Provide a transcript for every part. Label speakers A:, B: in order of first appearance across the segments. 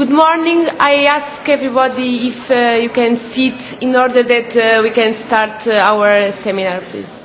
A: Good morning. I ask everybody if uh, you can sit in order that uh, we can start uh, our seminar, please.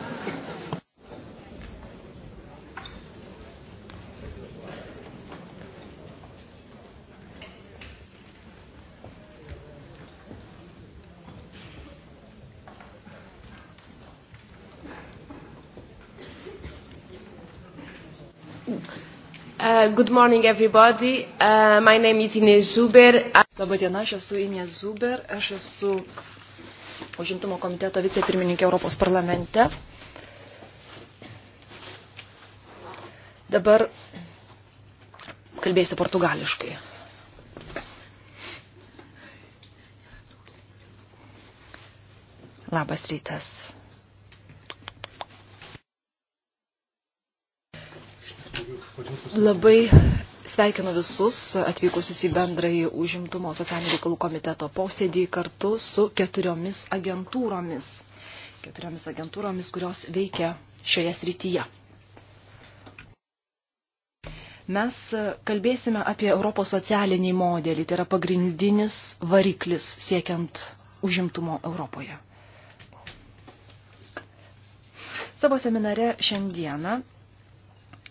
A: Uh, good morning, everybody. Uh, my name is Inés Zuber. I... Labą dieną, aš esu Inės Zuber. Aš esu užimtumo komiteto vicepirmininkė Europos parlamente. Dabar kalbėsiu portugališkai. Labas rytas. Labai sveikinu visus atvykusius į bendrąjį užimtumo socialinių reikalų komiteto posėdį kartu su keturiomis agentūromis. Keturiomis agentūromis, kurios veikia šioje srityje. Mes kalbėsime apie Europos socialinį modelį, tai yra pagrindinis variklis siekiant užimtumo Europoje. Savo seminare šiandieną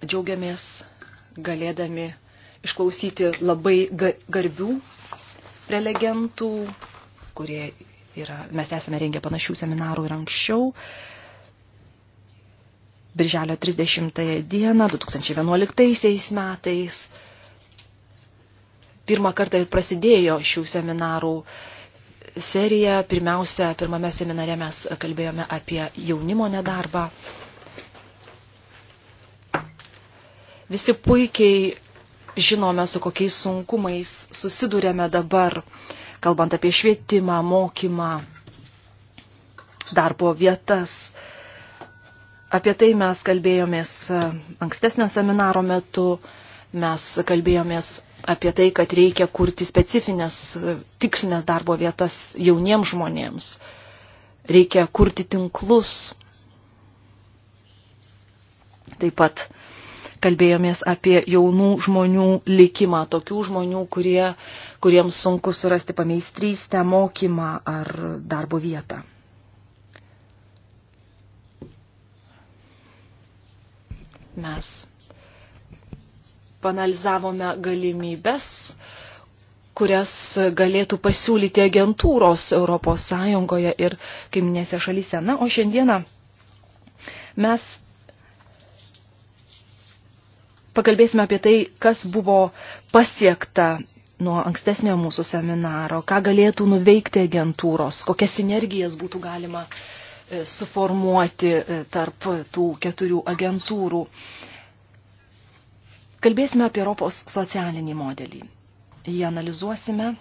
A: džiaugiamės galėdami išklausyti labai garbių prelegentų, kurie yra, mes esame rengę panašių seminarų ir anksčiau. Birželio 30 dieną 2011 metais pirmą kartą ir prasidėjo šių seminarų serija. Pirmiausia, pirmame seminare mes kalbėjome apie jaunimo nedarbą Visi puikiai žinome, su kokiais sunkumais susidurėme dabar, kalbant apie švietimą, mokymą, darbo vietas. Apie tai mes kalbėjomės ankstesnio seminaro metu, mes kalbėjomės apie tai, kad reikia kurti specifines, tikslinės darbo vietas jauniems žmonėms, reikia kurti tinklus. Taip pat kalbėjomės apie jaunų žmonių likimą, tokių žmonių, kurie, kuriems sunku surasti pameistrystę, mokymą ar darbo vietą. Mes panalizavome galimybės, kurias galėtų pasiūlyti agentūros ES ir kaiminėse šalyse. Na, o šiandieną mes pakalbėsime apie tai, kas buvo pasiekta nuo ankstesnio mūsų seminaro, ką galėtų nuveikti agentūros, kokias sinergijas būtų galima e, suformuoti e, tarp tų keturių agentūrų. Kalbėsime apie Europos socialinį modelį. Jį analizuosime.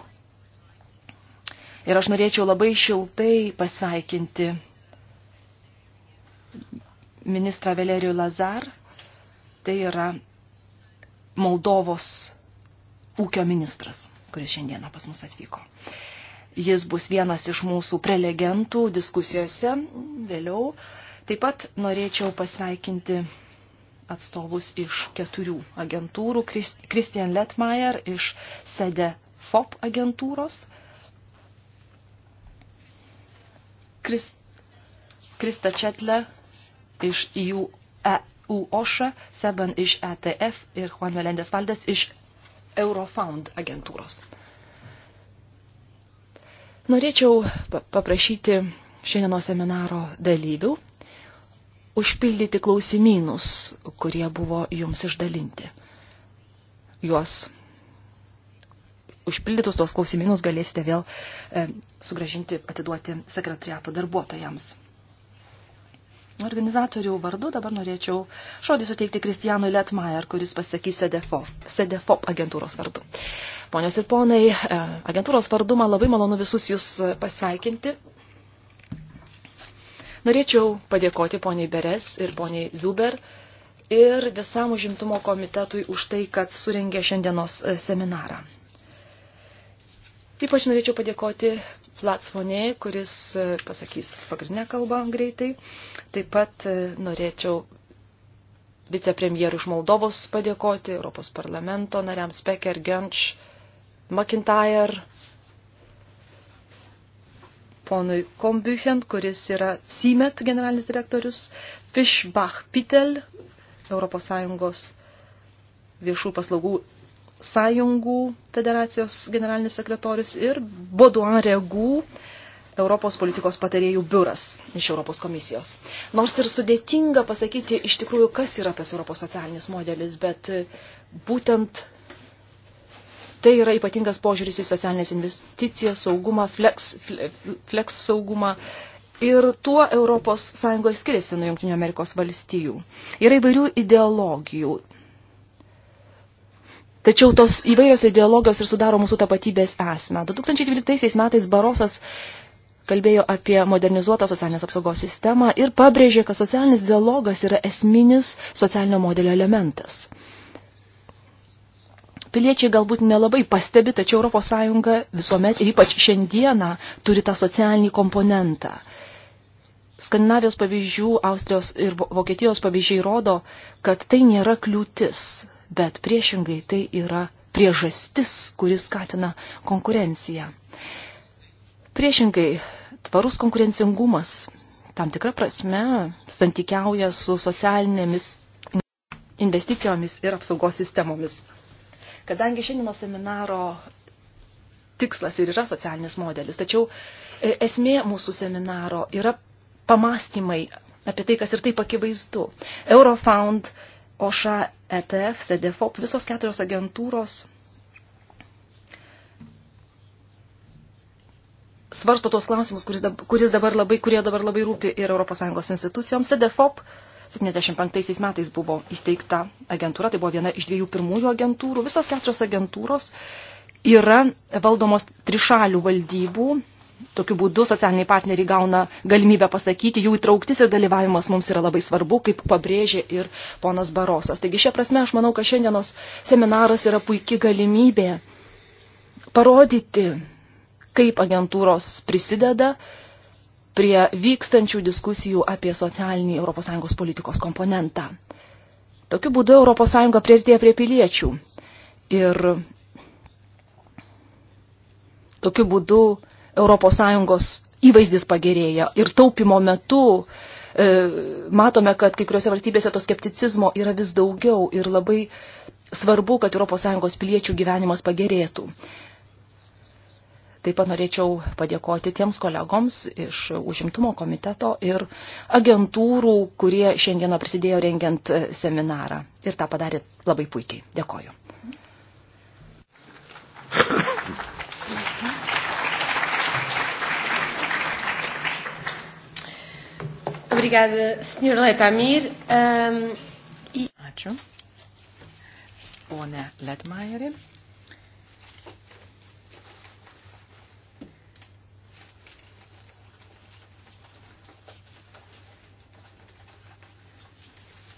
A: Ir aš norėčiau labai šiltai pasveikinti ministrą Valerijų Lazar. Tai yra Moldovos ūkio ministras, kuris šiandieną pas mus atvyko. Jis bus vienas iš mūsų prelegentų diskusijose vėliau. Taip pat norėčiau pasveikinti atstovus iš keturių agentūrų. Christian Letmayer iš SEDE FOP agentūros. Krista Četle iš EU U. Oša, Seban iš ETF ir Juan Melendės Valdes iš Eurofound agentūros. Norėčiau paprašyti šiandieno seminaro dalyvių užpildyti klausimynus, kurie buvo jums išdalinti. Juos užpildytus tuos klausimynus galėsite vėl e, sugražinti, atiduoti sekretariato darbuotojams organizatorių vardu dabar norėčiau žodį suteikti Kristijanui Letmajer, kuris pasakys SEDEFOP, SEDEFOP agentūros vardu. Ponios ir ponai, e, agentūros vardu man labai malonu visus jūs pasveikinti. Norėčiau padėkoti poniai Beres ir poniai Zuber ir visam užimtumo komitetui už tai, kad surengė šiandienos e, seminarą. Ypač norėčiau padėkoti Flatsvonė, kuris e, pasakys pagrindinę kalbą greitai. Taip pat e, norėčiau vicepremjerų iš Moldovos padėkoti, Europos parlamento nariams Becker, Gönč, McIntyre, ponui Kombuchen, kuris yra Simet generalinis direktorius, Fischbach Pitel, Europos Sąjungos viešų paslaugų sąjungų federacijos generalinis sekretorius ir Boduan Regų Europos politikos patarėjų biuras iš Europos komisijos. Nors ir sudėtinga pasakyti iš tikrųjų, kas yra tas Europos socialinis modelis, bet e, būtent tai yra ypatingas požiūris į socialinės investicijas, saugumą, flex, flex saugumą, Ir tuo ES skiriasi nuo Junktinių Amerikos valstijų. Yra įvairių ideologijų. Tačiau tos įvairios ideologijos ir sudaro mūsų tapatybės esmę. 2012 metais Barosas kalbėjo apie modernizuotą socialinės apsaugos sistemą ir pabrėžė, kad socialinis dialogas yra esminis socialinio modelio elementas. Piliečiai galbūt nelabai pastebi, tačiau ES visuomet ir ypač šiandieną turi tą socialinį komponentą. Skandinavijos pavyzdžių, Austrijos ir Vokietijos pavyzdžiai rodo, kad tai nėra kliūtis bet priešingai tai yra priežastis, kuris skatina konkurenciją. Priešingai, tvarus konkurencingumas tam tikrą prasme santykiauja su socialinėmis investicijomis ir apsaugos sistemomis. Kadangi šiandieno seminaro tikslas ir yra socialinis modelis, tačiau e, esmė mūsų seminaro yra pamastymai apie tai, kas ir taip akivaizdu. Eurofound OŠA, ETF, SEDEFOP, visos keturios agentūros svarsto tuos klausimus, kuris dabar, kuris dabar labai, kurie dabar labai rūpi ir ES institucijoms. SEDEFOP 75 metais buvo įsteigta agentūra, tai buvo viena iš dviejų pirmųjų agentūrų. Visos keturios agentūros yra valdomos trišalių valdybų Tokiu būdu socialiniai partneriai gauna galimybę pasakyti, jų įtrauktis ir dalyvavimas mums yra labai svarbu, kaip pabrėžė ir ponas Barosas. Taigi šia prasme aš manau, kad šiandienos seminaras yra puikia galimybė parodyti, kaip agentūros prisideda prie vykstančių diskusijų apie socialinį ES politikos komponentą. Tokiu būdu ES prieartėja prie piliečių ir tokiu būdu ES įvaizdis pagerėja ir taupimo metu e, matome, kad kai kuriuose valstybėse to skepticizmo yra vis daugiau ir labai svarbu, kad ES piliečių gyvenimas pagerėtų. Taip pat norėčiau padėkoti tiems kolegoms iš užimtumo komiteto ir agentūrų, kurie šiandieną prisidėjo rengiant seminarą. Ir tą padarė labai puikiai. Dėkoju. Obrigada, Sr. Letamir. Um, i... E- Ačiū. Pone Letmajerį.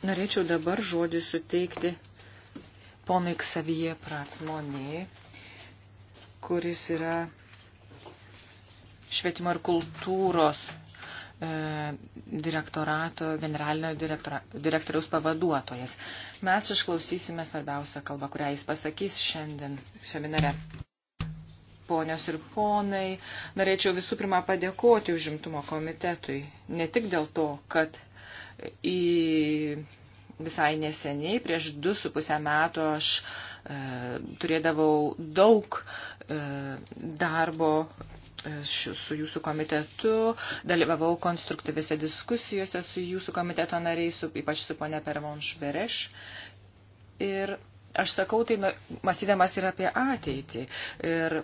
B: Norėčiau dabar žodį suteikti ponui Ksavyje Pratsmonė, kuris yra švietimo ir kultūros E, direktorato, generalinio direktora, direktoriaus pavaduotojas. Mes išklausysime svarbiausią kalbą, kurią jis pasakys šiandien seminare. Ponios ir ponai, norėčiau visų pirma padėkoti užimtumo komitetui. Ne tik dėl to, kad į visai neseniai, prieš du su pusę metų aš e, turėdavau daug e, darbo su jūsų komitetu, dalyvavau konstruktyvėse diskusijose su jūsų komiteto nariais, su, ypač su ponė Pervonš Bereš. Ir aš sakau tai nu, masydamas ir apie ateitį. Ir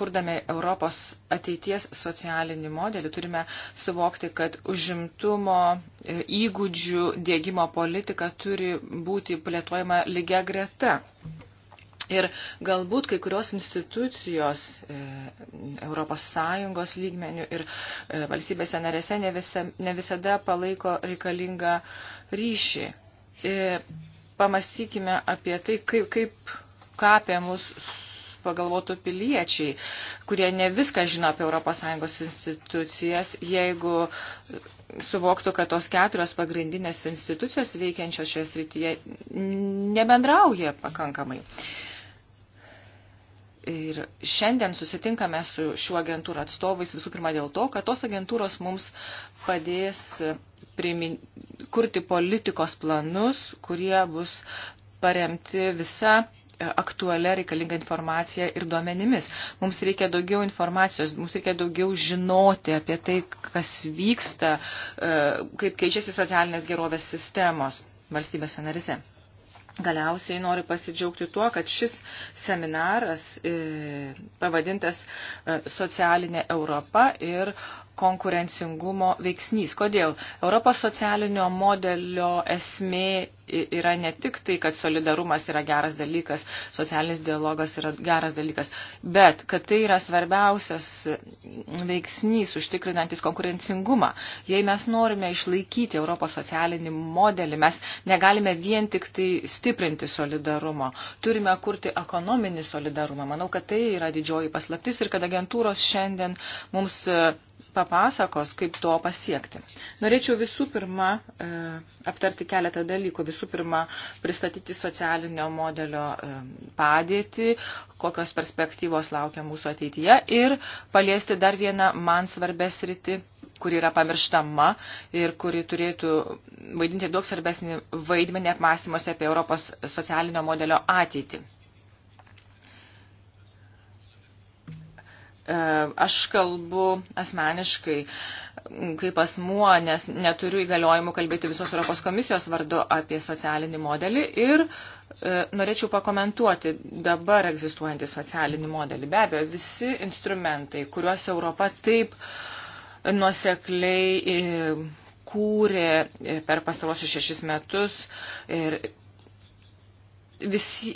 B: kurdami Europos ateities socialinį modelį turime suvokti, kad užimtumo e, įgūdžių dėgymo politika turi būti plėtojama lygia greta. Ir galbūt kai kurios institucijos ES lygmenių ir e, valstybėse narėse ne, visa, ne visada palaiko reikalingą ryšį. E, pamastykime apie tai, kaip, kaip ką apie mus pagalvotų piliečiai, kurie ne viską žino apie ES institucijas, jeigu suvoktų, kad tos keturios pagrindinės institucijos veikiančios šioje srityje nebendrauja pakankamai. Uh, Ir šiandien susitinkame su šiuo agentūrų atstovais visų pirma dėl to, kad tos agentūros mums padės primin... kurti politikos planus, kurie bus paremti visa e, aktualia reikalinga informacija ir duomenimis. Mums reikia daugiau informacijos, mums reikia daugiau žinoti apie tai, kas vyksta, e, kaip keičiasi socialinės gerovės sistemos valstybėse narise. Galiausiai noriu pasidžiaugti tuo, kad šis seminaras e, pavadintas e, socialinė Europa ir konkurencingumo veiksnys. Kodėl? Europos socialinio modelio esmė yra ne tik tai, kad solidarumas yra geras dalykas, socialinis dialogas yra geras dalykas, bet kad tai yra svarbiausias veiksnys užtikrinantis konkurencingumą. Jei mes norime išlaikyti Europos socialinį modelį, mes negalime vien tik tai stiprinti solidarumo. Turime kurti ekonominį solidarumą. Manau, kad tai yra didžioji paslaptis ir kad agentūros šiandien mums papasakos, kaip to pasiekti. Norėčiau visų pirma e, aptarti keletą dalykų. Visų pirma, pristatyti socialinio modelio e, padėtį, kokios perspektyvos laukia mūsų ateityje ir paliesti dar vieną man svarbę sritį kuri yra pamirštama ir kuri turėtų vaidinti daug svarbesnį vaidmenį apmąstymuose apie Europos socialinio modelio ateitį. E, aš kalbu asmeniškai kaip asmuo, nes neturiu įgaliojimų kalbėti visos Europos komisijos vardu apie socialinį modelį ir e, norėčiau pakomentuoti dabar egzistuojantį socialinį modelį. Be abejo, visi instrumentai, kuriuos Europa taip nuosekliai e, kūrė e, per pastarosius šešis metus ir visi,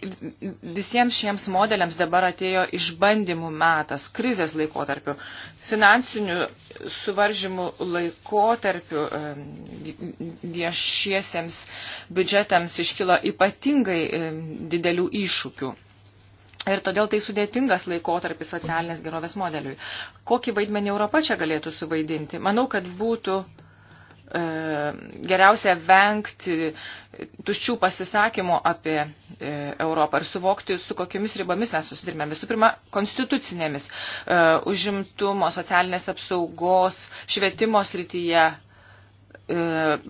B: visiems šiems modeliams dabar atėjo išbandymų metas, krizės laikotarpiu, finansinių suvaržymų laikotarpiu viešiesiems biudžetams iškilo ypatingai didelių iššūkių. Ir todėl tai sudėtingas laikotarpis socialinės gerovės modeliui. Kokį vaidmenį Europa čia galėtų suvaidinti? Manau, kad būtų uh, E, geriausia vengti tuščių pasisakymų apie e, Europą ir suvokti, su kokiamis ribomis mes susidurime. Visų pirma, konstitucinėmis e, užimtumo, socialinės apsaugos, švietimo srityje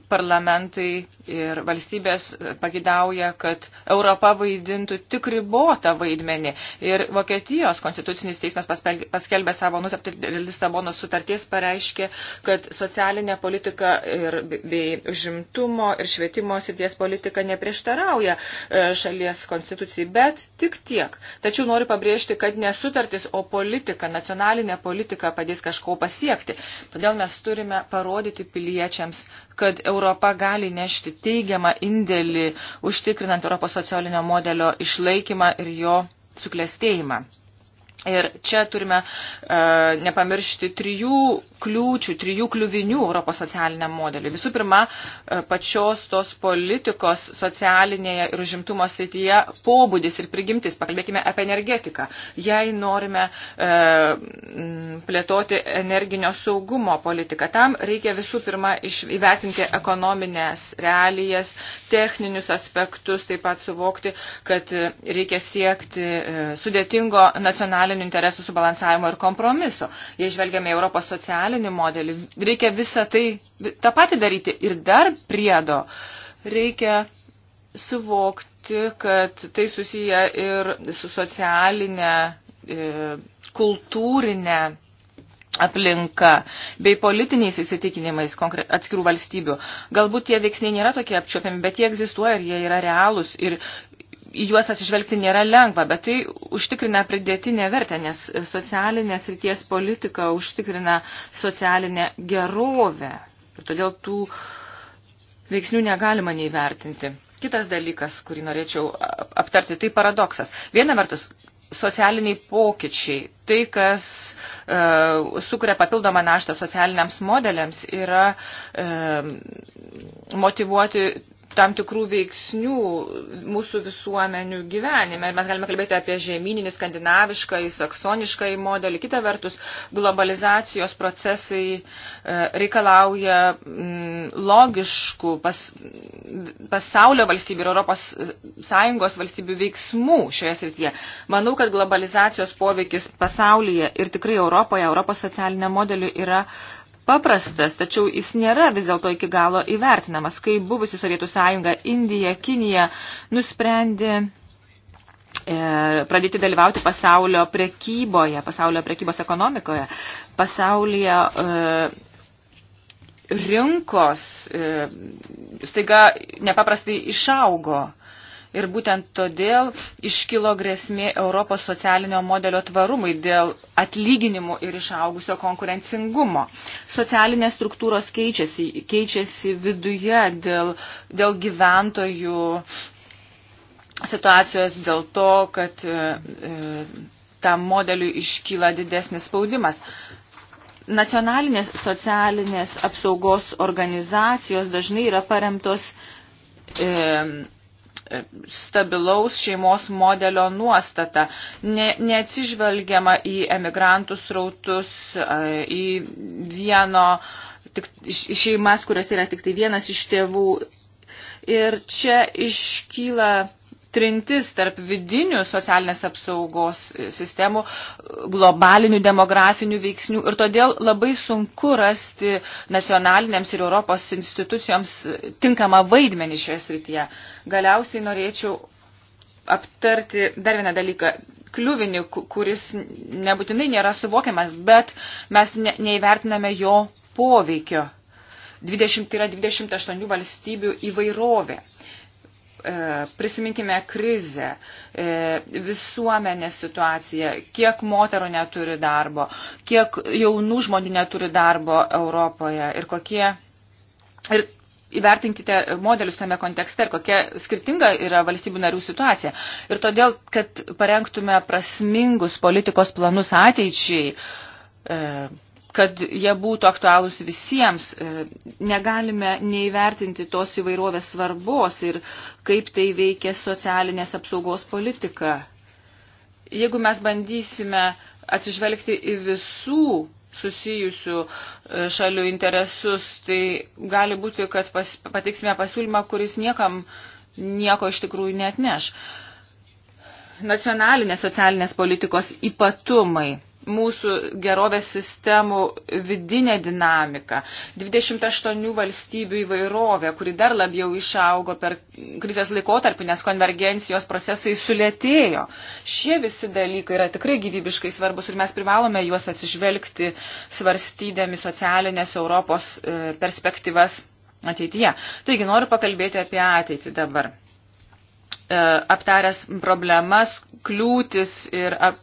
B: parlamentai Ir valstybės pagidauja, kad Europa vaidintų tik ribotą vaidmenį. Ir Vokietijos konstitucinis teismas paskelbė savo nutapti Lisabonos sutarties, pareiškė, kad socialinė politika ir, bei žimtumo ir švietimo srities politika neprieštarauja e, šalies konstitucijai, bet tik tiek. Tačiau noriu pabrėžti, kad nesutartis, o politika, nacionalinė politika padės kažko pasiekti. Todėl mes turime parodyti piliečiams, kad Europa gali nešti teigiamą indėlį užtikrinant Europos socialinio modelio išlaikymą ir jo suklestėjimą. Ir čia turime e, nepamiršti trijų kliūčių, trijų kliuvinių Europos socialiniam modeliui. Visų pirma, e, pačios tos politikos socialinėje ir užimtumo srityje pobūdis ir prigimtis. Pakalbėkime apie energetiką. Jei norime e, plėtoti energinio saugumo politiką, tam reikia visų pirma įvertinti ekonominės realijas, techninius aspektus, taip pat suvokti, kad reikia siekti e, sudėtingo nacionalinio nacionalinių interesų subalansavimo ir kompromiso. Jei žvelgiame į Europos socialinį modelį, reikia visą tai, tą patį daryti ir dar priedo. Reikia suvokti, kad tai susiję ir su socialinė, e, kultūrinė aplinka bei politiniais įsitikinimais atskirų valstybių. Galbūt tie veiksniai nėra tokie apčiopiami, bet jie egzistuoja ir jie yra realūs ir į juos atsižvelgti nėra lengva, bet tai užtikrina pridėtinę vertę, nes socialinės ryties politika užtikrina socialinę gerovę. Ir todėl tų veiksnių negalima neįvertinti. Kitas dalykas, kurį norėčiau aptarti, tai paradoksas. Viena vertus, socialiniai pokyčiai, tai, kas e, sukuria papildomą naštą socialiniams modeliams, yra e, motivuoti tam tikrų veiksnių mūsų visuomenių gyvenime. Ir mes galime kalbėti apie žemyninį, skandinavišką, saksonišką modelį. Kita vertus, globalizacijos procesai e, reikalauja mm, logiškų pas, pasaulio valstybių ir Europos Sąjungos valstybių veiksmų šioje srityje. Manau, kad globalizacijos poveikis pasaulyje ir tikrai Europoje, Europos socialinė modeliu yra uh, paprastas, tačiau jis nėra vis dėlto iki galo įvertinamas, kai buvusi Sovietų sąjunga, Indija, Kinija nusprendė e, pradėti dalyvauti pasaulio prekyboje, pasaulio prekybos ekonomikoje, pasaulyje e, rinkos e, staiga nepaprastai išaugo ir būtent todėl iškilo grėsmė Europos socialinio modelio tvarumui dėl atlyginimų ir išaugusio konkurencingumo. Socialinės struktūros keičiasi, keičiasi viduje dėl, dėl gyventojų situacijos, dėl to, kad e, e tam modeliui iškyla didesnis spaudimas nacionalinės socialinės apsaugos organizacijos dažnai yra paremtos e, E, stabilaus šeimos modelio nuostata. Ne, neatsižvelgiama į emigrantų srautus, e, į vieno, tik, šeimas, kurios yra tik tai vienas iš tėvų. Ir čia iškyla trintis tarp vidinių socialinės apsaugos sistemų, globalinių demografinių veiksnių ir todėl labai sunku rasti nacionalinėms ir Europos institucijoms tinkamą vaidmenį šioje srityje. Galiausiai norėčiau aptarti dar vieną dalyką kliuvinį, kuris nebūtinai nėra suvokiamas, bet mes ne, neįvertiname jo poveikio. 20 tai yra 28 valstybių įvairovė. E, prisiminkime krizę, e, visuomenės situaciją, kiek moterų neturi darbo, kiek jaunų žmonių neturi darbo Europoje ir kokie. Ir įvertinkite modelius tame kontekste ir kokia skirtinga yra valstybių narių situacija. Ir todėl, kad parengtume prasmingus politikos planus ateičiai, e, kad jie būtų aktualūs visiems. E, negalime neįvertinti tos įvairovės svarbos ir kaip tai veikia socialinės apsaugos politika. Jeigu mes bandysime atsižvelgti į visų susijusių e, šalių interesus, tai gali būti, kad pas, patiksime pasiūlymą, kuris niekam nieko iš tikrųjų net neš. Nacionalinės socialinės politikos ypatumai mūsų gerovės sistemų vidinė dinamika, 28 valstybių įvairovė, kuri dar labiau išaugo per krizės laikotarpį, nes konvergencijos procesai sulėtėjo. Šie visi dalykai yra tikrai gyvybiškai svarbus ir mes privalome juos atsižvelgti, svarstydami socialinės Europos e, perspektyvas ateityje. Taigi noriu pakalbėti apie ateitį dabar. E, aptaręs problemas, kliūtis ir ap,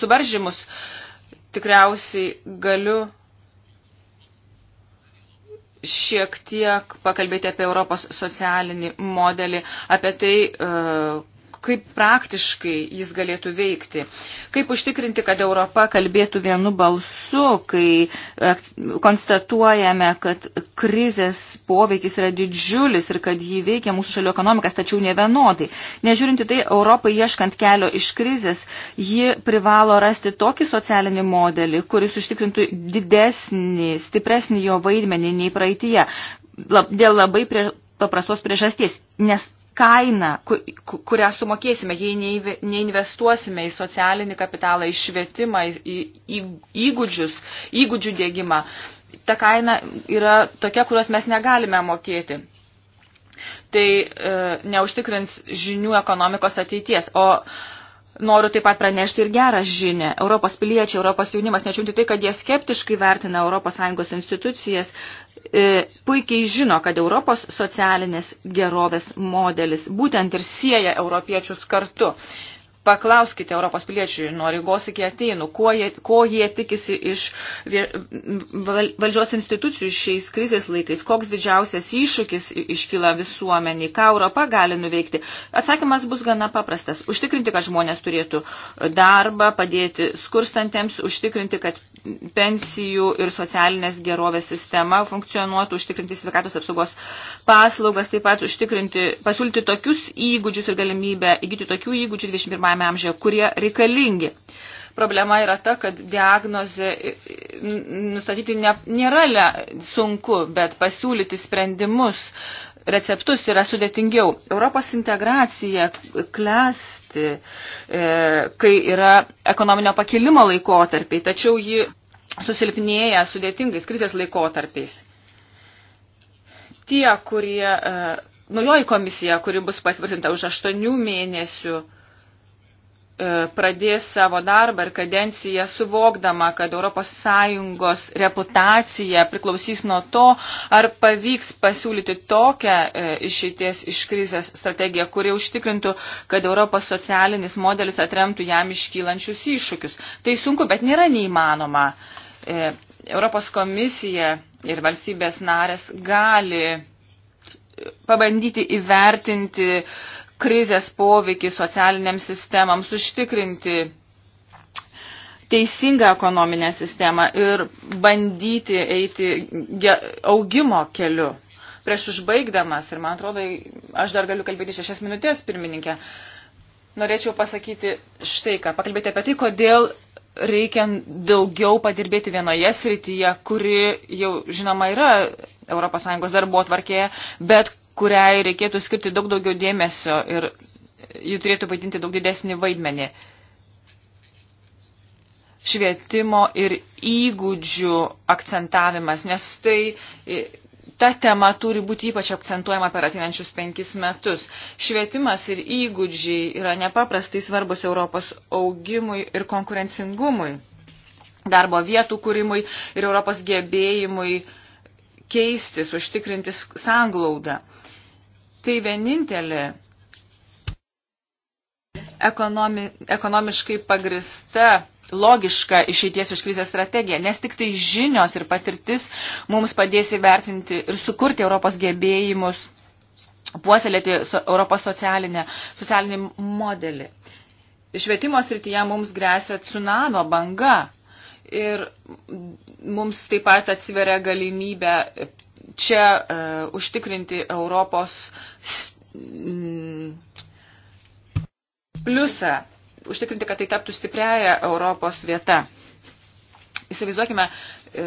B: suvaržymus, tikriausiai galiu šiek tiek pakalbėti apie Europos socialinį modelį, apie tai, e, kaip praktiškai jis galėtų veikti. Kaip užtikrinti, kad Europa kalbėtų vienu balsu, kai e, konstatuojame, kad krizės poveikis yra didžiulis ir kad jį veikia mūsų šalių ekonomikas, tačiau ne vienodai. Nežiūrinti tai, Europai ieškant kelio iš krizės, ji privalo rasti tokį socialinį modelį, kuris užtikrintų didesnį, stipresnį jo vaidmenį nei praeitie. Lab, dėl labai prie, paprastos priežasties, nes kaina, kurią sumokėsime, jei neinvestuosime į socialinį kapitalą, į švietimą, į, į įgūdžius, įgūdžių dėgymą. Ta kaina yra tokia, kurios mes negalime mokėti. Tai e, neužtikrins žinių ekonomikos ateities. O e, noriu taip pat pranešti ir gerą žinę. Europos piliečiai, Europos jaunimas, nečiūnti tai, kad jie skeptiškai vertina ES institucijas, e, puikiai žino, kad Europos socialinės gerovės modelis būtent ir sieja europiečius kartu. Paklauskite Europos piliečių nuo Rygos iki ateinų, ko jie, ko jie tikisi iš valdžios institucijų šiais krizės laikais, koks didžiausias iššūkis iškyla visuomenį, ką Europa gali nuveikti. Atsakymas bus gana paprastas. Užtikrinti, kad žmonės turėtų darbą, padėti skurstantiems, užtikrinti, kad pensijų ir socialinės gerovės sistema funkcionuotų, užtikrinti sveikatos apsaugos paslaugas, taip pat užtikrinti, pasiūlyti tokius įgūdžius ir galimybę įgyti tokių įgūdžių 21 21 amžiuje, kurie reikalingi. Problema yra ta, kad diagnozė nustatyti ne, nėra le, sunku, bet pasiūlyti sprendimus, receptus yra sudėtingiau. Europos integracija klesti, e, kai yra ekonominio pakilimo laikotarpiai, tačiau ji susilpnėja sudėtingais krizės laikotarpiais. Tie, kurie, e, naujoji komisija, kuri bus patvirtinta už aštuonių mėnesių, e, E, pradės savo darbą ir kadenciją suvokdama, kad ES reputacija priklausys nuo to, ar pavyks pasiūlyti tokią e, išeities iš krizės strategiją, kuri užtikrintų, kad Europos socialinis modelis atremtų jam iškylančius iššūkius. Tai sunku, bet nėra neįmanoma. E, Europos komisija ir valstybės narės gali pabandyti įvertinti uh, krizės poveikį socialiniams sistemams, užtikrinti teisingą ekonominę sistemą ir bandyti eiti augimo keliu. Prieš užbaigdamas, ir man atrodo, aš dar galiu kalbėti šešias minutės, pirmininkė, norėčiau pasakyti štai ką, pakalbėti apie tai, kodėl reikia daugiau padirbėti vienoje srityje, kuri jau žinoma yra ES darbo atvarkėje, bet kuriai reikėtų skirti daug daugiau dėmesio ir jų turėtų vaidinti daug didesnį vaidmenį. Švietimo ir įgūdžių akcentavimas, nes tai ta tema turi būti ypač akcentuojama per ateinančius penkis metus. Švietimas ir įgūdžiai yra nepaprastai svarbus Europos augimui ir konkurencingumui, darbo vietų kūrimui ir Europos gebėjimui keistis, užtikrintis sanglaudą tai vienintelė ekonomi, ekonomiškai pagrista logiška išeities iš krizės strategija, nes tik tai žinios ir patirtis mums padės įvertinti ir sukurti Europos gebėjimus, puoselėti Europos socialinę, socialinį modelį. Švietimo srityje mums grėsia tsunamio banga ir mums taip pat atsiveria galimybė čia e, užtikrinti Europos mm, pliusą, užtikrinti, kad tai taptų stipriaja Europos vieta. Įsivaizduokime, e,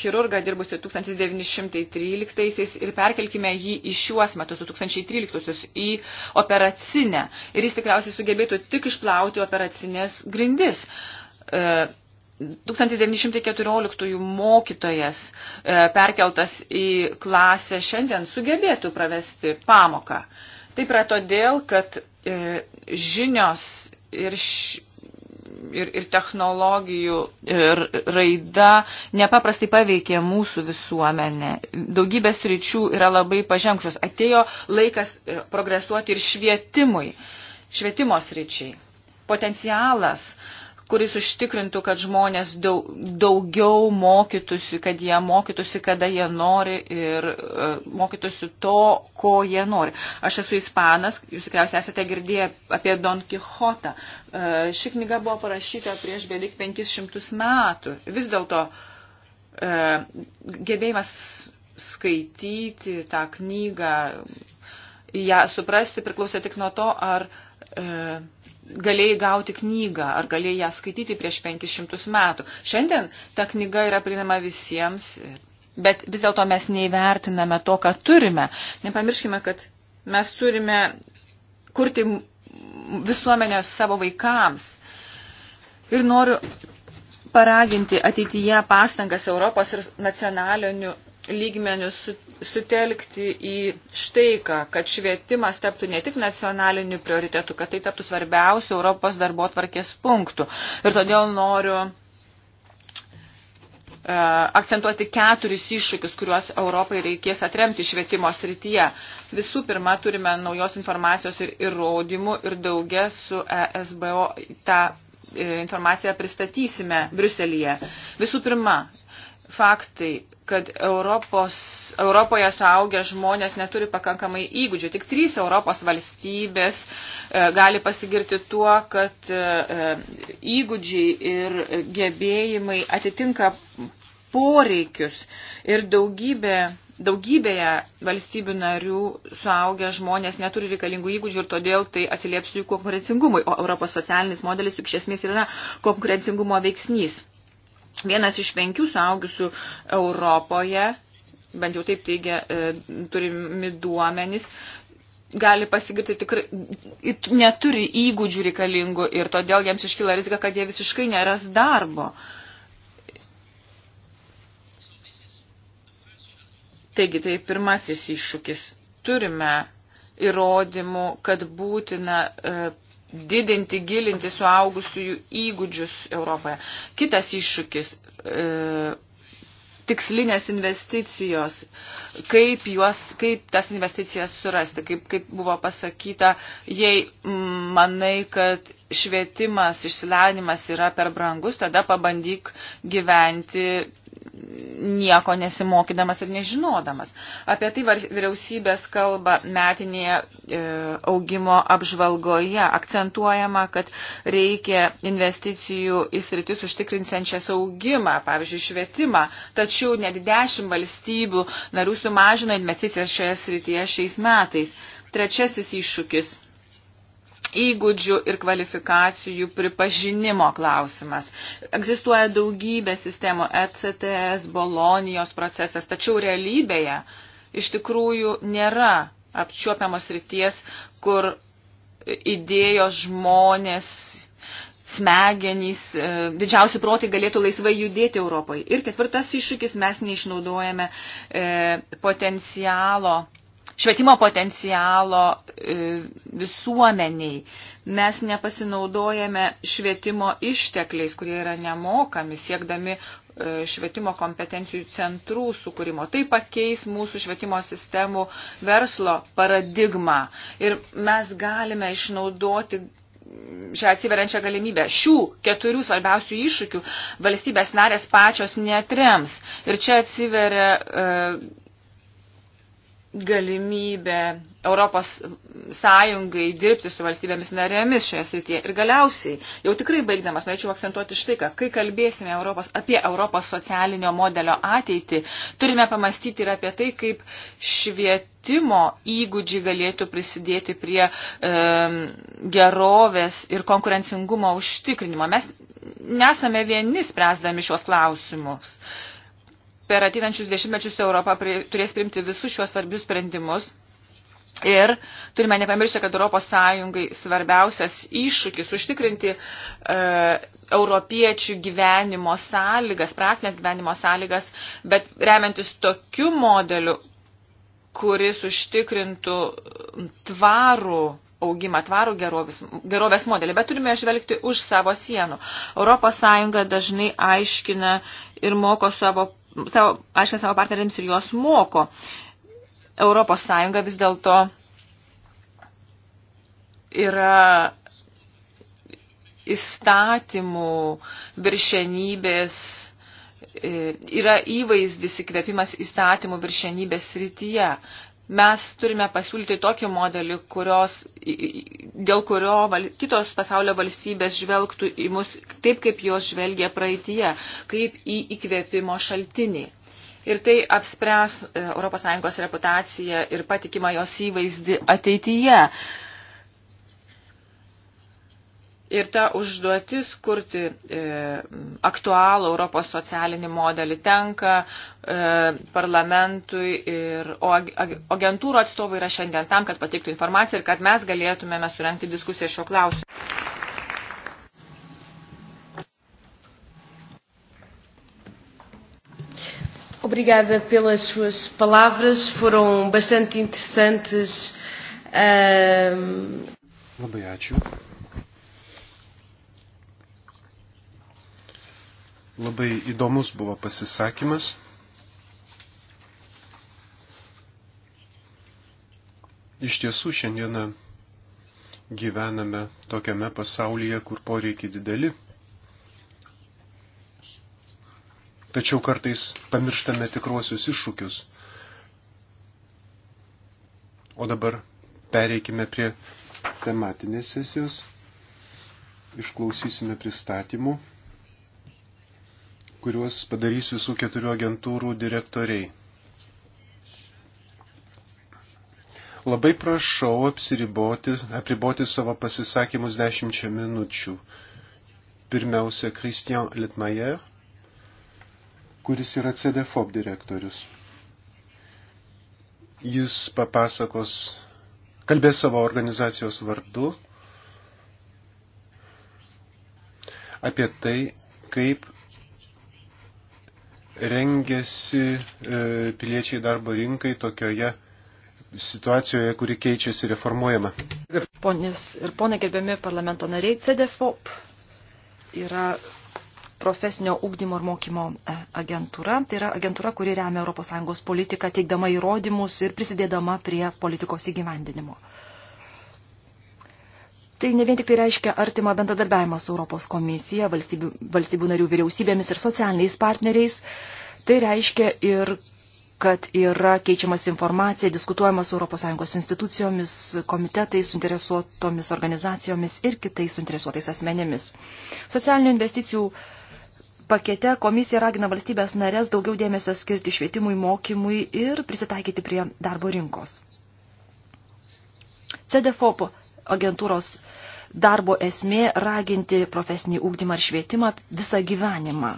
B: chirurgą dirbusi 1913 ir perkelkime jį į šiuos metus, 2013, į operacinę. Ir jis tikriausiai sugebėtų tik išplauti operacinės grindis. E, 1914 mokytojas e, perkeltas į klasę šiandien sugebėtų pravesti pamoką. Taip yra todėl, kad e, žinios ir, š, ir, ir technologijų ir e, raida nepaprastai paveikė mūsų visuomenę. Daugybės ryčių yra labai pažengsios. Atėjo laikas progresuoti ir švietimui, švietimo sričiai. Potencialas uh, kuris užtikrintų, kad žmonės daugiau mokytųsi, kad jie mokytųsi, kada jie nori ir e, mokytųsi to, ko jie nori. Aš esu ispanas, jūs tikriausiai esate girdėję apie Don Quixotą. E, ši knyga buvo parašyta prieš beveik 500 metų. Vis dėlto e, gebėjimas skaityti tą knygą, ją suprasti priklausė tik nuo to, ar galėjai gauti knygą ar galėjai ją skaityti prieš 500 metų. Šiandien ta knyga yra prieinama visiems, bet vis dėlto mes neįvertiname to, ką turime. Nepamirškime, kad mes turime kurti visuomenę savo vaikams. Ir noriu paraginti ateityje pastangas Europos ir nacionalinių lygmenius sutelkti į štai ką, kad švietimas taptų ne tik nacionaliniu prioritetu, kad tai taptų svarbiausių Europos darbo tvarkės punktų. Ir todėl noriu e, akcentuoti keturis iššūkius, kuriuos Europai reikės atremti švietimo srityje. Visų pirma, turime naujos informacijos ir įrodymų ir daugia su ESBO tą e, informaciją pristatysime Briuselyje. Visų pirma, faktai kad Europos, Europoje suaugę žmonės neturi pakankamai įgūdžių. Tik trys Europos valstybės e, gali pasigirti tuo, kad e, e, įgūdžiai ir gebėjimai atitinka poreikius ir daugybė, daugybėje valstybių narių suaugę žmonės neturi reikalingų įgūdžių ir todėl tai atsilieps jų konkurencingumui, o Europos socialinis modelis juk iš esmės yra konkurencingumo veiksnys. Vienas iš penkių suaugusių Europoje, bent jau taip teigia e, turimi duomenys, gali pasigirti tikrai, neturi įgūdžių reikalingų ir todėl jiems iškyla rizika, kad jie visiškai neras darbo. Taigi tai pirmasis iššūkis. Turime įrodymų, kad būtina e, didinti, gilinti suaugusiųjų įgūdžius Europoje. Kitas iššūkis e, - tikslinės investicijos. Kaip, juos, kaip tas investicijas surasti? Kaip, kaip buvo pasakyta, jei manai, kad švietimas, išsilanimas yra per brangus, tada pabandyk gyventi nieko nesimokydamas ir nežinodamas. Apie tai vyriausybės kalba metinėje e, augimo apžvalgoje. Akcentuojama, kad reikia investicijų į sritis užtikrinsiančias augimą, pavyzdžiui, švietimą. Tačiau net dešimt valstybių narių sumažino investicijas šioje srityje šiais metais. Trečiasis iššūkis įgūdžių ir kvalifikacijų pripažinimo klausimas. Egzistuoja daugybė sistemų ECTS, Bolonijos procesas, tačiau realybėje iš tikrųjų nėra apčiuopiamos ryties, kur idėjos žmonės smegenys, e, didžiausi protai galėtų laisvai judėti Europoje. Ir ketvirtas iššūkis, mes neišnaudojame e, potencialo švietimo potencialo e, visuomeniai. Mes nepasinaudojame švietimo ištekliais, kurie yra nemokami, siekdami e, švietimo kompetencijų centrų sukūrimo. Tai pakeis mūsų švietimo sistemų verslo paradigmą. Ir mes galime išnaudoti šią atsiveriančią galimybę. Šių keturių svarbiausių iššūkių valstybės narės pačios netrems. Ir čia atsiveria e, galimybę Europos Sąjungai dirbti su valstybėmis narėmis šioje srityje. Ir galiausiai, jau tikrai baigdamas, norėčiau akcentuoti štai, kad kai kalbėsime Europos, apie Europos socialinio modelio ateitį, turime pamastyti ir apie tai, kaip švietimo įgūdžiai galėtų prisidėti prie e, gerovės ir konkurencingumo užtikrinimo. Mes nesame vieni spręsdami šios klausimus. E, per ateinančius dešimtmečius Europą prie, turės priimti visus šiuos svarbius sprendimus. Ir turime nepamiršti, kad Europos Sąjungai svarbiausias iššūkis užtikrinti e, europiečių gyvenimo sąlygas, praktinės gyvenimo sąlygas, bet remiantis tokiu modeliu, kuris užtikrintų tvarų augimą, tvarų gerovės, gerovės modelį, bet turime žvelgti už savo sienų. Europos Sąjunga dažnai aiškina ir moko savo savo, aiškia savo partneriams ir juos moko. Europos Sąjunga vis dėlto yra įstatymų viršenybės, e, yra įvaizdis įkvėpimas įstatymų viršenybės srityje. Mes turime pasiūlyti tokį modelį, kurios, dėl kurio val, kitos pasaulio valstybės žvelgtų į mus taip, kaip jos žvelgia praeitie, kaip į įkvėpimo šaltinį. Ir tai apspręs ES reputaciją ir patikimą jos įvaizdį ateityje. Uh, Ir ta užduotis kurti e, aktualų Europos socialinį modelį tenka e, parlamentui ir o, agentūrų atstovai yra šiandien tam, kad patiktų informaciją ir kad mes galėtumėme surenkti diskusiją šio klausimu.
A: Obrigada pelas suas palavras, foram bastante interessantes.
C: Um... Labai ačiū. Labai įdomus buvo pasisakymas. Iš tiesų šiandieną gyvename tokiame pasaulyje, kur poreikiai dideli. Tačiau kartais pamirštame tikruosius iššūkius. O dabar pereikime prie tematinės sesijos. Išklausysime pristatymų kuriuos padarys visų keturių agentūrų direktoriai. Labai prašau apsiriboti, apriboti savo pasisakymus dešimčia minučių. Pirmiausia, Christian Litmajer, kuris yra CDFOP direktorius. Jis papasakos, kalbės savo organizacijos vardu apie tai, kaip rengėsi e, piliečiai darbo rinkai tokioje situacijoje, kuri keičiasi reformuojama.
A: Ponės ir ponai gerbiami parlamento nariai, CDFOP yra profesinio ūkdymo ir mokymo e, agentūra. Tai yra agentūra, kuri remia ES politiką, teikdama įrodymus ir prisidėdama prie politikos įgyvendinimo tai ne vien tik tai reiškia artimą bendradarbiavimą su Europos komisija, valstybių, valstybių narių vyriausybėmis ir socialiniais partneriais, tai reiškia ir kad yra keičiamas informacija, diskutuojama su ES institucijomis, komitetais, suinteresuotomis organizacijomis ir kitais suinteresuotais asmenėmis. Socialinių investicijų pakete komisija ragina valstybės narės daugiau dėmesio skirti švietimui, mokymui ir prisitaikyti prie darbo rinkos. CDFOPO agentūros darbo esmė raginti profesinį ūkdymą ir švietimą visą gyvenimą.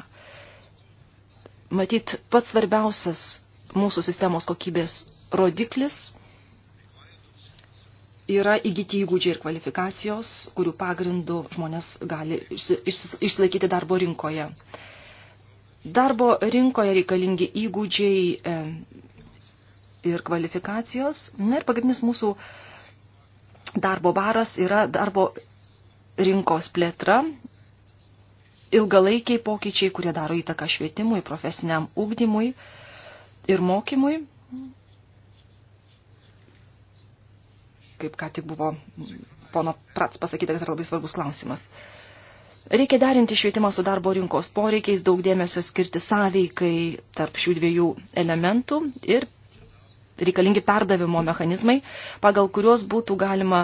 A: Matyt, pats svarbiausias mūsų sistemos kokybės rodiklis yra įgyti įgūdžiai ir kvalifikacijos, kurių pagrindų žmonės gali išsilaikyti darbo rinkoje. Darbo rinkoje reikalingi įgūdžiai ir kvalifikacijos. Na ir pagrindinis mūsų uh, darbo varas yra darbo rinkos plėtra, ilgalaikiai pokyčiai, kurie daro įtaką švietimui, profesiniam ūkdymui ir mokymui. Kaip ką tik buvo pono Prats pasakyta, kad yra labai svarbus klausimas. Reikia derinti švietimą su darbo rinkos poreikiais, daug dėmesio skirti sąveikai tarp šių dviejų elementų ir reikalingi perdavimo mechanizmai, pagal kuriuos būtų galima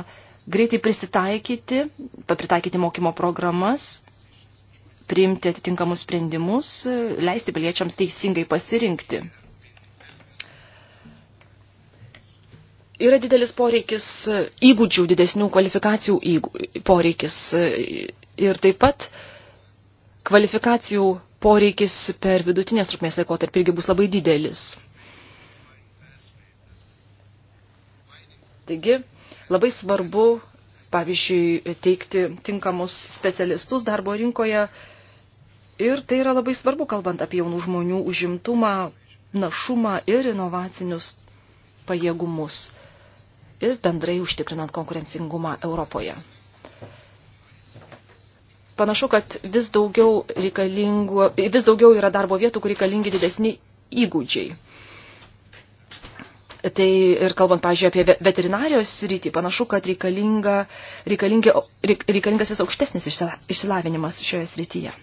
A: greitai prisitaikyti, papritaikyti mokymo programas, priimti atitinkamus sprendimus, leisti piliečiams teisingai pasirinkti. Yra didelis poreikis įgūdžių, didesnių kvalifikacijų įgū, poreikis ir taip pat kvalifikacijų poreikis per vidutinės trukmės laikotarpį irgi bus labai didelis. Taigi labai svarbu, pavyzdžiui, teikti tinkamus specialistus darbo rinkoje ir tai yra labai svarbu, kalbant apie jaunų žmonių užimtumą, našumą ir inovacinius pajėgumus ir bendrai užtikrinant konkurencingumą Europoje. Panašu, kad vis daugiau, vis daugiau yra darbo vietų, kur reikalingi didesni įgūdžiai. Tai ir kalbant, pažiūrėjau, apie veterinarijos rytį, panašu, kad reikalinga, reikalingi, reikalingas vis aukštesnis išsilavinimas šioje srityje.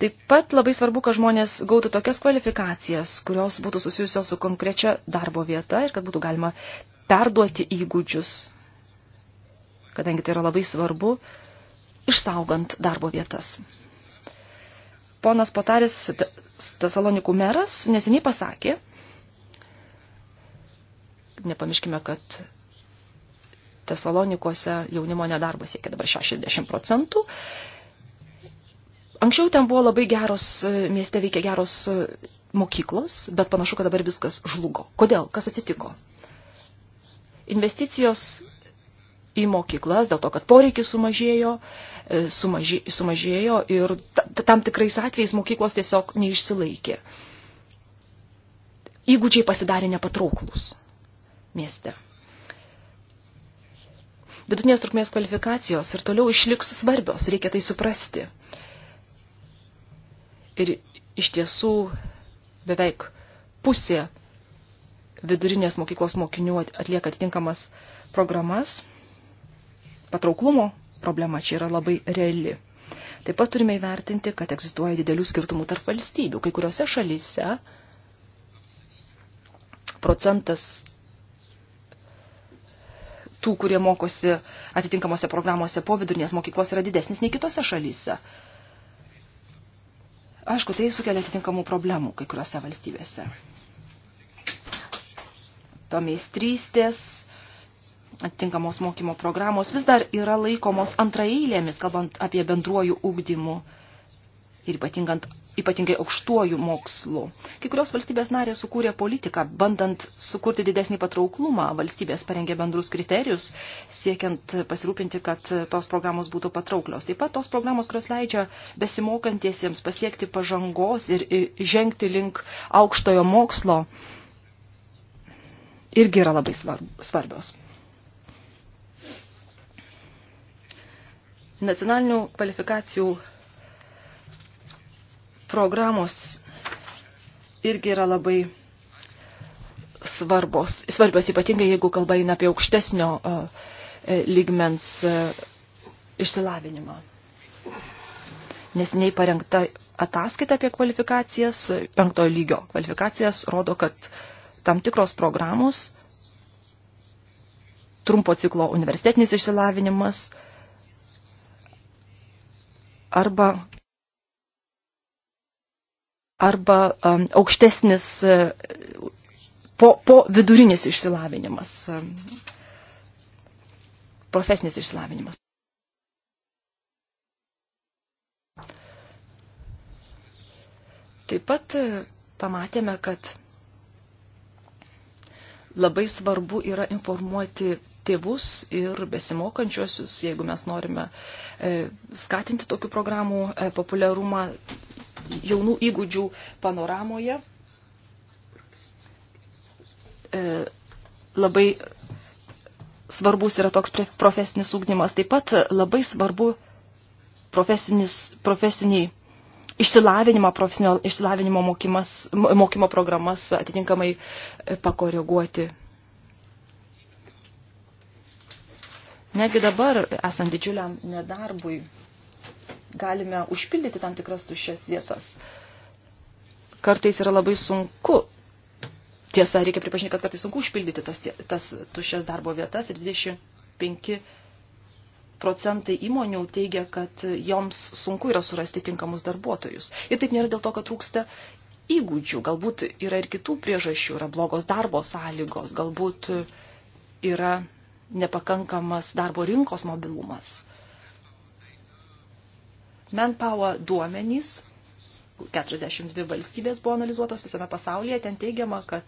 A: Taip pat labai svarbu, kad žmonės gautų tokias kvalifikacijas, kurios būtų susijusios su konkrečia darbo vieta ir kad būtų galima perduoti įgūdžius, kadangi tai yra labai svarbu, išsaugant darbo vietas ponas Potaris, Tesalonikų meras, neseniai pasakė, nepamirškime, kad Tesalonikose jaunimo nedarbas siekia dabar 60 procentų. Anksčiau ten buvo labai geros, mieste veikia geros mokyklos, bet panašu, kad dabar viskas žlugo. Kodėl? Kas atsitiko? Investicijos į mokyklas dėl to, kad poreikis sumažėjo, e, sumaži, sumažėjo ir tam tikrais atvejais mokyklos tiesiog neišsilaikė. Įgūdžiai pasidarė nepatrauklus mieste. Vidutinės trukmės kvalifikacijos ir toliau išliks svarbios, reikia tai suprasti. Ir iš tiesų beveik pusė vidurinės mokyklos mokinių atlieka atitinkamas programas patrauklumo problema čia yra labai reali. Taip pat turime įvertinti, kad egzistuoja didelių skirtumų tarp valstybių. Kai kuriuose šalyse procentas tų, kurie mokosi atitinkamose programuose po vidurinės mokyklos yra didesnis nei kitose šalyse. Aišku, tai sukelia atitinkamų problemų kai kuriuose valstybėse. Pameistrystės atitinkamos mokymo programos vis dar yra laikomos antraeilėmis, kalbant apie bendruoju ūkdymu ir ypatingai aukštuoju mokslu. Kai kurios valstybės narės sukūrė politiką, bandant sukurti didesnį patrauklumą, valstybės parengė bendrus kriterijus, siekiant pasirūpinti, kad tos programos būtų patrauklios. Taip pat tos programos, kurios leidžia besimokantiesiems pasiekti pažangos ir žengti link aukštojo mokslo, irgi yra labai svarbios. Nacionalinių kvalifikacijų programos irgi yra labai svarbos, svarbios, ypatingai jeigu kalba eina apie aukštesnio e, lygmens išsilavinimą. Nesiniai parengta ataskaita apie kvalifikacijas, penktojo lygio kvalifikacijas, rodo, kad tam tikros programos, trumpo ciklo universitetinis išsilavinimas, arba, arba um, aukštesnis uh, po, po vidurinis išsilavinimas, um, profesinis išsilavinimas. Taip pat uh, pamatėme, kad labai svarbu yra informuoti tėvus ir besimokančiosius, jeigu mes norime e, skatinti tokių programų e, populiarumą jaunų įgūdžių panoramoje. E, labai svarbus yra toks profesinis ūkdymas. Taip pat labai svarbu profesinį išsilavinimą, profesinio išsilavinimo mokymas, mokymo programas atitinkamai pakoreguoti Netgi dabar, esant didžiuliam nedarbui, galime užpildyti tam tikras tuščias vietas. Kartais yra labai sunku. Tiesa, reikia pripažinti, kad kartais sunku užpildyti tas, tas tuščias darbo vietas ir 25 procentai įmonių teigia, kad joms sunku yra surasti tinkamus darbuotojus. Ir taip nėra dėl to, kad trūksta įgūdžių, galbūt yra ir kitų priežasčių, yra blogos darbo sąlygos, galbūt yra nepakankamas darbo rinkos mobilumas. Manpower duomenys, 42 valstybės buvo analizuotos visame pasaulyje, ten teigiama, kad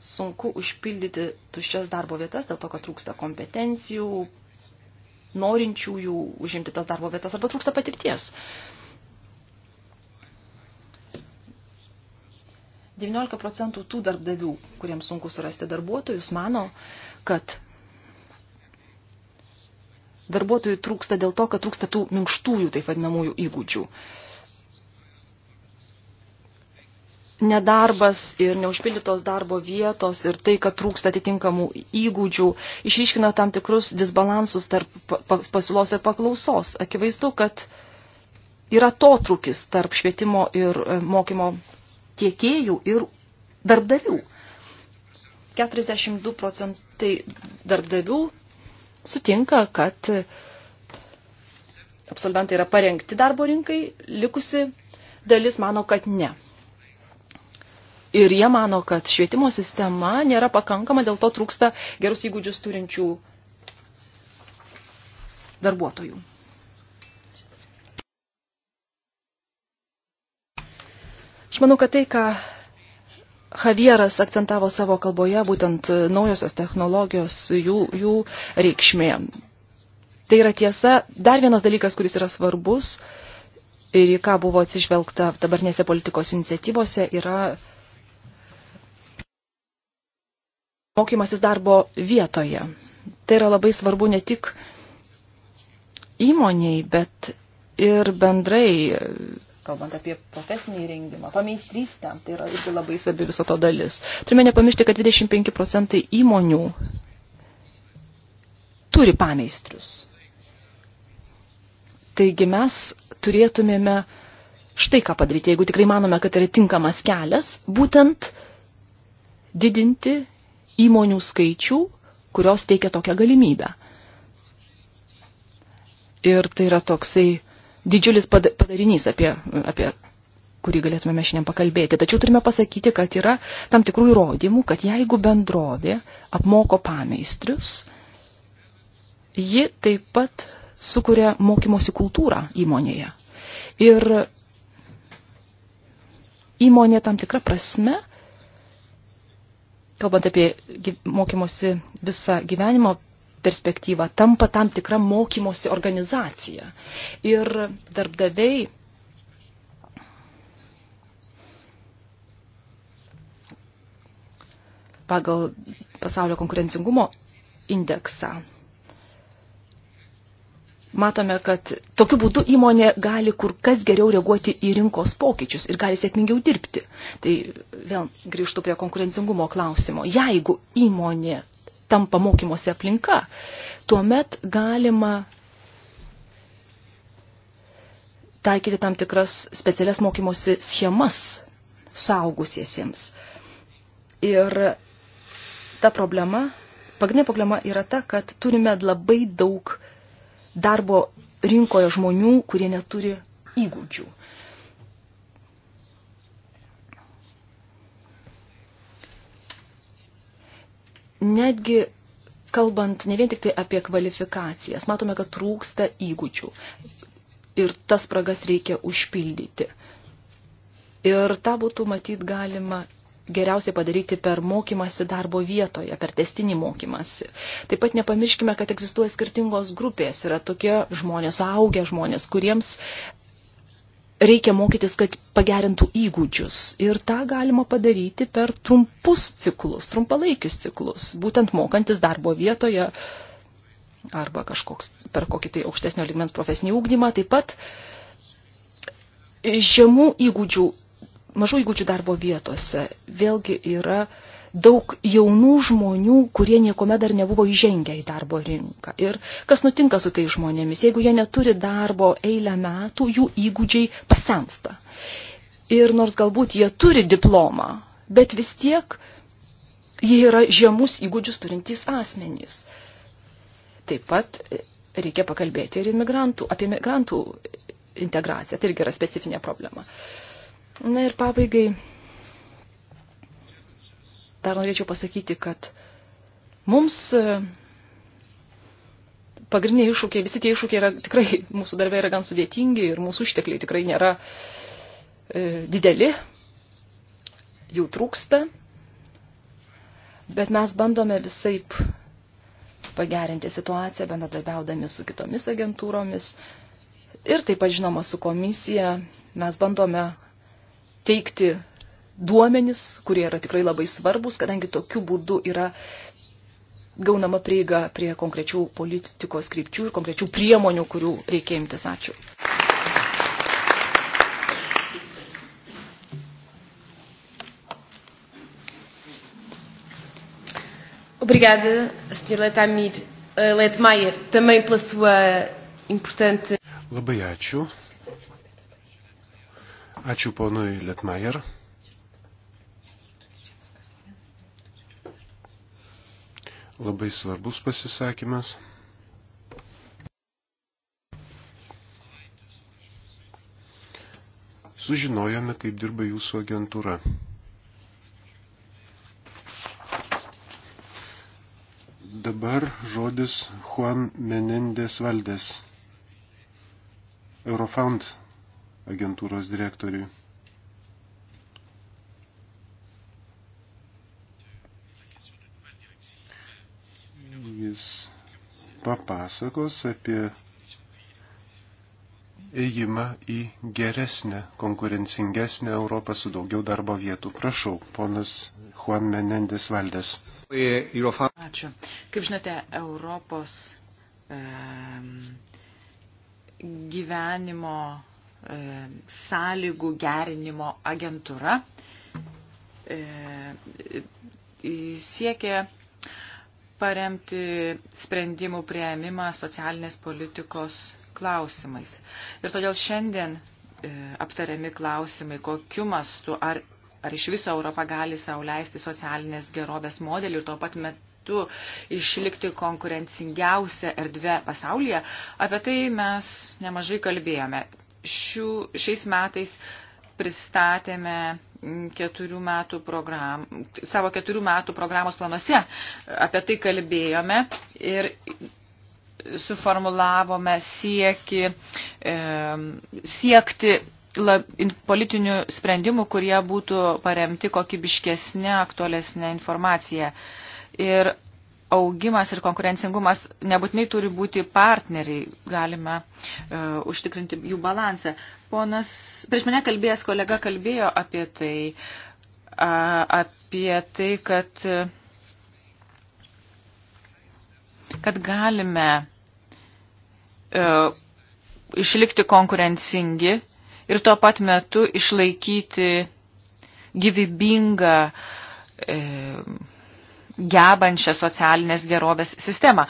A: sunku užpildyti tuščias darbo vietas dėl to, kad trūksta kompetencijų, norinčiųjų užimti tas darbo vietas arba trūksta patirties. 19 procentų tų darbdavių, kuriems sunku surasti darbuotojus, mano, kad darbuotojų trūksta dėl to, kad trūksta tų minkštųjų, taip vadinamųjų, įgūdžių. Nedarbas ir neužpildytos darbo vietos ir tai, kad trūksta atitinkamų įgūdžių, išryškina tam tikrus disbalansus tarp pasiūlos ir paklausos. Akivaizdu, kad yra totrukis tarp švietimo ir e, mokymo tiekėjų ir darbdavių. 42 procentai darbdavių sutinka, kad absolventai yra parengti darbo rinkai, likusi dalis mano, kad ne. Ir jie mano, kad švietimo sistema nėra pakankama, dėl to trūksta gerus įgūdžius turinčių darbuotojų. Aš manau, kad tai, ką Javieras akcentavo savo kalboje būtent e, naujosios technologijos, jų, jų reikšmė. Tai yra tiesa. Dar vienas dalykas, kuris yra svarbus ir į ką buvo atsižvelgta dabarnėse politikos iniciatyvose, yra mokymasis darbo vietoje. Tai yra labai svarbu ne tik įmoniai, bet ir bendrai kalbant apie profesinį rengimą, pameistrystę, tai yra irgi labai svarbi viso to dalis. Turime nepamiršti, kad 25 procentai įmonių turi pameistrius. Taigi mes turėtumėme štai ką padaryti, jeigu tikrai manome, kad yra tinkamas kelias, būtent didinti įmonių skaičių, kurios teikia tokią galimybę. Ir tai yra toksai didžiulis padarinys, apie, apie kurį galėtumėme šiandien pakalbėti. Tačiau turime pasakyti, kad yra tam tikrų įrodymų, kad jeigu bendrovė apmoko pameistrius, ji taip pat sukuria mokymosi kultūrą įmonėje. Ir įmonė tam tikrą prasme, kalbant apie mokymosi visą gyvenimo perspektyvą tampa tam tikra mokymosi organizacija. Ir darbdaviai pagal pasaulio konkurencingumo indeksą matome, kad tokiu būdu įmonė gali kur kas geriau reaguoti į rinkos pokyčius ir gali sėkmingiau dirbti. Tai vėl grįžtu prie konkurencingumo klausimo. Jeigu įmonė tampa mokymosi aplinka, tuomet galima taikyti tam tikras specialias mokymosi schemas saugusiesiems. Ir ta problema, pagrindinė problema yra ta, kad turime labai daug darbo rinkoje žmonių, kurie neturi įgūdžių. netgi kalbant ne vien tik tai apie kvalifikacijas, matome, kad trūksta įgūdžių ir tas spragas reikia užpildyti. Ir tą būtų matyt galima geriausiai padaryti per mokymasi darbo vietoje, per testinį mokymasi. Taip pat nepamirškime, kad egzistuoja skirtingos grupės, yra tokie žmonės, suaugę žmonės, kuriems reikia mokytis, kad pagerintų įgūdžius. Ir tą galima padaryti per trumpus ciklus, trumpalaikius ciklus, būtent mokantis darbo vietoje arba kažkoks per kokį tai aukštesnio ligmens profesinį ūkdymą. Taip pat žemų įgūdžių, mažų įgūdžių darbo vietose vėlgi yra daug jaunų žmonių, kurie niekome dar nebuvo įžengę į darbo rinką. Ir kas nutinka su tai žmonėmis? Jeigu jie neturi darbo eilę metų, jų įgūdžiai pasensta. Ir nors galbūt jie turi diplomą, bet vis tiek jie yra žemus įgūdžius turintys asmenys. Taip pat reikia pakalbėti ir imigrantų, apie migrantų integraciją. Tai irgi yra specifinė problema. Na ir pabaigai dar norėčiau pasakyti, kad mums e, pagrindiniai iššūkiai, visi tie iššūkiai yra tikrai, mūsų darbė yra gan sudėtingi ir mūsų ištekliai tikrai nėra e, dideli, jų trūksta, bet mes bandome visaip pagerinti situaciją, bendradarbiaudami su kitomis agentūromis ir taip pat žinoma su komisija. Mes bandome teikti duomenis, kurie yra tikrai labai svarbus, kadangi tokiu būdu yra gaunama prieiga prie konkrečių politikos krypčių ir konkrečių priemonių, kurių reikia imtis. Ačiū. Obrigada, Sr. Letamir eh, Letmaier, também pela sua importante.
C: Labai ačiū. Ačiū ponui Letmaier. Labai svarbus pasisakymas. Sužinojome, kaip dirba jūsų agentūra. Dabar žodis Juan Menendės valdės, Eurofound agentūros direktoriui. papasakos apie ėjimą į geresnę, konkurencingesnę Europą su daugiau darbo vietų. Prašau, ponas Juan Menendis Valdės. Ačiū.
B: Kaip žinote, Europos e, gyvenimo e, sąlygų gerinimo agentūra e, siekia paremti sprendimų prieimimą socialinės politikos klausimais. Ir todėl šiandien e, aptariami klausimai, kokiu mastu ar, ar iš viso Europa gali sauliaisti socialinės gerovės modelį ir tuo pat metu išlikti konkurencingiausią erdvę pasaulyje, apie tai mes nemažai kalbėjome. Šių, šiais metais pristatėme mm, keturių metų program, savo keturių metų programos planuose. Apie tai kalbėjome ir suformulavome sieki, e, siekti lab, in, politinių sprendimų, kurie būtų paremti kokybiškesnė, aktualesnė informacija. Ir augimas ir konkurencingumas nebūtinai turi būti partneriai, galime uh, užtikrinti jų balansą. Ponas, prieš mane kalbėjęs kolega kalbėjo apie tai, uh, apie tai, kad, kad galime uh, išlikti konkurencingi ir tuo pat metu išlaikyti gyvybingą uh, gebančią socialinės gerovės sistemą.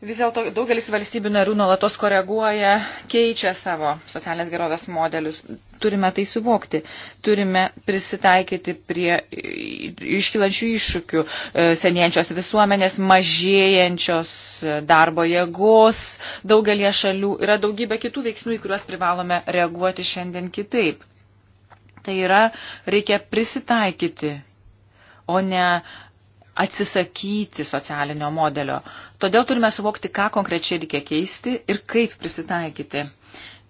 B: Vis dėlto daugelis valstybių narių nuolatos koreguoja, keičia savo socialinės gerovės modelius. Turime tai suvokti, turime prisitaikyti prie iškilančių iššūkių e, senėjančios visuomenės, mažėjančios darbo jėgos daugelie šalių. Yra daugybė kitų veiksnių, į kuriuos privalome reaguoti šiandien kitaip. Tai yra, reikia prisitaikyti, o ne atsisakyti socialinio modelio. Todėl turime suvokti, ką konkrečiai reikia keisti ir kaip prisitaikyti.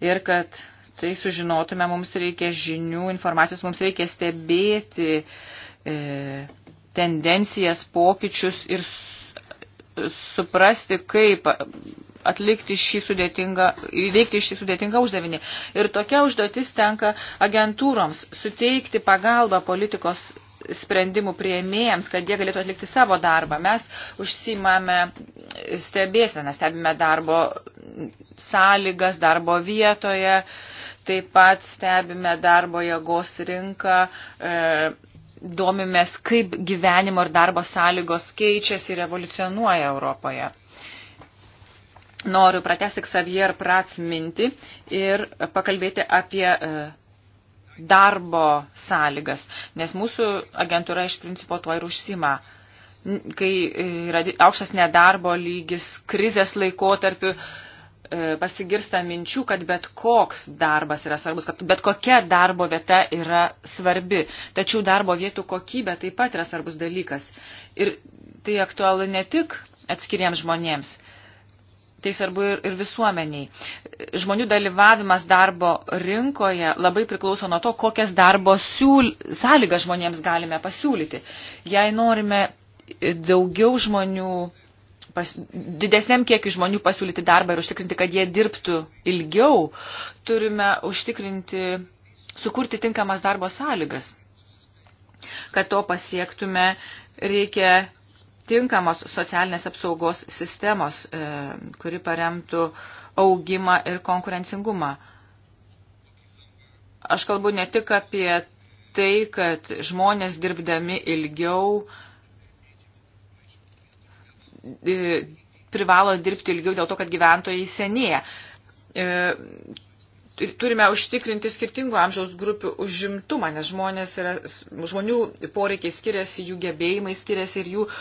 B: Ir kad tai sužinotume, mums reikia žinių, informacijos, mums reikia stebėti e, tendencijas, pokyčius ir e, suprasti, kaip atlikti šį sudėtingą, įveikti šį sudėtingą uždavinį. Ir tokia užduotis tenka agentūroms suteikti pagalbą politikos sprendimų prieimėjams, kad jie galėtų atlikti savo darbą. Mes užsimame stebėseną, stebime darbo sąlygas darbo vietoje, taip pat stebime darbo jėgos rinką, e, domimės, kaip gyvenimo ir darbo sąlygos keičiasi ir evoliucionuoja Europoje. Noriu pratesti Xavier Prats mintį ir pakalbėti apie e, darbo sąlygas, nes mūsų agentūra iš principo tuo ir užsima. Kai e, yra aukštas nedarbo lygis, krizės laikotarpiu, e, pasigirsta minčių, kad bet koks darbas yra svarbus, kad bet kokia darbo vieta yra svarbi. Tačiau darbo vietų kokybė taip pat yra svarbus dalykas. Ir tai aktualu ne tik atskiriems žmonėms, tai svarbu ir, ir visuomeniai. Žmonių dalyvavimas darbo rinkoje labai priklauso nuo to, kokias darbo siūl, sąlygas žmonėms galime pasiūlyti. Jei norime daugiau žmonių, pas, didesniam kiekiu žmonių pasiūlyti darbą ir užtikrinti, kad jie dirbtų ilgiau, turime užtikrinti, sukurti tinkamas darbo sąlygas. Kad to pasiektume, reikia tinkamos socialinės apsaugos sistemos, e, kuri paremtų augimą ir konkurencingumą. Aš kalbu ne tik apie tai, kad žmonės dirbdami ilgiau e, privalo dirbti ilgiau dėl to, kad gyventojai senėja. E, turime užtikrinti skirtingų amžiaus grupių užimtumą, nes žmonės yra, žmonių poreikiai skiriasi, jų gebėjimai skiriasi ir jų uh,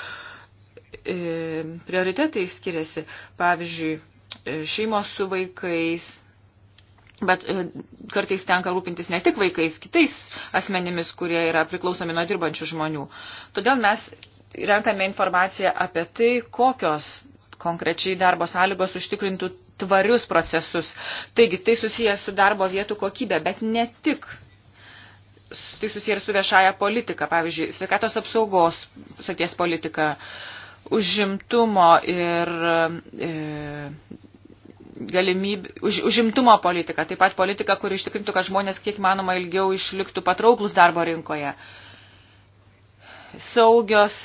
B: E, prioritetai skiriasi. Pavyzdžiui, e, šeimos su vaikais, Bet e, kartais tenka rūpintis ne tik vaikais, kitais asmenimis, kurie yra priklausomi nuo dirbančių žmonių. Todėl mes renkame informaciją apie tai, kokios konkrečiai darbo sąlygos užtikrintų tvarius procesus. Taigi, tai susijęs su darbo vietų kokybė, bet ne tik. Tai susiję ir su viešaja politika, pavyzdžiui, sveikatos apsaugos saties politika, uh, užimtumo ir e, galimybių, už, užimtumo politika, taip pat politika, kuri ištikrintų, kad žmonės kiek manoma ilgiau išliktų patrauklus darbo rinkoje. Saugios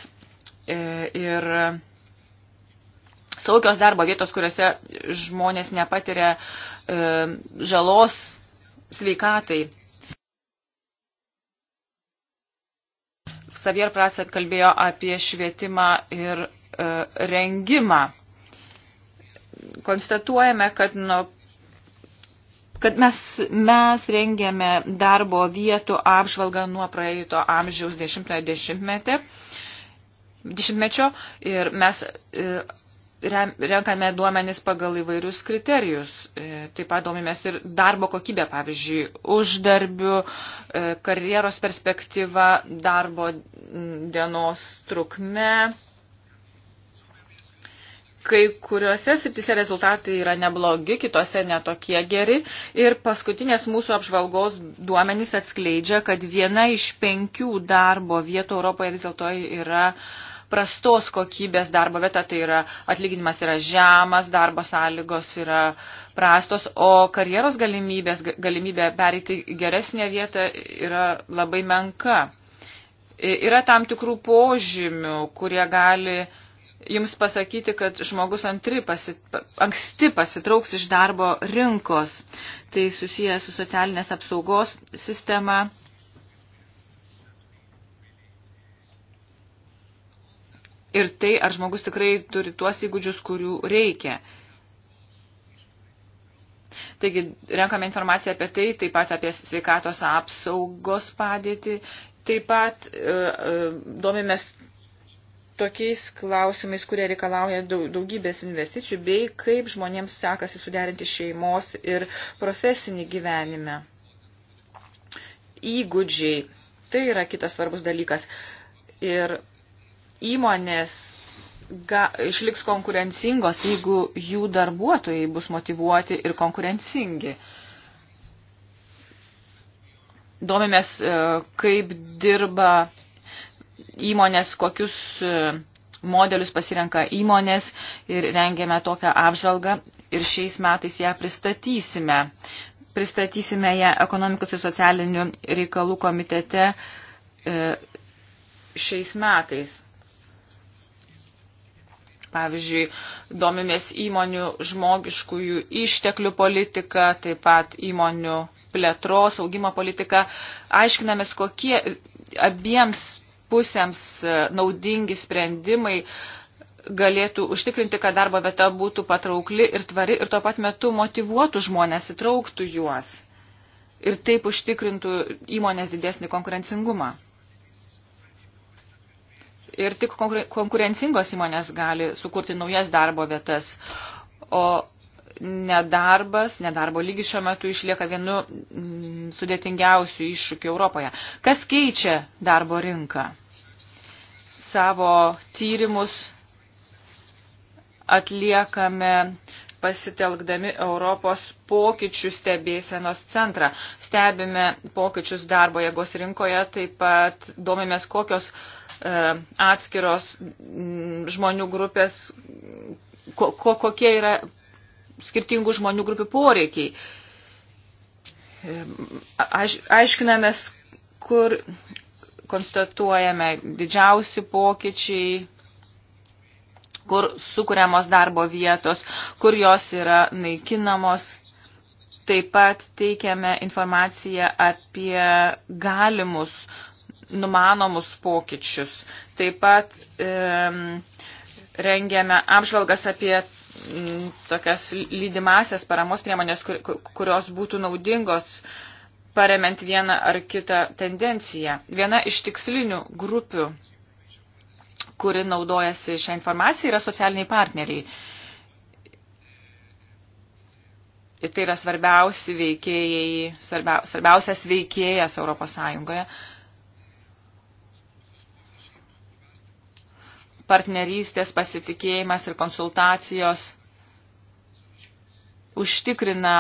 B: e, ir saugios darbo vietos, kuriuose žmonės nepatiria e, žalos sveikatai Savier Prasat kalbėjo apie švietimą ir e, rengimą. Konstatuojame, kad, nuo, kad mes, mes rengėme darbo vietų apžvalgą nuo praeito amžiaus 10-mečio ir mes e, renkame duomenis pagal įvairius kriterijus. E, taip pat domimės ir darbo kokybę, pavyzdžiui, uždarbių, e, karjeros perspektyvą, darbo dienos trukme. Kai kuriuose sritise rezultatai yra neblogi, kitose netokie geri. Ir paskutinės mūsų apžvalgos duomenys atskleidžia, kad viena iš penkių darbo vietų Europoje vis dėlto yra uh, prastos kokybės darbo vieta, tai yra atlyginimas yra žemas, darbo sąlygos yra prastos, o karjeros galimybės, galimybė pereiti geresnę vietą yra labai menka. Yra tam tikrų požymių, kurie gali jums pasakyti, kad žmogus antri pasit, anksti pasitrauks iš darbo rinkos. Tai susijęs su socialinės apsaugos sistema ir tai, ar žmogus tikrai turi tuos įgūdžius, kurių reikia. Taigi renkame informaciją apie tai, taip pat apie sveikatos apsaugos padėtį, taip pat e, e, domimės tokiais klausimais, kurie reikalauja daugybės investicijų, bei kaip žmonėms sekasi suderinti šeimos ir profesinį gyvenimą. Įgūdžiai. Tai yra kitas svarbus dalykas. Ir įmonės ga, išliks konkurencingos, jeigu jų darbuotojai bus motivuoti ir konkurencingi. Domimės, e, kaip dirba įmonės, kokius e, modelius pasirenka įmonės ir rengėme tokią apžvalgą ir šiais metais ją pristatysime. Pristatysime ją ekonomikos ir socialinių reikalų komitete e, šiais metais. Pavyzdžiui, domimės įmonių žmogiškųjų išteklių politiką, taip pat įmonių plėtros, augimo politiką. Aiškinamės, kokie abiems pusėms e, naudingi sprendimai galėtų užtikrinti, kad darbo vieta būtų patraukli ir tvari ir tuo pat metu motivuotų žmonės, įtrauktų juos ir taip užtikrintų įmonės didesnį konkurencingumą ir tik konkurencingos įmonės gali sukurti naujas darbo vietas, o nedarbas, nedarbo lygis šiuo metu išlieka vienu mm, sudėtingiausių iššūkių Europoje. Kas keičia darbo rinką? Savo tyrimus atliekame pasitelkdami Europos pokyčių stebėsenos centrą. Stebime pokyčius darbo jėgos rinkoje, taip pat domimės, kokios uh, E, atskiros žmonių grupės, ko, ko, kokie yra skirtingų žmonių grupių poreikiai. E, aiš, aiškinamės, kur konstatuojame didžiausi pokyčiai, kur sukūriamos darbo vietos, kur jos yra naikinamos. Taip pat teikiame informaciją apie galimus numanomus pokyčius. Taip pat e, rengiame apžvalgas apie m, tokias lydimasias paramos priemonės, kur, kurios būtų naudingos paremant vieną ar kitą tendenciją. Viena iš tikslinių grupių, kuri naudojasi šią informaciją, yra socialiniai partneriai. Ir tai yra svarbiausi veikėjai, svarbia, svarbiausias veikėjas Europos Sąjungoje. Uh, partnerystės pasitikėjimas ir konsultacijos užtikrina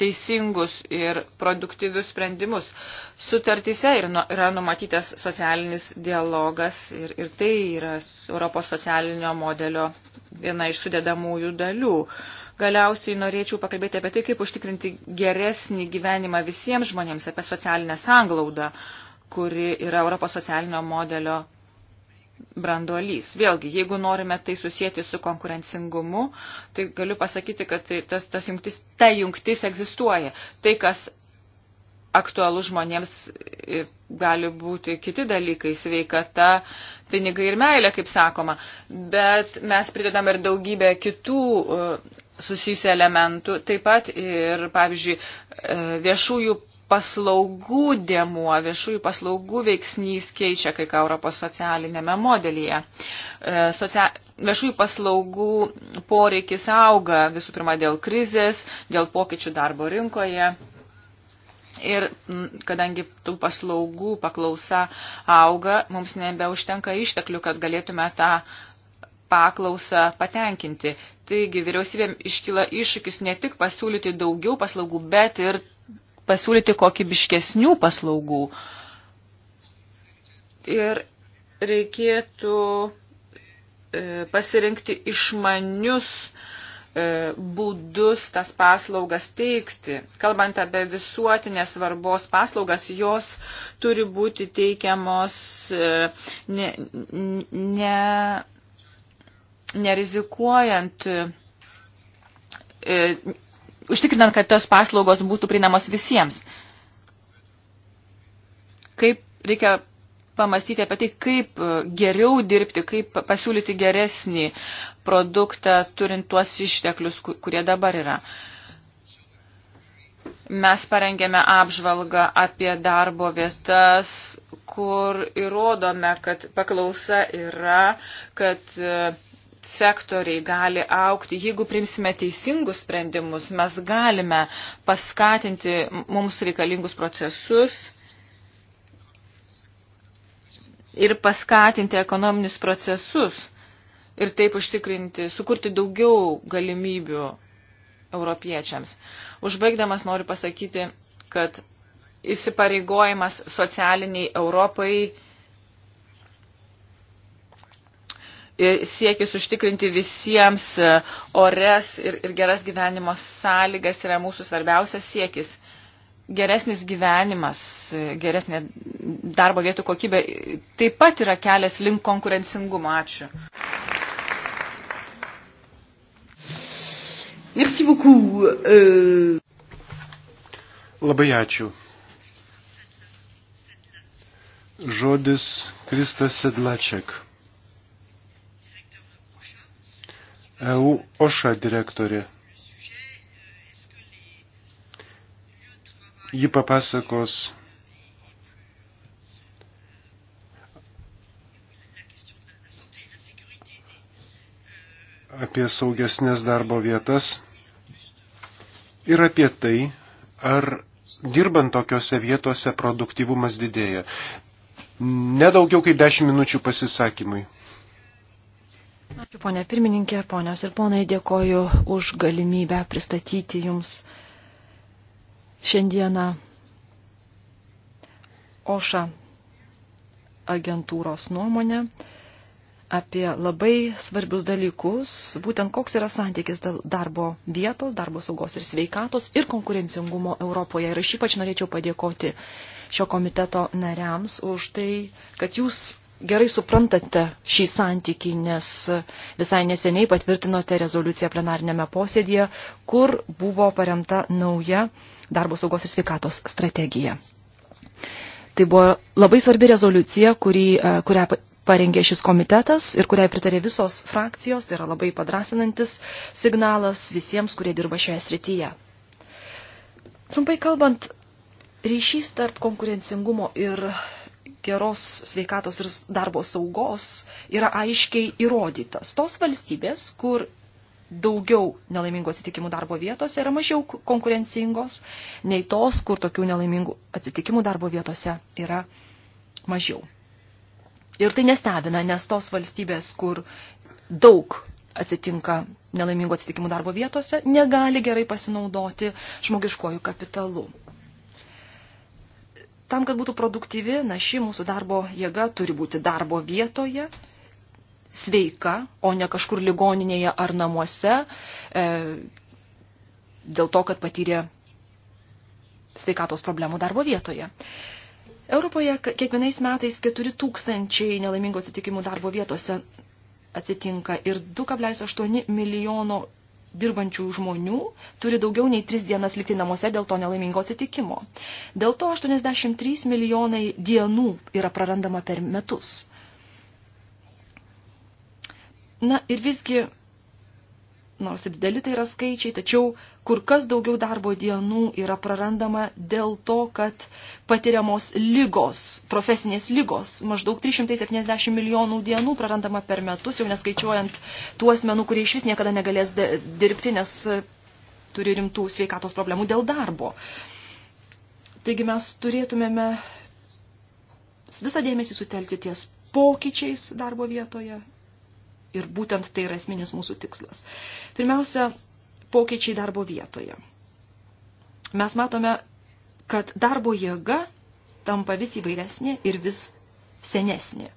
B: teisingus ir produktyvius sprendimus. Sutartyse nu, yra numatytas socialinis dialogas ir, ir tai yra Europos socialinio modelio viena iš sudėdamųjų dalių. Galiausiai norėčiau pakalbėti apie tai, kaip užtikrinti geresnį gyvenimą visiems žmonėms, apie socialinę sanglaudą, kuri yra Europos socialinio modelio branduolys. Vėlgi, jeigu norime tai susijęti su konkurencingumu, tai galiu pasakyti, kad tai, tas, tas jungtis, ta jungtis egzistuoja. Tai, kas aktualu žmonėms gali būti kiti dalykai - sveikata, pinigai ir meilė, kaip sakoma. Bet mes pridedam ir daugybę kitų e, susijusių elementų, taip pat ir, pavyzdžiui, e, viešųjų paslaugų dėmuo, viešųjų paslaugų veiksnys keičia kai ką Europos socialinėme modelyje. E, socia... Viešųjų paslaugų poreikis auga visų pirma dėl krizės, dėl pokyčių darbo rinkoje. Ir kadangi tų paslaugų paklausa auga, mums nebeužtenka išteklių, kad galėtume tą paklausą patenkinti. Taigi vyriausybėm iškyla iššūkis ne tik pasiūlyti daugiau paslaugų, bet ir pasiūlyti kokybiškesnių paslaugų. Ir reikėtų e, pasirinkti išmanius e, būdus tas paslaugas teikti. Kalbant apie visuotinės svarbos paslaugas, jos turi būti teikiamos e, ne, ne, nerizikuojant užtikrinant, kad tos paslaugos būtų prieinamos visiems. Kaip reikia pamastyti apie tai, kaip e, geriau dirbti, kaip pasiūlyti geresnį produktą, turint tuos išteklius, kurie dabar yra. Mes parengėme apžvalgą apie darbo vietas, kur įrodome, kad paklausa yra, kad e, sektoriai gali aukti. Jeigu primsime teisingus sprendimus, mes galime paskatinti mums reikalingus procesus ir paskatinti ekonominius procesus ir taip užtikrinti, sukurti daugiau galimybių europiečiams. Užbaigdamas noriu pasakyti, kad įsipareigojimas socialiniai Europai E, siekis užtikrinti visiems e, ores ir, ir geras gyvenimo sąlygas yra mūsų svarbiausias siekis. Geresnis gyvenimas, e, geresnė darbo vietų kokybė taip pat yra kelias link konkurencingumo. Ačiū.
C: Merci beaucoup. Euh... Labai ačiū. Žodis Kristas Sedlaček. EU OŠA direktorė. Ji papasakos apie saugesnės darbo vietas ir apie tai, ar dirbant tokiose vietose produktyvumas didėja. Nedaugiau kaip 10 minučių pasisakymui.
A: Ačiū, ponė pirmininkė, ponios ir ponai, dėkoju už galimybę pristatyti jums šiandieną OŠA agentūros nuomonę apie labai svarbius dalykus, būtent koks yra santykis darbo vietos, darbo saugos ir sveikatos ir konkurencingumo Europoje. Ir aš ypač norėčiau padėkoti šio komiteto nariams už tai, kad jūs gerai suprantate šį santykį, nes visai neseniai patvirtinote rezoliuciją plenarinėme posėdėje, kur buvo paremta nauja darbo saugos ir sveikatos strategija. Tai buvo labai svarbi rezoliucija, kurį, e, kurią parengė šis komitetas ir kuriai pritarė visos frakcijos, tai yra labai padrasinantis signalas visiems, kurie dirba šioje srityje. Trumpai kalbant, ryšys tarp konkurencingumo ir geros sveikatos ir darbo saugos yra aiškiai įrodytas. Tos valstybės, kur daugiau nelaimingų atsitikimų darbo vietose yra mažiau konkurencingos nei tos, kur tokių nelaimingų atsitikimų darbo vietose yra mažiau. Ir tai nestebina, nes tos valstybės, kur daug atsitinka nelaimingų atsitikimų darbo vietose, negali gerai pasinaudoti žmogiškojų kapitalu. Tam, kad būtų produktyvi, naši mūsų darbo jėga turi būti darbo vietoje, sveika, o ne kažkur ligoninėje ar namuose, e, dėl to, kad patyrė sveikatos problemų darbo vietoje. Europoje kiekvienais metais 4 tūkstančiai nelaimingų atsitikimų darbo vietose atsitinka ir 2,8 milijono dirbančių žmonių turi daugiau nei 3 dienas likti namuose dėl to nelaimingo atsitikimo. Dėl to 83 milijonai dienų yra prarandama per metus. Na ir visgi nors ir dideli tai yra skaičiai, tačiau kur kas daugiau darbo dienų yra prarandama dėl to, kad patiriamos lygos, profesinės lygos, maždaug 370 milijonų dienų prarandama per metus, jau neskaičiuojant tų asmenų, kurie iš vis niekada negalės dirbti, nes turi rimtų sveikatos problemų dėl darbo. Taigi mes turėtumėme visą dėmesį sutelkti ties pokyčiais darbo vietoje ir būtent tai yra esminis mūsų tikslas. Pirmiausia, pokyčiai darbo vietoje. Mes matome, kad darbo jėga tampa vis įvairesnė ir vis senesnė.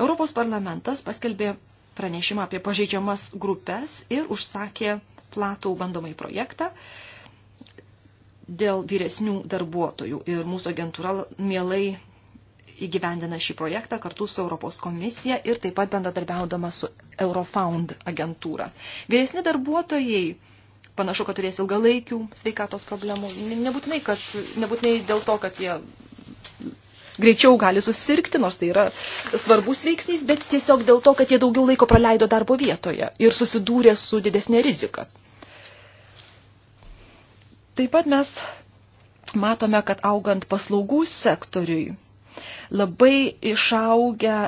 A: Europos parlamentas paskelbė pranešimą apie pažeidžiamas grupės ir užsakė platų bandomai projektą dėl vyresnių darbuotojų. Ir mūsų agentūra mielai įgyvendina šį projektą kartu su Europos komisija ir taip pat bendradarbiaudama su Eurofound agentūra. Vyresni darbuotojai panašu, kad turės ilgalaikių sveikatos problemų. Nebūtinai, kad, nebūtinai dėl to, kad jie greičiau gali susirgti, nors tai yra svarbus veiksnys, bet tiesiog dėl to, kad jie daugiau laiko praleido darbo vietoje ir susidūrė su didesnė rizika. Taip pat mes matome, kad augant paslaugų sektoriui, Labai išaugia,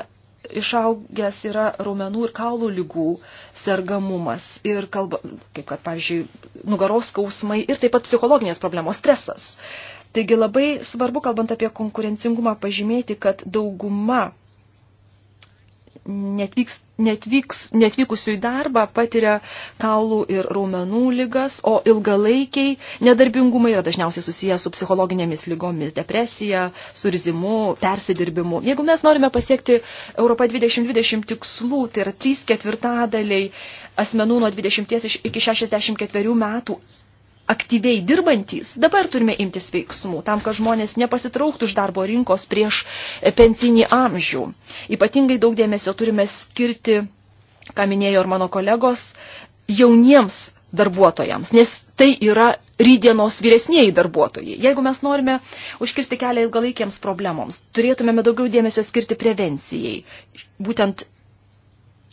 A: išaugęs yra raumenų ir kaulų lygų sergamumas ir kalba, kaip kad, pavyzdžiui, nugaros skausmai ir taip pat psichologinės problemos stresas. Taigi labai svarbu, kalbant apie konkurencingumą, pažymėti, kad dauguma netvyks, netvyks, netvykusių į darbą patiria kaulų ir raumenų lygas, o ilgalaikiai nedarbingumai yra dažniausiai susiję su psichologinėmis lygomis, depresija, surizimu, persidirbimu. Jeigu mes norime pasiekti Europą 2020 tikslų, tai yra 3 ketvirtadaliai asmenų nuo 20 iki 64 metų aktyviai dirbantys, dabar turime imtis veiksmų tam, kad žmonės nepasitrauktų iš darbo rinkos prieš e, pensinį amžių. Ypatingai daug dėmesio turime skirti, ką minėjo ir mano kolegos, jauniems darbuotojams, nes tai yra rydienos vyresnieji darbuotojai. Jeigu mes norime užkirsti kelią ilgalaikiams problemoms, turėtumėme daugiau dėmesio skirti prevencijai, būtent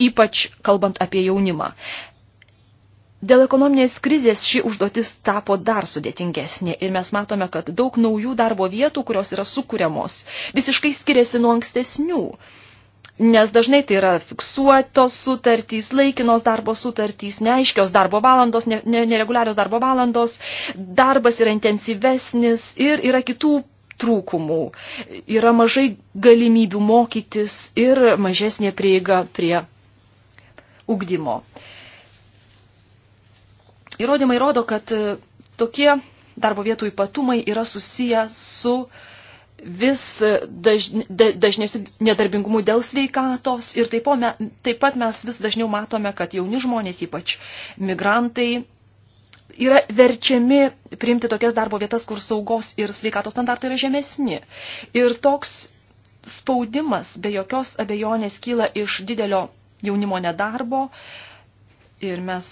A: ypač kalbant apie jaunimą. Dėl ekonominės krizės ši užduotis tapo dar sudėtingesnė ir mes matome, kad daug naujų darbo vietų, kurios yra sukūriamos, visiškai skiriasi nuo ankstesnių. Nes dažnai tai yra fiksuotos sutartys, laikinos darbo sutartys, neaiškios darbo valandos, ne, ne, nereguliarios darbo valandos, darbas yra intensyvesnis ir yra kitų trūkumų. Yra mažai galimybių mokytis ir mažesnė prieiga prie ugdymo. Uh, Įrodymai rodo, kad e, tokie darbo vietų ypatumai yra susiję su vis e, dažn, dažnesniu nedarbingumu dėl sveikatos ir taip, po, me, taip pat mes vis dažniau matome, kad jauni žmonės, ypač migrantai, yra verčiami priimti tokias darbo vietas, kur saugos ir sveikatos standartai yra žemesni. Ir toks spaudimas be jokios abejonės kyla iš didelio jaunimo nedarbo ir mes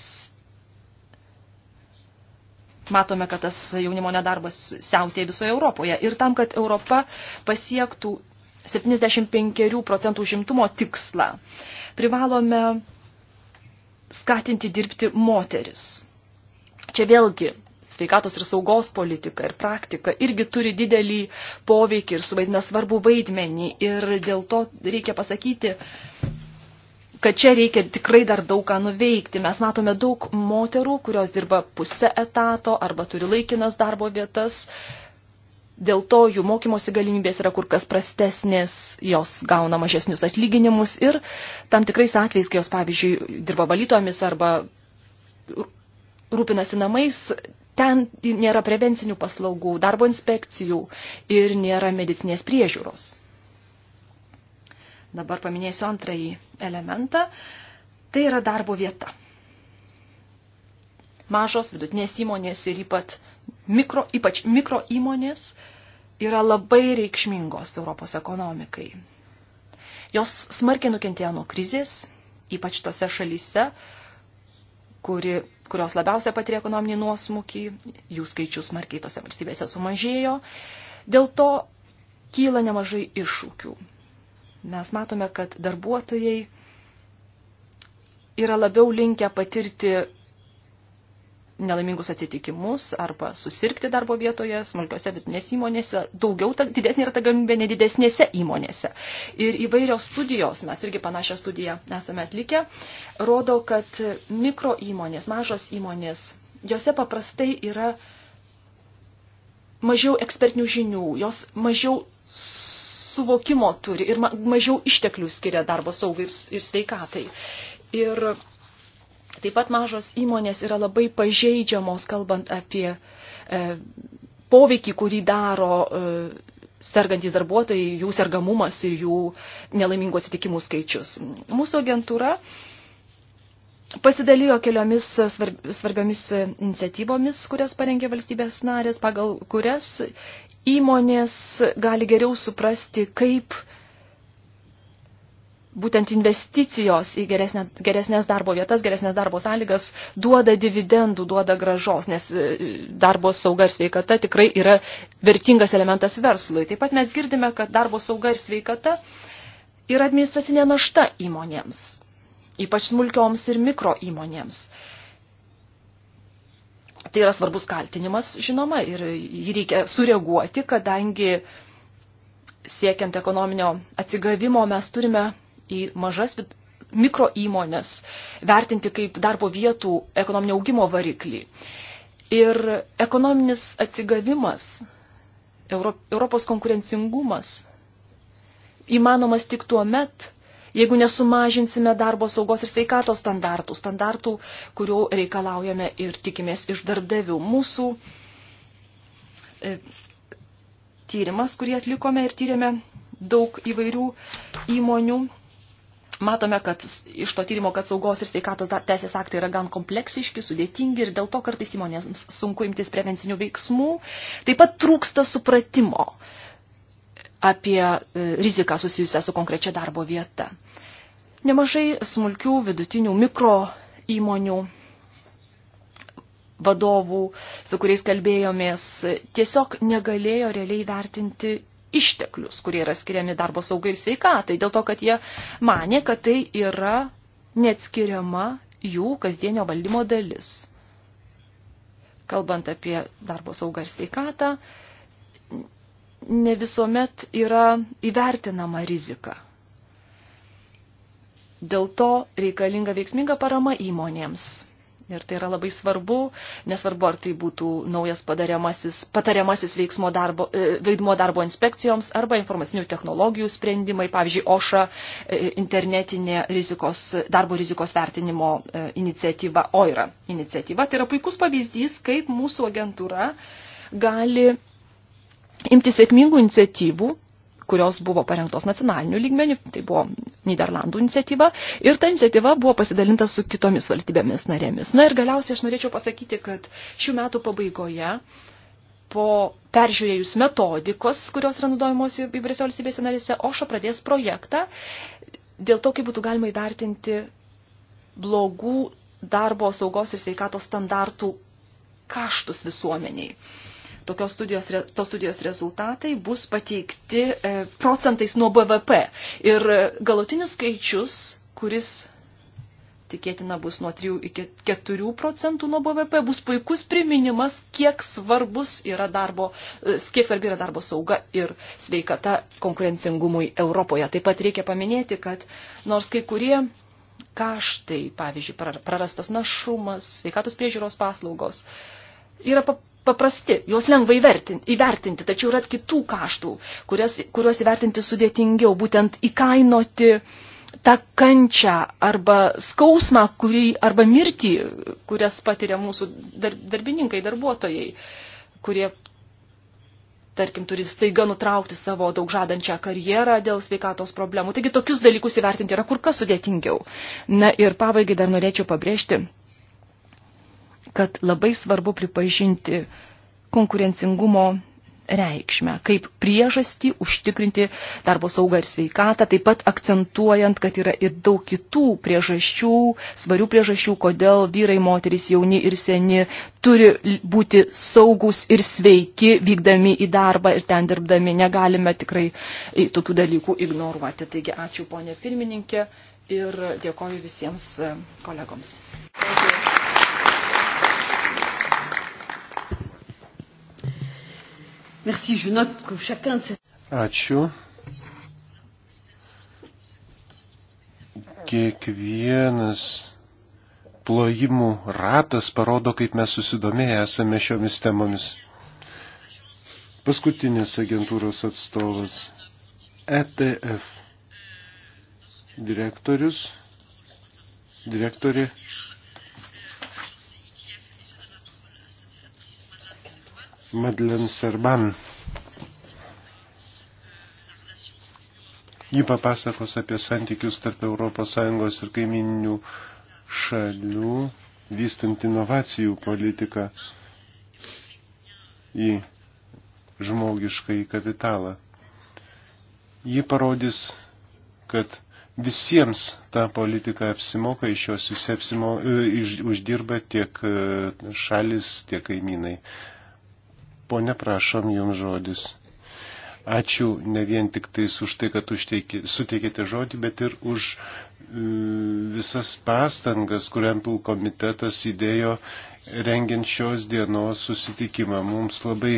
A: matome, kad tas jaunimo nedarbas siautė visoje Europoje. Ir tam, kad Europa pasiektų 75 procentų užimtumo tikslą, privalome skatinti dirbti moteris. Čia vėlgi sveikatos ir saugos politika ir praktika irgi turi didelį poveikį ir suvaidina svarbų vaidmenį. Ir dėl to reikia pasakyti, kad čia reikia tikrai dar daug ką nuveikti. Mes matome daug moterų, kurios dirba pusę etato arba turi laikinas darbo vietas. Dėl to jų mokymosi galimybės yra kur kas prastesnės, jos gauna mažesnius atlyginimus ir tam tikrais atvejais, kai jos, pavyzdžiui, dirba valytomis arba rūpinasi namais, ten nėra prevencinių paslaugų, darbo inspekcijų ir nėra medicinės priežiūros. Dabar paminėsiu antrąjį elementą. Tai yra darbo vieta. Mažos vidutinės įmonės ir ypat mikro, ypač mikro įmonės yra labai reikšmingos Europos ekonomikai. Jos smarkiai nukentėjo nuo krizės, ypač tose šalyse, kuri, kurios labiausia patiria ekonominį nuosmukį, jų skaičius smarkiai tose valstybėse sumažėjo. Dėl to kyla nemažai iššūkių mes matome, kad darbuotojai yra labiau linkę patirti nelaimingus atsitikimus arba susirgti darbo vietoje, smulkiose vidutinės įmonėse, daugiau ta, didesnė yra ta galimybė nedidesnėse įmonėse. Ir įvairios studijos, mes irgi panašią studiją esame atlikę, rodo, kad mikro įmonės, mažos įmonės, jose paprastai yra mažiau ekspertinių žinių, jos mažiau suvokimo turi ir mažiau išteklių skiria darbo saugai ir sveikatai. Ir taip pat mažos įmonės yra labai pažeidžiamos, kalbant apie e, poveikį, kurį daro e, sergantys darbuotojai, jų sergamumas ir jų nelaimingų atsitikimų skaičius. Mūsų agentūra pasidalijo keliomis svarbiomis iniciatyvomis, kurias parengė valstybės narės, pagal kurias įmonės gali geriau suprasti, kaip būtent investicijos į geresnė, geresnės darbo vietas, geresnės darbo sąlygas duoda dividendų, duoda gražos, nes e, darbo sauga ir sveikata tikrai yra vertingas elementas verslui. Taip pat mes girdime, kad darbo sauga ir sveikata yra administracinė našta įmonėms, ypač smulkioms ir mikro įmonėms. Uh, Tai yra svarbus kaltinimas, žinoma, ir jį reikia sureaguoti, kadangi siekiant ekonominio atsigavimo mes turime į mažas mikro įmonės vertinti kaip darbo vietų ekonominio augimo variklį. Ir ekonominis atsigavimas, Europos konkurencingumas įmanomas tik tuo met, jeigu nesumažinsime darbo saugos ir sveikatos standartų, standartų, kurių reikalaujame ir tikimės iš darbdavių. Mūsų e, tyrimas, kurį atlikome ir tyrėme daug įvairių įmonių, matome, kad iš to tyrimo, kad saugos ir sveikatos teisės aktai yra gan kompleksiški, sudėtingi ir dėl to kartais įmonėms sunku imtis prevencinių veiksmų. Taip pat trūksta supratimo apie e, riziką susijusią su konkrečia darbo vieta. Nemažai smulkių, vidutinių, mikro įmonių vadovų, su kuriais kalbėjomės, tiesiog negalėjo realiai vertinti išteklius, kurie yra skiriami darbo saugai ir sveikatai, dėl to, kad jie manė, kad tai yra neatskiriama jų kasdienio valdymo dalis. Kalbant apie darbo saugą ir sveikatą, ne visuomet yra įvertinama rizika. Dėl to reikalinga veiksminga parama įmonėms. Ir tai yra labai svarbu, nesvarbu, ar tai būtų naujas patariamasis veiksmo darbo, e, vaidmo darbo inspekcijoms arba informacinių technologijų sprendimai, pavyzdžiui, OŠA e, internetinė rizikos, darbo rizikos vertinimo e, iniciatyva, OIRA iniciatyva. Tai yra puikus pavyzdys, kaip mūsų agentūra gali imti sėkmingų iniciatyvų kurios buvo parengtos nacionaliniu lygmeniu, tai buvo Niderlandų iniciatyva, ir ta iniciatyva buvo pasidalinta su kitomis valstybėmis narėmis. Na ir galiausiai aš norėčiau pasakyti, kad šių metų pabaigoje po peržiūrėjus metodikos, kurios yra naudojamos įvairiose valstybėse narėse, OŠA pradės projektą dėl to, kaip būtų galima įvertinti blogų darbo saugos ir sveikatos standartų kaštus visuomeniai. Uh, tokios studijos, tos studijos rezultatai bus pateikti e, procentais nuo BVP. Ir e, galutinis skaičius, kuris tikėtina bus nuo 3 iki 4 procentų nuo BVP, bus puikus priminimas, kiek, svarbus yra darbo, e, kiek svarbi yra darbo sauga ir sveikata konkurencingumui Europoje. Taip pat reikia paminėti, kad nors kai kurie kaštai, pavyzdžiui, prarastas našumas, sveikatos priežiūros paslaugos, yra paprasti, juos lengva įvertinti, įvertinti tačiau yra kitų kaštų, kurias, kuriuos įvertinti sudėtingiau, būtent įkainoti tą kančią arba skausmą, kurį, arba mirtį, kurias patiria mūsų dar, darbininkai, darbuotojai, kurie, tarkim, turi staiga nutraukti savo daug žadančią karjerą dėl sveikatos problemų. Taigi tokius dalykus įvertinti yra kur kas sudėtingiau. Na ir pabaigai dar norėčiau pabrėžti kad labai svarbu pripažinti konkurencingumo reikšmę, kaip priežastį užtikrinti darbo saugą ir sveikatą, taip pat akcentuojant, kad yra ir daug kitų priežasčių, svarių priežasčių, kodėl vyrai, moterys, jauni ir seni turi būti saugus ir sveiki vykdami į darbą ir ten dirbdami. Negalime tikrai tokių dalykų ignoruoti. Taigi ačiū ponė pirmininkė ir dėkoju visiems
C: kolegoms. Thank you. Merci, je note que chacun de ces... Ačiū. Kiekvienas plojimų ratas parodo, kaip mes susidomėję esame šiomis temomis. Paskutinis agentūros atstovas ETF direktorius, direktorė Madlen Serban. Ji papasakos apie santykius tarp ES ir kaimininių šalių, vystant inovacijų politiką į žmogišką į kapitalą. Ji parodys, kad visiems ta politika apsimoka, iš jos visi apsimo, iš, uždirba tiek e, šalis, tiek kaimynai. Pone, prašom, jums žodis. Ačiū ne vien tik tais už tai, kad užteikė, suteikėte žodį, bet ir už e, visas pastangas, kuriam pil komitetas įdėjo rengiant šios dienos susitikimą. Mums labai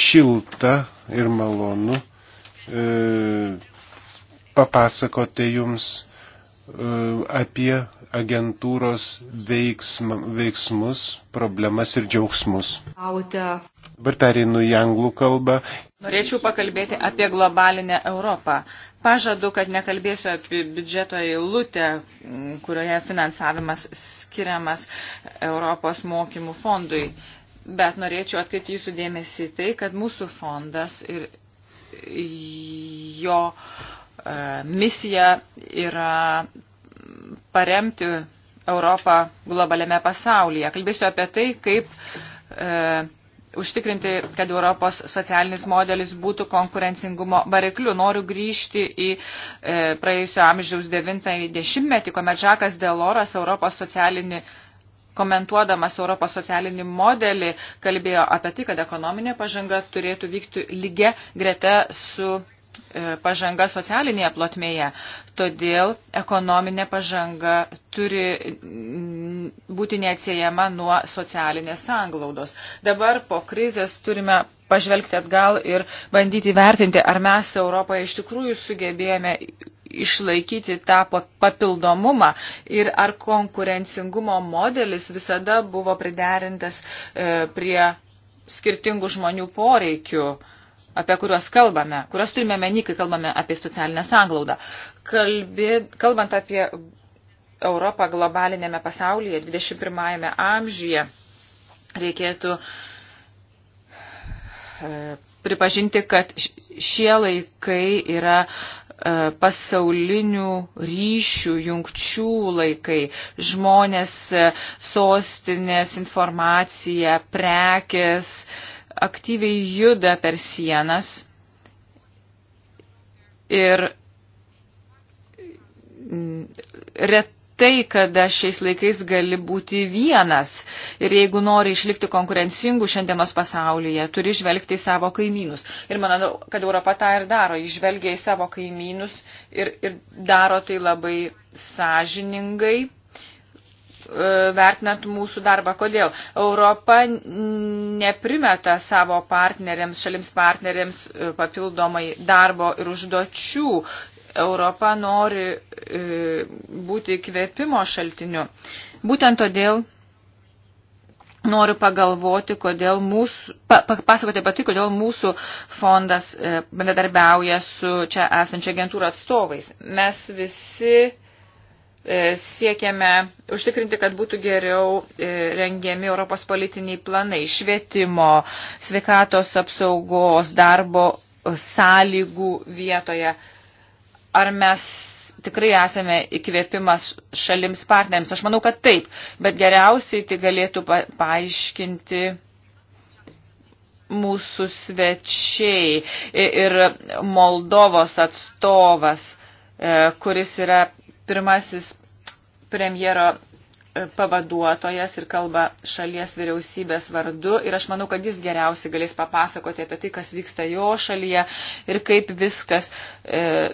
C: šilta ir malonu e, papasakote jums apie agentūros veiksm, veiksmus, problemas ir džiaugsmus.
B: Auta.
C: Dabar pereinu į anglų kalbą.
B: Norėčiau pakalbėti apie globalinę Europą. Pažadu, kad nekalbėsiu apie biudžeto eilutę, kurioje finansavimas skiriamas Europos mokymų fondui, bet norėčiau atkreipti jūsų dėmesį į tai, kad mūsų fondas ir jo uh, E, misija yra paremti Europą globaliame pasaulyje. Kalbėsiu apie tai, kaip e, užtikrinti, kad Europos socialinis modelis būtų konkurencingumo varikliu. Noriu grįžti į e, praėjusio amžiaus 90-metį, kuomet Žakas Deloras Europos socialinį komentuodamas Europos socialinį modelį, kalbėjo apie tai, kad ekonominė pažanga turėtų vykti lygia greta su E, pažanga socialinėje plotmėje. Todėl ekonominė pažanga turi būti neatsiejama nuo socialinės sanglaudos. Dabar po krizės turime pažvelgti atgal ir bandyti vertinti, ar mes Europoje iš tikrųjų sugebėjome išlaikyti tą papildomumą ir ar konkurencingumo modelis visada buvo priderintas e, prie skirtingų žmonių poreikių apie kuriuos kalbame, kuriuos turime meni, kai kalbame apie socialinę sanglaudą. Kalbė, kalbant apie Europą globalinėme pasaulyje, 21 amžiuje, reikėtų e, pripažinti, kad šie laikai yra e, pasaulinių ryšių, jungčių laikai, žmonės, e, sostinės, informacija, prekės, uh, aktyviai juda per sienas ir retai, kada šiais laikais gali būti vienas. Ir jeigu nori išlikti konkurencingų šiandienos pasaulyje, turi žvelgti į savo kaimynus. Ir manau, kad Europa tą ir daro. Ji žvelgia į savo kaimynus ir, ir daro tai labai sąžiningai E, vertinant mūsų darbą. Kodėl? Europa neprimeta savo partneriams, šalims partneriams e, papildomai darbo ir užduočių. Europa nori e, būti įkvėpimo šaltiniu. Būtent todėl noriu pagalvoti, kodėl mūsų, papasakoti apie tai, kodėl mūsų fondas bendradarbiauja su čia esančio agentūro atstovais. Mes visi E, siekiame užtikrinti, kad būtų geriau e, rengiami Europos politiniai planai švietimo, sveikatos apsaugos, darbo e, sąlygų vietoje. Ar mes tikrai esame įkvėpimas šalims partneriams? Aš manau, kad taip, bet geriausiai tai galėtų pa paaiškinti mūsų svečiai ir Moldovos atstovas, kuris yra pirmasis premjero e, pavaduotojas ir kalba šalies vyriausybės vardu ir aš manau, kad jis geriausiai galės papasakoti apie tai, kas vyksta jo šalyje ir kaip viskas e,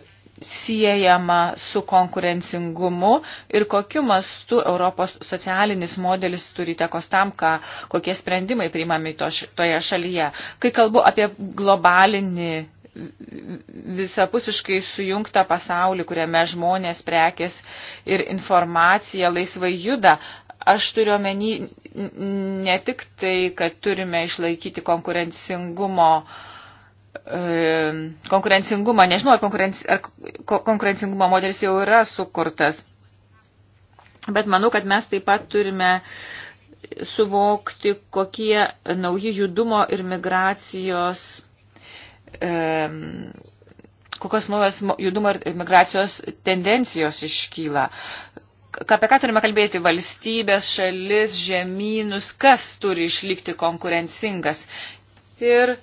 B: siejama su konkurencingumu ir kokiu mastu Europos socialinis modelis turi tekos tam, ką, kokie sprendimai priimami to, toje šalyje. Kai kalbu apie globalinį visapusiškai sujungtą pasaulį, kuriame žmonės, prekės ir informacija laisvai juda. Aš turiu omeny ne tik tai, kad turime išlaikyti konkurencingumo uh, konkurencingumą, nežinau, ar, konkurenci, ar konkurencingumo modelis jau yra sukurtas, bet manau, kad mes taip pat turime suvokti, kokie nauji judumo ir migracijos kokios naujos judumo ir migracijos tendencijos iškyla. Apie ką turime kalbėti? Valstybės, šalis, žemynus, kas turi išlikti konkurencingas. Ir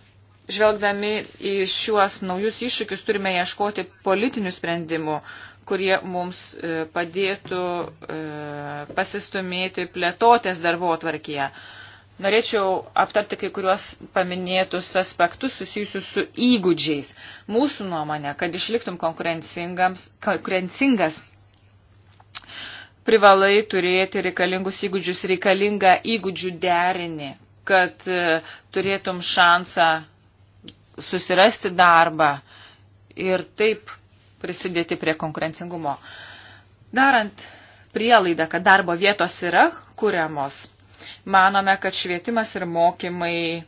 B: žvelgdami į šiuos naujus iššūkius turime ieškoti politinių sprendimų, kurie mums e, padėtų e, pasistumėti plėtotės darbo atvarkyje. Norėčiau aptarti kai kuriuos paminėtus aspektus susijusius su įgūdžiais. Mūsų nuomonė, kad išliktum konkurencingas, privalai turėti reikalingus įgūdžius, reikalingą įgūdžių derinį, kad e, turėtum šansą susirasti darbą ir taip prisidėti prie konkurencingumo. Darant prielaidą, kad darbo vietos yra kuriamos, Manome, kad švietimas ir mokymai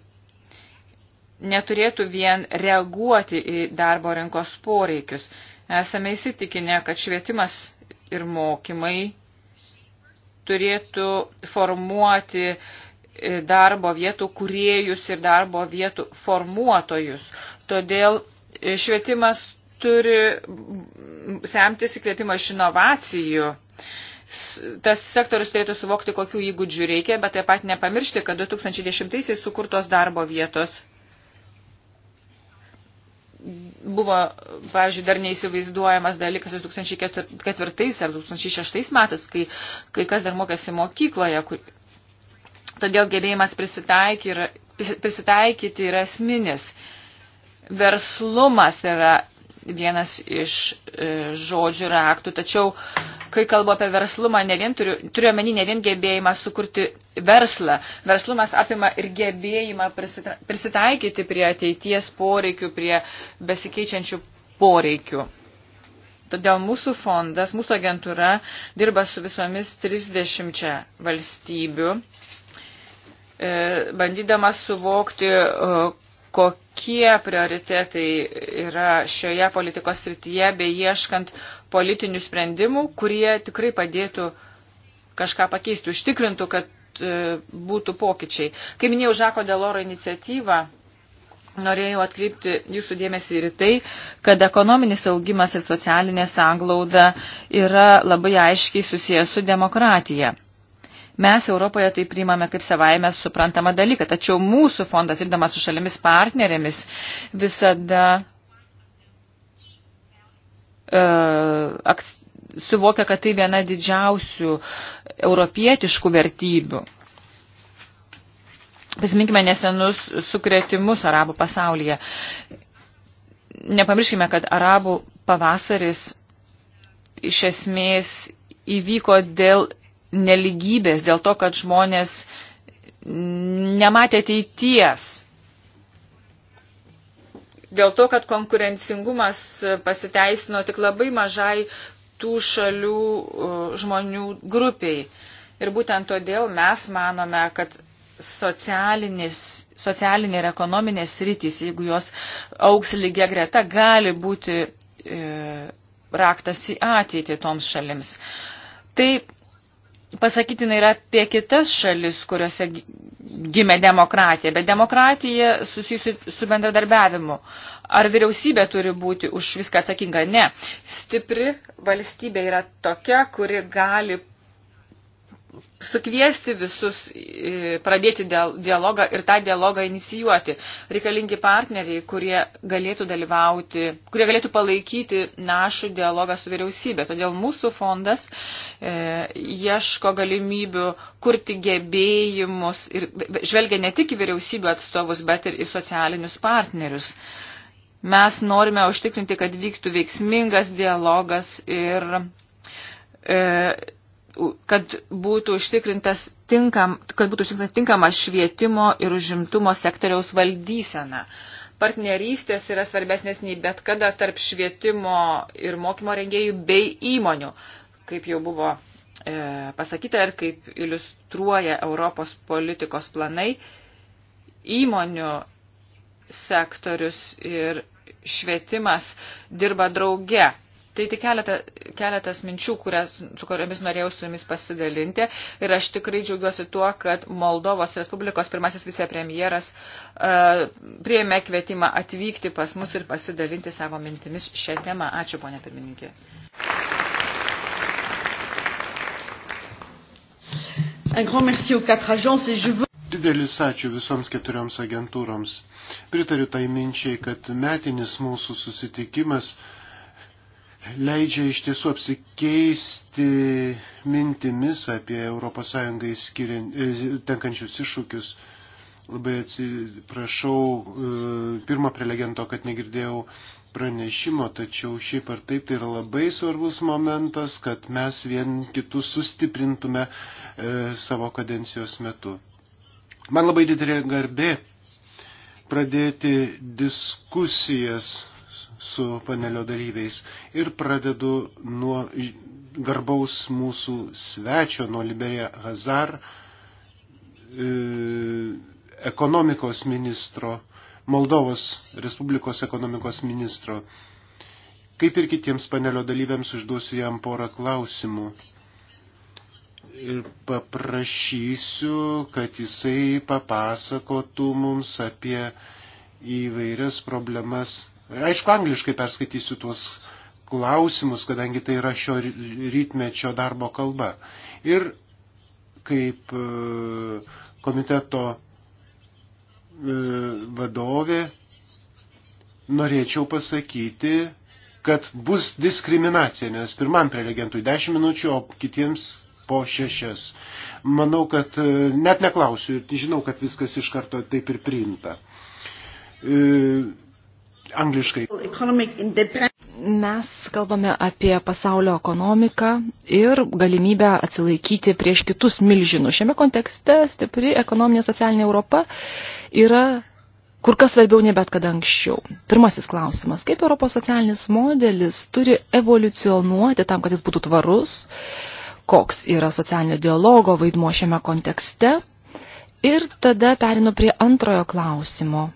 B: neturėtų vien reaguoti į darbo rinkos poreikius. Esame įsitikinę, kad švietimas ir mokymai turėtų formuoti e, darbo vietų kuriejus ir darbo vietų formuotojus. Todėl e, švietimas turi semtis įkvėpimą iš inovacijų tas sektorius turėtų suvokti, kokių įgūdžių reikia, bet taip pat nepamiršti, kad 2010-aisiais sukurtos darbo vietos buvo, pavyzdžiui, dar neįsivaizduojamas dalykas 2004 ar 2006 metais, kai, kai kas dar mokėsi mokykloje. Kur... Todėl gebėjimas prisitaikyti yra, prisitaikyti yra esminis. Verslumas yra vienas iš e, žodžių raktų, tačiau kai kalbu apie verslumą, ne vien turiu, turiu omeny ne vien gebėjimą sukurti verslą. Verslumas apima ir gebėjimą prisitaikyti prie ateities poreikių, prie besikeičiančių poreikių. Todėl mūsų fondas, mūsų agentūra dirba su visomis 30 valstybių, e, bandydama suvokti, e, kokie kokie prioritetai yra šioje politikos srityje, bei ieškant politinių sprendimų, kurie tikrai padėtų kažką pakeisti, užtikrintų, kad e, būtų pokyčiai. Kaip minėjau, Žako Deloro iniciatyvą norėjau atkreipti jūsų dėmesį ir tai, kad ekonominis augimas ir socialinė sanglauda yra labai aiškiai susijęs su demokratija. Mes Europoje tai priimame kaip savaime suprantamą dalyką, tačiau mūsų fondas, dirbdamas su šalimis partnerėmis, visada uh, e, ak, suvokia, kad tai viena didžiausių europietiškų vertybių. Pasiminkime nesenus sukretimus arabų pasaulyje. Nepamirškime, kad arabų pavasaris iš esmės įvyko dėl neligybės, dėl to, kad žmonės nematė ateities. Dėl to, kad konkurencingumas pasiteisino tik labai mažai tų šalių uh, žmonių grupiai. Ir būtent todėl mes manome, kad socialinė ir ekonominė sritys, jeigu jos auks lygia greta, gali būti e, raktas į ateitį toms šalims. Tai pasakytina yra apie kitas šalis, kuriuose gimė demokratija, bet demokratija susijusi su bendradarbiavimu. Ar vyriausybė turi būti už viską atsakinga? Ne. Stipri valstybė yra tokia, kuri gali sukviesti visus, e, pradėti dialogą ir tą dialogą inicijuoti. Reikalingi partneriai, kurie galėtų dalyvauti, kurie galėtų palaikyti našų dialogą su vyriausybė. Todėl mūsų fondas e, ieško galimybių kurti gebėjimus ir žvelgia ne tik į vyriausybių atstovus, bet ir į socialinius partnerius. Mes norime užtikrinti, kad vyktų veiksmingas dialogas ir e, kad būtų užtikrintas tinkam, kad būtų užtikrintas tinkama švietimo ir užimtumo sektoriaus valdysena. Partnerystės yra svarbesnės nei bet kada tarp švietimo ir mokymo rengėjų bei įmonių, kaip jau buvo e, pasakyta ir kaip iliustruoja Europos politikos planai, įmonių sektorius ir švietimas dirba drauge Tai tik keletą, keletas minčių, kurias, su kuriamis norėjau su jumis pasidalinti. Ir aš tikrai džiaugiuosi tuo, kad Moldovos Respublikos pirmasis vicepremjeras uh, e, prieėmė kvietimą atvykti pas mus ir pasidalinti savo mintimis šią temą. Ačiū, ponė pirmininkė.
C: Didelis ačiū visoms keturioms agentūroms. Pritariu tai minčiai, kad metinis mūsų susitikimas uh, leidžia iš tiesų apsikeisti mintimis apie ES e, tenkančius iššūkius. Labai atsiprašau e, pirmą prelegento, kad negirdėjau pranešimo, tačiau šiaip ar taip tai yra labai svarbus momentas, kad mes vien kitus sustiprintume e, savo kadencijos metu. Man labai didelė garbė pradėti diskusijas su panelio dalyviais ir pradedu nuo garbaus mūsų svečio, nuo Liberija Hazar, e, ekonomikos ministro, Moldovos Respublikos ekonomikos ministro. Kaip ir kitiems panelio dalyviams užduosiu jam porą klausimų ir paprašysiu, kad jisai papasakotų mums apie įvairias problemas Aišku, angliškai perskaitysiu tuos klausimus, kadangi tai yra šio rytmečio darbo kalba. Ir kaip e, komiteto e, vadovė norėčiau pasakyti, kad bus diskriminacija, nes pirmam prelegentui 10 minučių, o kitiems po šešias. Manau, kad e, net neklausiu ir žinau, kad viskas iš karto taip ir priimta angliškai. Mes
A: kalbame apie pasaulio ekonomiką ir galimybę atsilaikyti prieš kitus milžinus. Šiame kontekste stipri ekonominė socialinė Europa yra kur kas svarbiau ne bet kada anksčiau. Pirmasis klausimas. Kaip Europos socialinis modelis turi evoliucionuoti tam, kad jis būtų tvarus? Koks yra socialinio dialogo vaidmuo šiame kontekste? Ir tada perinu prie antrojo klausimo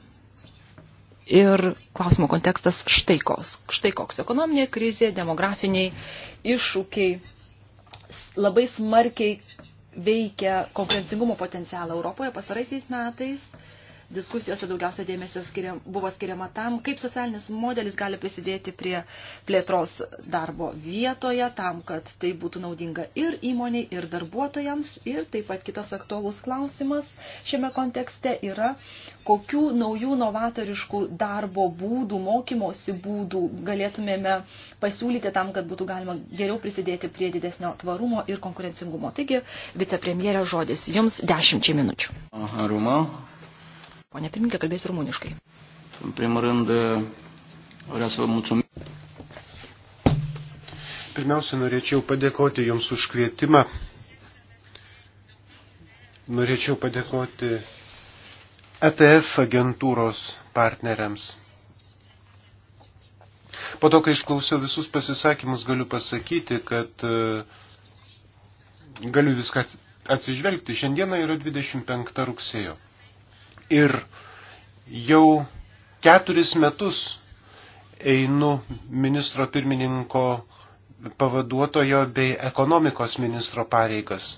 A: Ir klausimo kontekstas štai koks. Štai koks ekonominė krizė, demografiniai iššūkiai labai smarkiai veikia konkurencingumo potencialą Europoje pastaraisiais metais diskusijose daugiausia dėmesio skiriam, buvo skiriama tam, kaip socialinis modelis gali prisidėti prie plėtros darbo vietoje, tam, kad tai būtų naudinga ir įmoniai, ir darbuotojams. Ir taip pat kitas aktuolus klausimas šiame kontekste yra, kokių naujų novatoriškų darbo būdų, mokymosi būdų galėtumėme pasiūlyti tam, kad būtų galima geriau prisidėti prie didesnio tvarumo ir konkurencingumo. Taigi, vicepremjerė žodis jums dešimčiai minučių. Aha, Ruma. Pone pirmininkė, kalbėsiu rumuniškai.
C: În primul rând, e, vreau să vă mulțumim. Pirmiausia, norėčiau padėkoti Jums už kvietimą. Norėčiau padėkoti ETF agentūros partneriams. Po to, kai išklausiau visus pasisakymus, galiu pasakyti, kad e, galiu viską atsižvelgti. Šiandieną yra 25 rugsėjo. Ir jau keturis metus einu ministro pirmininko pavaduotojo bei ekonomikos ministro pareigas.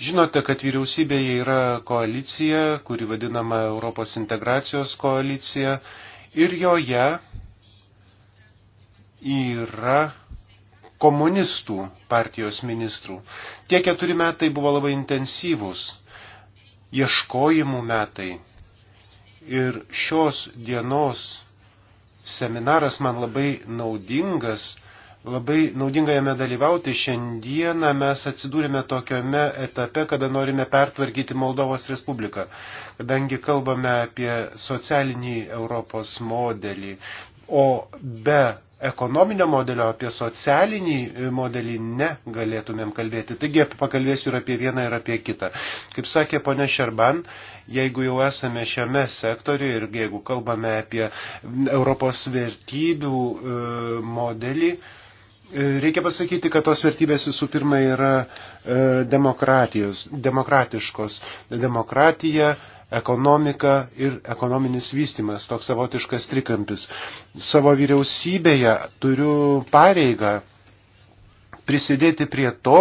C: Žinote, kad vyriausybėje yra koalicija, kuri vadinama Europos integracijos koalicija ir joje yra komunistų partijos ministrų. Tie keturi metai buvo labai intensyvūs ieškojimų metai. Ir šios dienos seminaras man labai naudingas, labai naudinga jame dalyvauti. Šiandieną mes atsidūrėme tokiame etape, kada norime pertvarkyti Moldovos Respubliką, kadangi kalbame apie socialinį Europos modelį. O be ekonominio modelio, apie socialinį modelį negalėtumėm kalbėti. Taigi pakalbėsiu ir apie vieną, ir apie kitą. Kaip sakė ponė Šerban, jeigu jau esame šiame sektoriuje ir jeigu kalbame apie Europos vertybių e, modelį, e, Reikia pasakyti, kad tos vertybės visų pirma yra e, demokratijos, demokratiškos. Demokratija, ekonomika ir ekonominis vystimas, toks savotiškas trikampis. Savo vyriausybėje turiu pareigą prisidėti prie to,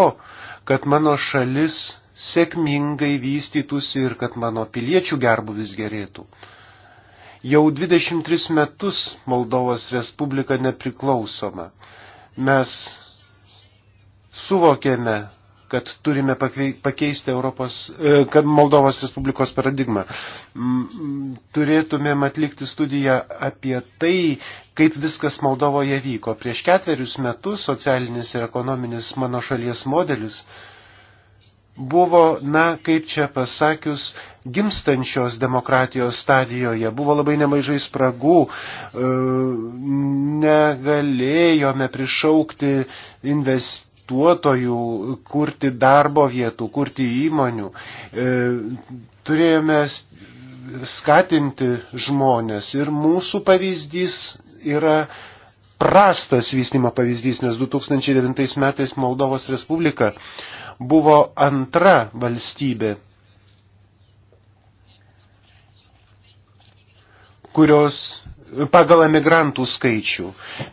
C: kad mano šalis sėkmingai vystytųsi ir kad mano piliečių gerbuvis gerėtų. Jau 23 metus Moldovos Respublika nepriklausoma. Mes suvokėme kad turime pakeisti Europos, e, kad Moldovos Respublikos paradigmą. Turėtumėm atlikti studiją apie tai, kaip viskas Moldovoje vyko. Prieš ketverius metus socialinis ir ekonominis mano šalies modelis buvo, na, kaip čia pasakius, gimstančios demokratijos stadijoje. Buvo labai nemažai spragų, e, negalėjome prišaukti investicijų investuotojų, kurti darbo vietų, kurti įmonių. E, turėjome skatinti žmonės ir mūsų pavyzdys yra prastas vystimo pavyzdys, nes 2009 metais Moldovos Respublika buvo antra valstybė, kurios pagal emigrantų skaičių.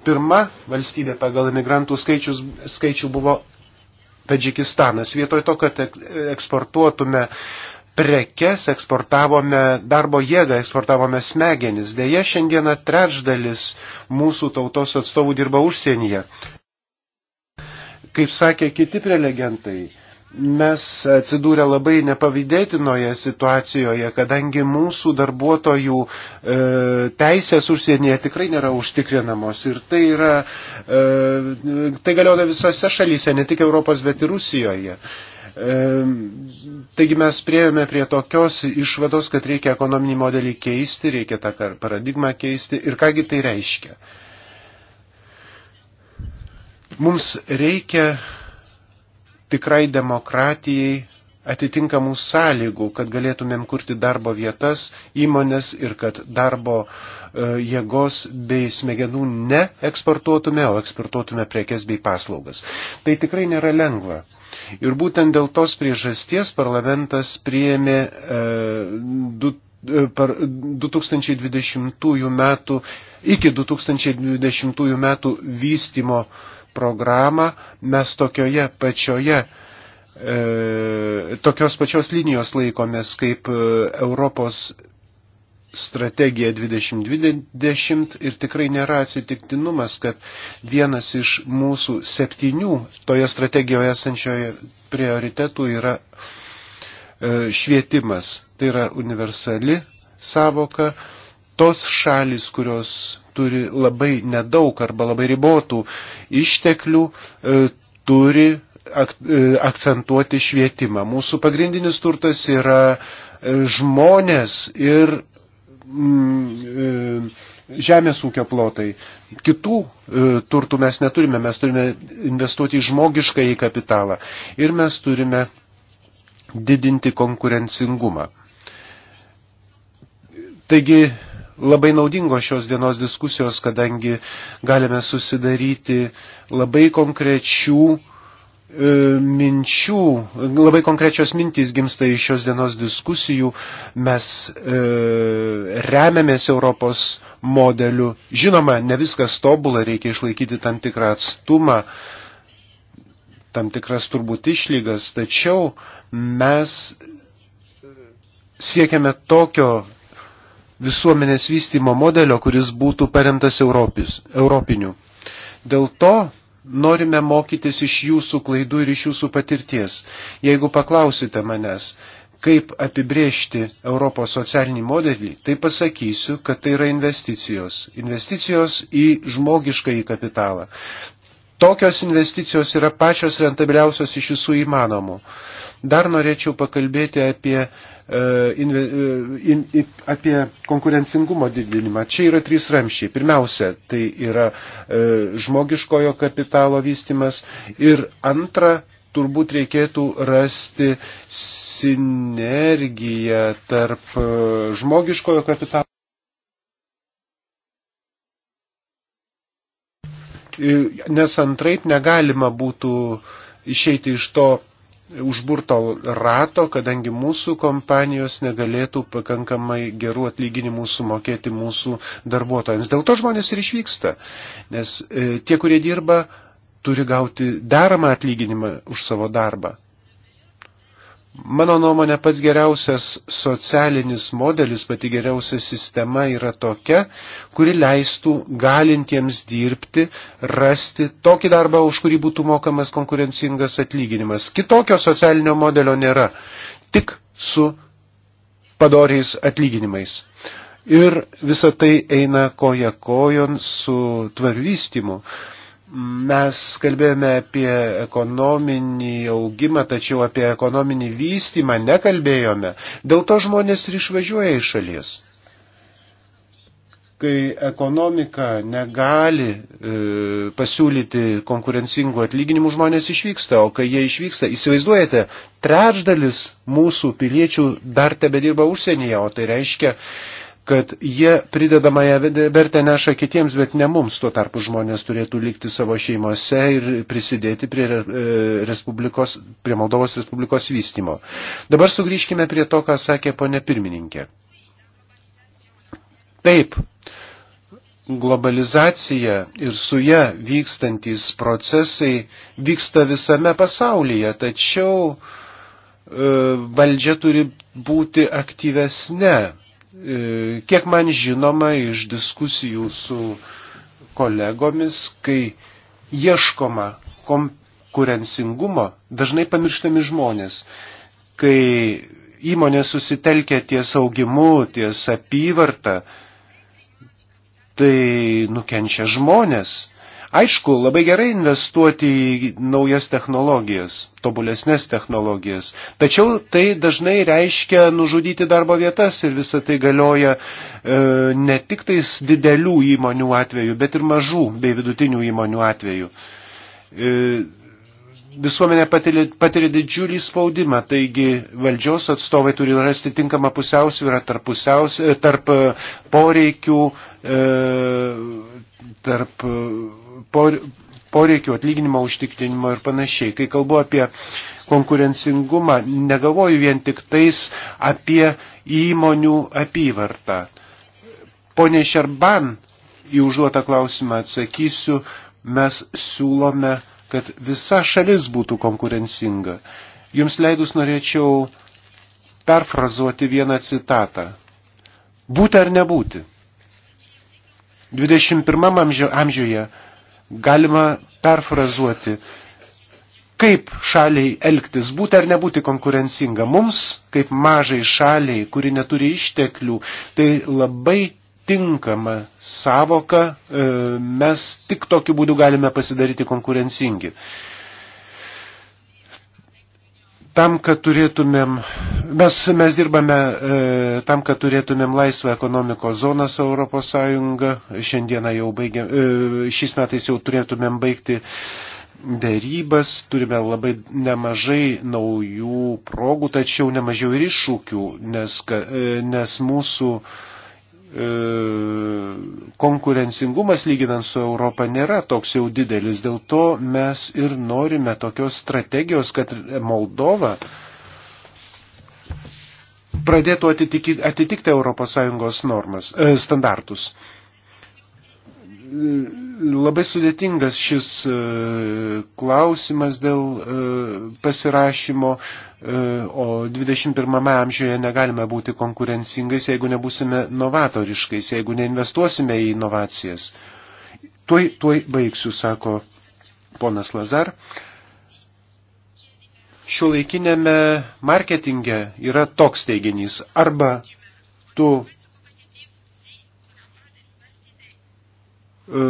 C: Pirma valstybė pagal emigrantų skaičius, skaičių buvo Tadžikistanas. Vietoj to, kad eksportuotume prekes, eksportavome darbo jėgą, eksportavome smegenis. Deja, šiandieną trečdalis mūsų tautos atstovų dirba užsienyje. Kaip sakė kiti prelegentai, mes atsidūrę labai nepavydėtinoje situacijoje, kadangi mūsų darbuotojų e, teisės užsienyje tikrai nėra užtikrinamos. Ir tai, yra, e, tai galioja visose šalyse, ne tik Europos, bet ir Rusijoje. E, taigi mes priejome prie tokios išvados, kad reikia ekonominį modelį keisti, reikia tą paradigmą keisti. Ir kągi tai reiškia? Mums reikia tikrai demokratijai atitinkamų sąlygų, kad galėtumėm kurti darbo vietas, įmonės ir kad darbo e, jėgos bei smegenų ne eksportuotume, o eksportuotume prekes bei paslaugas. Tai tikrai nėra lengva. Ir būtent dėl tos priežasties parlamentas priėmė e, du, e, par, 2020 metų, iki 2020 metų vystimo programą mes tokioje pačioje, e, tokios pačios linijos laikomės kaip e, Europos strategija 2020 ir tikrai nėra atsitiktinumas, kad vienas iš mūsų septynių toje strategijoje esančioje prioritetų yra e, švietimas. Tai yra universali savoka. Tos šalis, kurios turi labai nedaug arba labai ribotų išteklių, e, turi e, akcentuoti švietimą. Mūsų pagrindinis turtas yra e, žmonės ir mm, žemės ūkio plotai. Kitų turtų mes neturime, mes turime investuoti į žmogišką į kapitalą ir mes turime didinti konkurencingumą. Taigi labai naudingo šios dienos diskusijos, kadangi galime susidaryti labai konkrečių e, minčių, labai konkrečios mintys gimsta iš šios dienos diskusijų. Mes e, remiamės Europos modeliu. Žinoma, ne viskas tobula, reikia išlaikyti tam tikrą atstumą, tam tikras turbūt išlygas, tačiau mes siekiame tokio visuomenės vystimo modelio, kuris būtų paremtas Europis, europiniu. Dėl to norime mokytis iš jūsų klaidų ir iš jūsų patirties. Jeigu paklausite manęs, kaip apibriežti Europos socialinį modelį, tai pasakysiu, kad tai yra investicijos. Investicijos į žmogiškąjį kapitalą. Tokios investicijos yra pačios rentabiliausios iš visų įmanomų. Dar norėčiau pakalbėti apie, e, inve, e, in, in, apie konkurencingumo didinimą. Čia yra trys ramšiai. Pirmiausia, tai yra e, žmogiškojo kapitalo vystimas ir antra, turbūt reikėtų rasti sinergiją tarp žmogiškojo kapitalo. Nes antraip negalima būtų išeiti iš to užburto rato, kadangi mūsų kompanijos negalėtų pakankamai gerų atlyginimų sumokėti mūsų darbuotojams. Dėl to žmonės ir išvyksta, nes e, tie, kurie dirba, turi gauti deramą atlyginimą už savo darbą. Mano nuomonė pats geriausias socialinis modelis, pati geriausia sistema yra tokia, kuri leistų galintiems dirbti, rasti tokį darbą, už kurį būtų mokamas konkurencingas atlyginimas. Kitokio socialinio modelio nėra, tik su padoriais atlyginimais. Ir visa tai eina koja kojon su tvarvystimu. vystimu Mes kalbėjome apie ekonominį augimą, tačiau apie ekonominį vystymą nekalbėjome. Dėl to žmonės ir išvažiuoja iš šalies. Kai ekonomika negali e, pasiūlyti konkurencingų atlyginimų, žmonės išvyksta, o kai jie išvyksta, įsivaizduojate, trečdalis mūsų piliečių dar tebe dirba užsienyje, o tai reiškia, e, kad jie pridedamąją vertę neša kitiems, bet ne mums. Tuo tarpu žmonės turėtų likti savo šeimose ir prisidėti prie, e, Respublikos, prie Moldovos Respublikos vystimo. Dabar sugrįžkime prie to, ką sakė ponė pirmininkė. Taip, globalizacija ir su ją vykstantis procesai vyksta visame pasaulyje, tačiau e, valdžia turi būti aktyvesnė E, kiek man žinoma iš diskusijų su kolegomis, kai ieškoma konkurencingumo, dažnai pamirštami žmonės, kai įmonė susitelkia ties augimu, ties apyvarta, tai nukenčia žmonės. Aišku, labai gerai investuoti į naujas technologijas, tobulesnės technologijas, tačiau tai dažnai reiškia nužudyti darbo vietas ir visa tai galioja e, ne tik tais didelių įmonių atveju, bet ir mažų bei vidutinių įmonių atveju. E, visuomenė patiria didžiulį spaudimą, taigi valdžios atstovai turi rasti tinkamą pusiausvyrą tarp, pusiaus, tarp poreikių, e, tarp poreikių atlyginimo užtikrinimo ir panašiai. Kai kalbu apie konkurencingumą, negalvoju vien tik tais apie įmonių apyvartą. Pone Šerban, į užduotą klausimą atsakysiu, mes siūlome, kad visa šalis būtų konkurencinga. Jums leidus norėčiau perfrazuoti vieną citatą. Būti ar nebūti? 21 amžiuje galima perfrazuoti, kaip šaliai elgtis, būti ar nebūti konkurencinga. Mums, kaip mažai šaliai, kuri neturi išteklių, tai labai tinkama savoka, e, mes tik tokiu būdu galime pasidaryti konkurencingi. Tam, kad turėtumėm, mes, mes dirbame e, tam, kad turėtumėm laisvą ekonomikos zoną su Europos Sąjunga. Šiandieną jau baigėm, e, šiais metais jau turėtumėm baigti dėrybas, turime labai nemažai naujų progų, tačiau nemažiau ir iššūkių, nes, e, nes mūsų e, E, konkurencingumas lyginant su Europa nėra toks jau didelis, dėl to mes ir norime tokios strategijos, kad Moldova pradėtų atitikti, atitikti ES normas, e, standartus. Labai sudėtingas šis e, klausimas dėl pasirašymo E, o 21 amžiuje negalime būti konkurencingais, jeigu nebūsime novatoriškais, jeigu neinvestuosime į inovacijas. Tuoj, tuoj baigsiu, sako ponas Lazar. Šiuolaikinėme marketinge yra toks teiginys. Arba tu e,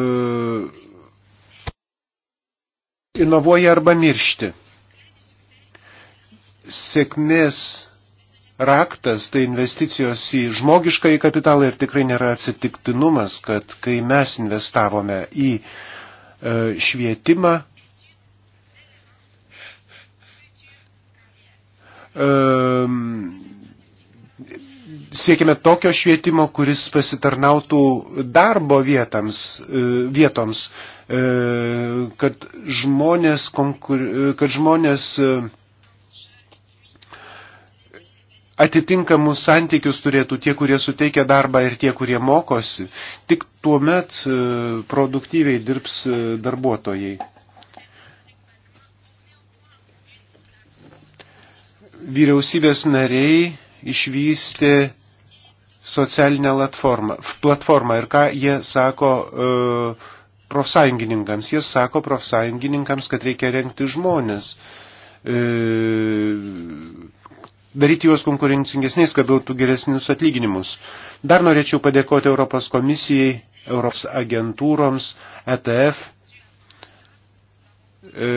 C: inovuoji arba miršti sėkmės raktas tai investicijos į žmogišką į kapitalą ir tikrai nėra atsitiktinumas, kad kai mes investavome į e, švietimą, siekime tokio švietimo, kuris pasitarnautų darbo vietams, e, vietoms, e, kad žmonės, konkur, kad žmonės atitinkamus santykius turėtų tie, kurie suteikia darbą ir tie, kurie mokosi. Tik tuo met e, produktyviai dirbs e, darbuotojai. Vyriausybės nariai išvystė socialinę platformą, platformą ir ką jie sako uh, profsąjungininkams. Jie sako profsąjungininkams, kad reikia renkti žmonės. Uh, daryti juos konkurencingesniais, kad gautų geresnius atlyginimus. Dar norėčiau padėkoti Europos komisijai, Europos agentūroms, ETF. E,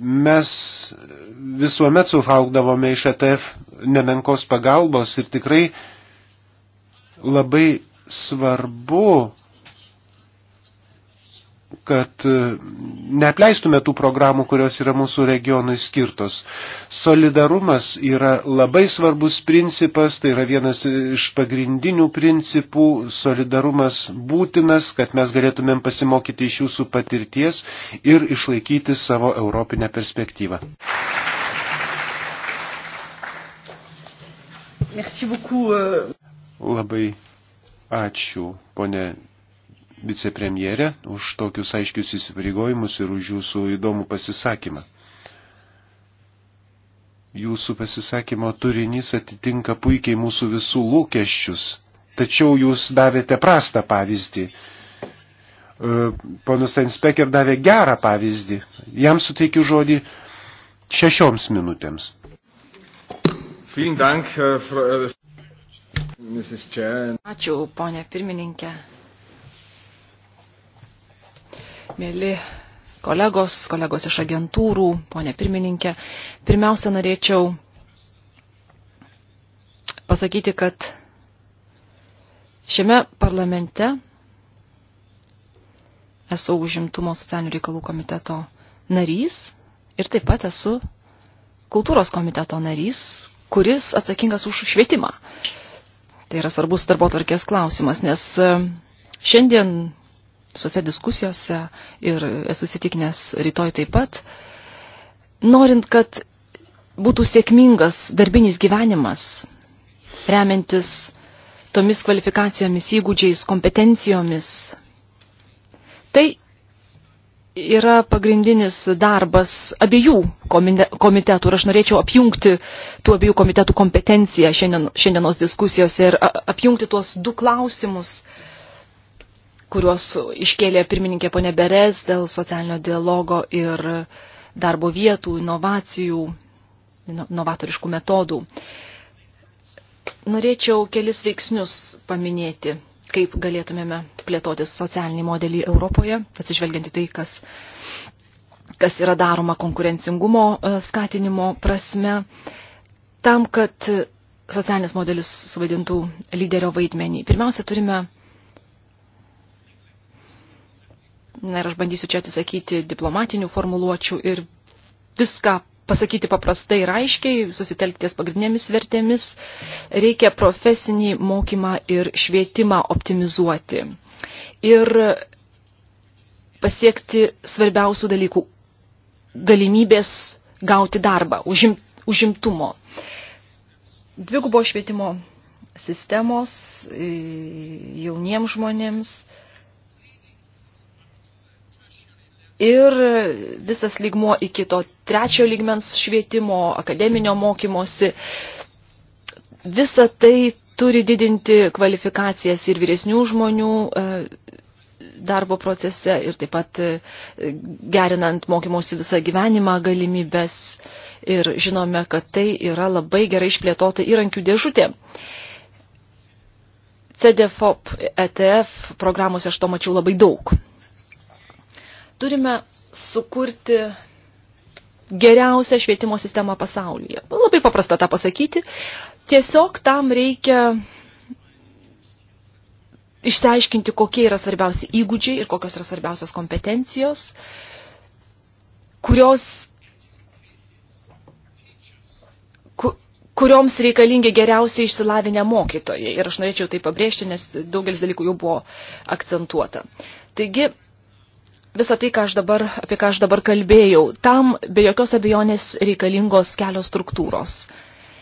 C: mes visuomet sulaukdavome iš ETF nemenkos pagalbos ir tikrai labai svarbu kad e, neapleistume tų programų, kurios yra mūsų regionui skirtos. Solidarumas yra labai svarbus principas, tai yra vienas iš pagrindinių principų. Solidarumas būtinas, kad mes galėtumėm pasimokyti iš jūsų patirties ir išlaikyti savo europinę perspektyvą. Merci beaucoup. Euh. Labai ačiū, ponė vicepremjerę už tokius aiškius įsipareigojimus ir už jūsų įdomų pasisakymą. Jūsų pasisakymo turinys atitinka puikiai mūsų visų lūkesčius, tačiau jūs davėte prastą pavyzdį. E, ponas Einspeker davė gerą pavyzdį. Jam suteikiu žodį šešioms minutėms.
A: Ačiū, ponė pirmininkė mėly kolegos, kolegos iš agentūrų, ponė pirmininkė. Pirmiausia, norėčiau pasakyti, kad šiame parlamente esu užimtumo socialinių reikalų komiteto narys ir taip pat esu kultūros komiteto narys, kuris atsakingas už švietimą. Tai yra svarbus darbo tvarkės klausimas, nes e, šiandien visose diskusijose ir esu įsitikinęs rytoj taip pat, norint, kad būtų sėkmingas darbinis gyvenimas, remiantis tomis kvalifikacijomis, įgūdžiais, kompetencijomis. Tai yra pagrindinis darbas abiejų komitetų ir aš norėčiau apjungti tų abiejų komitetų kompetenciją šiandien, šiandienos diskusijose ir apjungti tuos du klausimus, uh, kuriuos iškėlė pirmininkė ponė Berez dėl socialinio dialogo ir darbo vietų, inovacijų, novatoriškų metodų. Norėčiau kelis veiksnius paminėti, kaip galėtumėme plėtoti socialinį modelį Europoje, atsižvelgiant į tai, kas, kas yra daroma konkurencingumo e, skatinimo prasme, tam, kad socialinis modelis suvaidintų lyderio vaidmenį. Pirmiausia, turime Na ir aš bandysiu čia atsisakyti diplomatinių formuluočių ir viską pasakyti paprastai ir aiškiai, susitelkties pagrindinėmis vertėmis. Reikia profesinį mokymą ir švietimą optimizuoti. Ir pasiekti svarbiausių dalykų - galimybės gauti darbą, užim, užimtumo. Dvigubo švietimo sistemos e, jauniems žmonėms ir visas lygmo iki to trečio lygmens švietimo, akademinio mokymosi. Visa tai turi didinti kvalifikacijas ir vyresnių žmonių e, darbo procese ir taip pat e, gerinant mokymosi visą gyvenimą galimybės. Ir žinome, kad tai yra labai gerai išplėtota įrankių dėžutė. CDFOP ETF programuose aš to mačiau labai daug. Turime sukurti geriausią švietimo sistemą pasaulyje. Labai paprasta tą pasakyti. Tiesiog tam reikia išsiaiškinti, kokie yra svarbiausi įgūdžiai ir kokios yra svarbiausios kompetencijos, kurios, ku, kurioms reikalingi geriausiai išsilavinę mokytojai. Ir aš norėčiau tai pabrėžti, nes daugelis dalykų jau buvo akcentuota. Taigi, visą tai, ką aš dabar, apie ką aš dabar kalbėjau, tam be jokios abejonės reikalingos kelios struktūros.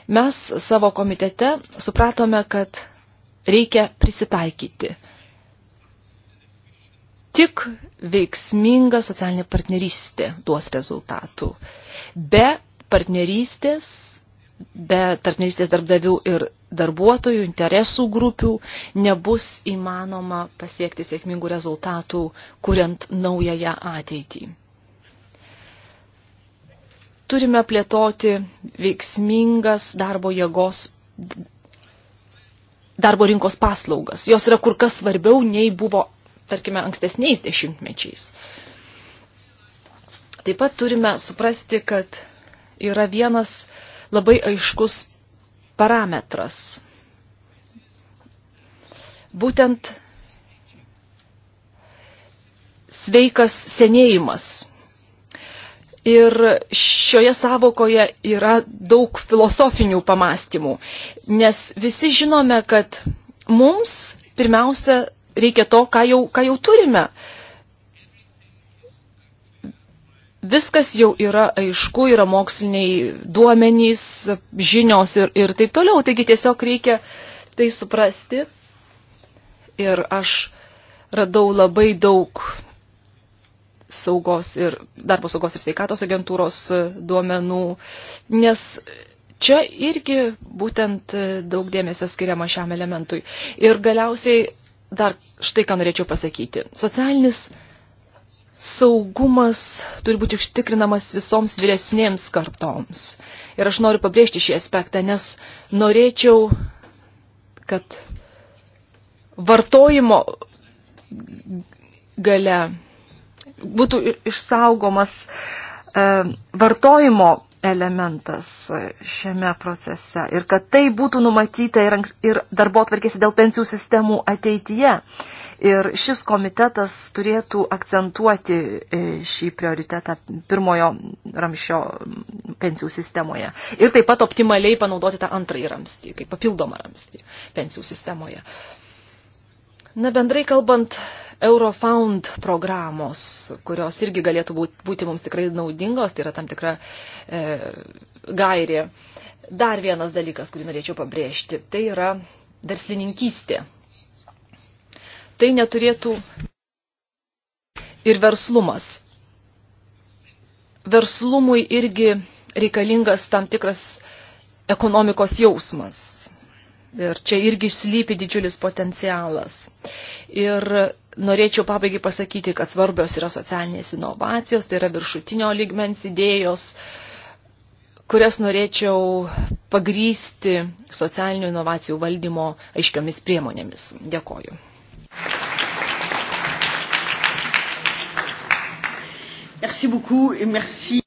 A: Mes savo komitete supratome, kad reikia prisitaikyti. Tik veiksminga socialinė partnerystė duos rezultatų. Be partnerystės, be tarpnerystės darbdavių ir darbuotojų, interesų grupių nebus įmanoma pasiekti sėkmingų rezultatų, kuriant naująją ateitį. Turime plėtoti veiksmingas darbo jėgos darbo rinkos paslaugas. Jos yra kur kas svarbiau nei buvo, tarkime, ankstesniais dešimtmečiais. Taip pat turime suprasti, kad yra vienas labai aiškus parametras. Būtent sveikas senėjimas. Ir šioje savokoje yra daug filosofinių pamastymų, nes visi žinome, kad mums pirmiausia reikia to, ką jau, ką jau turime. Uh, Viskas jau yra aišku, yra moksliniai duomenys, žinios ir, ir taip toliau. Taigi tiesiog reikia tai suprasti. Ir aš radau labai daug saugos ir darbo saugos ir sveikatos agentūros duomenų, nes čia irgi būtent daug dėmesio skiriama šiam elementui. Ir galiausiai dar štai ką norėčiau pasakyti. Socialinis saugumas turi būti užtikrinamas visoms vyresnėms kartoms. Ir aš noriu pabrėžti šį aspektą, nes norėčiau, kad vartojimo gale būtų išsaugomas e, vartojimo elementas šiame procese ir kad tai būtų numatyta ir, ir darbo atvarkėsi dėl pensijų sistemų ateityje. Ir šis komitetas turėtų akcentuoti e, šį prioritetą pirmojo ramšio pensijų sistemoje. Ir taip pat optimaliai panaudoti tą antrąjį ramstį, kaip papildomą ramstį pensijų sistemoje. Na, bendrai kalbant, Eurofound programos, kurios irgi galėtų būti mums tikrai naudingos, tai yra tam tikra e, gairė. Dar vienas dalykas, kurį norėčiau pabrėžti, tai yra verslininkystė. Tai neturėtų ir verslumas. Verslumui irgi reikalingas tam tikras ekonomikos jausmas. Ir čia irgi slypi didžiulis potencialas. Ir Norėčiau pabaigai pasakyti, kad svarbios yra socialinės inovacijos, tai yra viršutinio lygmens idėjos, kurias norėčiau pagrysti socialinių inovacijų valdymo aiškiomis priemonėmis. Dėkoju.
C: Merci beaucoup et merci.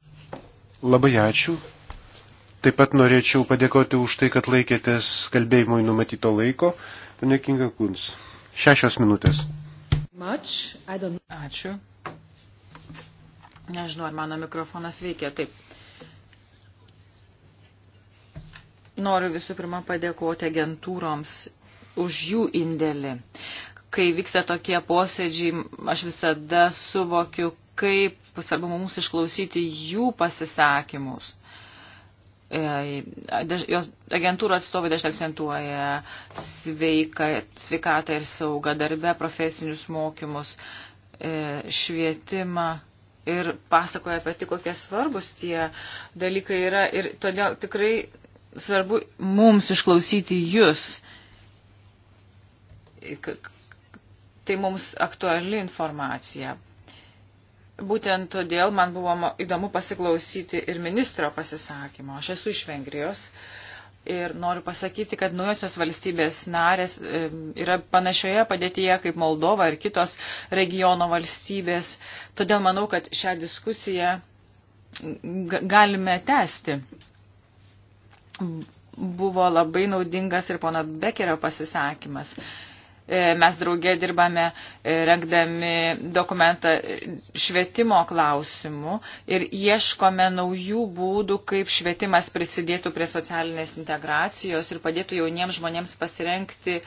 C: Labai ačiū. Taip pat norėčiau padėkoti už tai, kad laikėtės kalbėjimui numatyto laiko. Pane Kinga Kuns. Šešios minutės
B: much. I don't... Ačiū. Nežinau, ar mano mikrofonas veikia. Taip. Noriu visų pirma padėkoti agentūroms už jų indėlį. Kai vyksta tokie posėdžiai, aš visada suvokiu, kaip svarbu mums išklausyti jų pasisakymus jos agentūrų atstovai dažnai akcentuoja sveiką, sveikatą ir saugą darbę, profesinius mokymus, e, švietimą ir pasakoja apie tai, kokie svarbus tie dalykai yra ir todėl tikrai svarbu mums išklausyti jūs. Tai mums aktuali informacija. Būtent todėl man buvo įdomu pasiklausyti ir ministro pasisakymo. Aš esu iš Vengrijos ir noriu pasakyti, kad naujosios valstybės narės e, yra panašioje padėtyje kaip Moldova ir kitos regiono valstybės. Todėl manau, kad šią diskusiją galime tęsti. Buvo labai naudingas ir pono Bekerio pasisakymas. E, mes draugė dirbame e, rengdami dokumentą švietimo klausimų ir ieškome naujų būdų, kaip švietimas prisidėtų prie socialinės integracijos ir padėtų jauniems žmonėms pasirenkti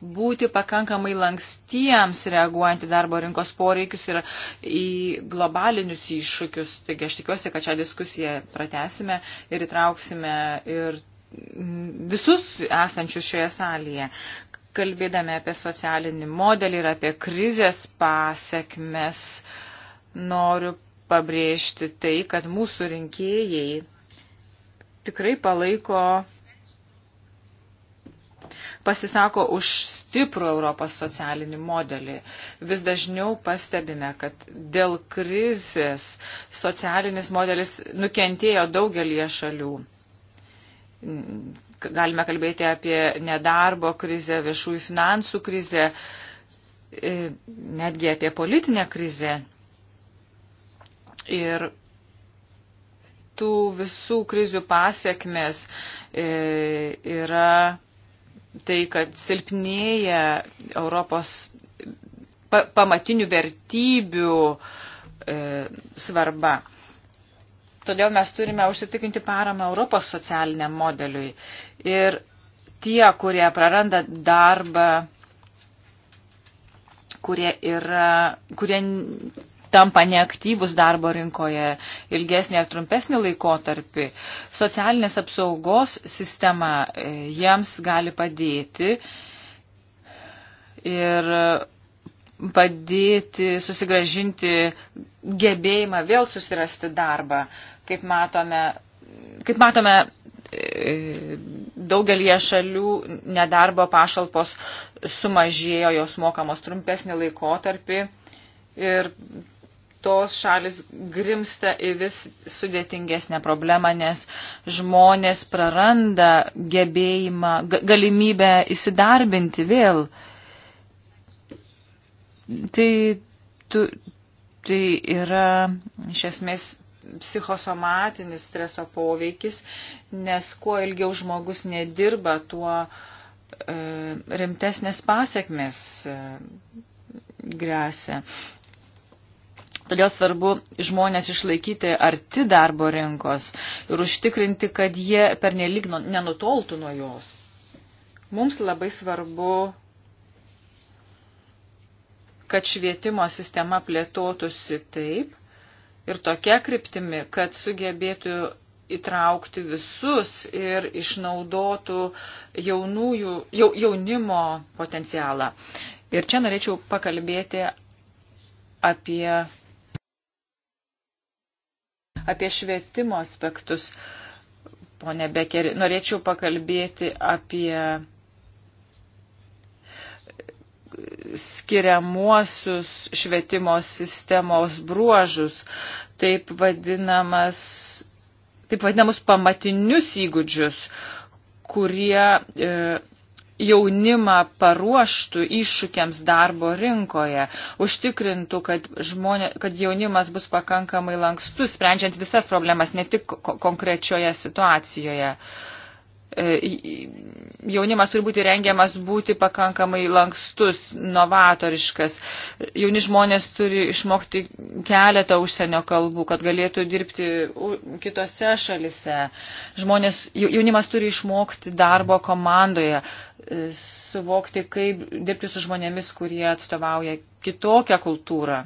B: būti pakankamai lankstiems reaguojant į darbo rinkos poreikius ir į globalinius iššūkius. Taigi aš tikiuosi, kad šią diskusiją pratesime ir įtrauksime ir visus esančius šioje salėje kalbėdami apie socialinį modelį ir apie krizės pasiekmes, noriu pabrėžti tai, kad mūsų rinkėjai tikrai palaiko, pasisako už stiprų Europos socialinį modelį. Vis dažniau pastebime, kad dėl krizės socialinis modelis nukentėjo daugelie šalių. Galime kalbėti apie nedarbo krizę, viešųjų finansų krizę, e, netgi apie politinę krizę. Ir tų visų krizių pasiekmes e, yra tai, kad silpnėja Europos pamatinių vertybių e, svarba. Todėl mes turime užsitikrinti paramą Europos socialiniam modeliui. Ir tie, kurie praranda darbą, kurie, yra, kurie tampa neaktyvus darbo rinkoje ilgesnį ar trumpesnį laikotarpį, socialinės apsaugos sistema e, jiems gali padėti ir padėti susigražinti gebėjimą vėl susirasti darbą. Kaip matome, kaip matome e, daugelie šalių nedarbo pašalpos sumažėjo, jos mokamos trumpesnį laikotarpį ir tos šalis grimsta į vis sudėtingesnę problemą, nes žmonės praranda gebėjimą, galimybę įsidarbinti vėl. Tai, tu, tai yra iš esmės psichosomatinis streso poveikis, nes kuo ilgiau žmogus nedirba, tuo e, rimtesnės pasiekmes e, grėsia. Todėl svarbu žmonės išlaikyti arti darbo rinkos ir užtikrinti, kad jie per nelik nu, nenutoltų nuo jos. Mums labai svarbu, kad švietimo sistema plėtotųsi taip, ir tokia kryptimi, kad sugebėtų įtraukti visus ir išnaudotų jaunųjų, jau, jaunimo potencialą. Ir čia norėčiau pakalbėti apie, apie švietimo aspektus. Pone Bekeri, norėčiau pakalbėti apie skiriamuosius švietimo sistemos bruožus, taip, vadinamas, taip vadinamus pamatinius įgūdžius, kurie e, jaunimą paruoštų iššūkiams darbo rinkoje, užtikrintų, kad, žmonė, kad jaunimas bus pakankamai lankstus, sprendžiant visas problemas, ne tik konkrečioje situacijoje. E, E, jaunimas turi būti rengiamas būti pakankamai lankstus, novatoriškas. Jauni žmonės turi išmokti keletą užsienio kalbų, kad galėtų dirbti kitose šalise. Žmonės, jaunimas turi išmokti darbo komandoje, e, suvokti, kaip dirbti su žmonėmis, kurie atstovauja kitokią kultūrą.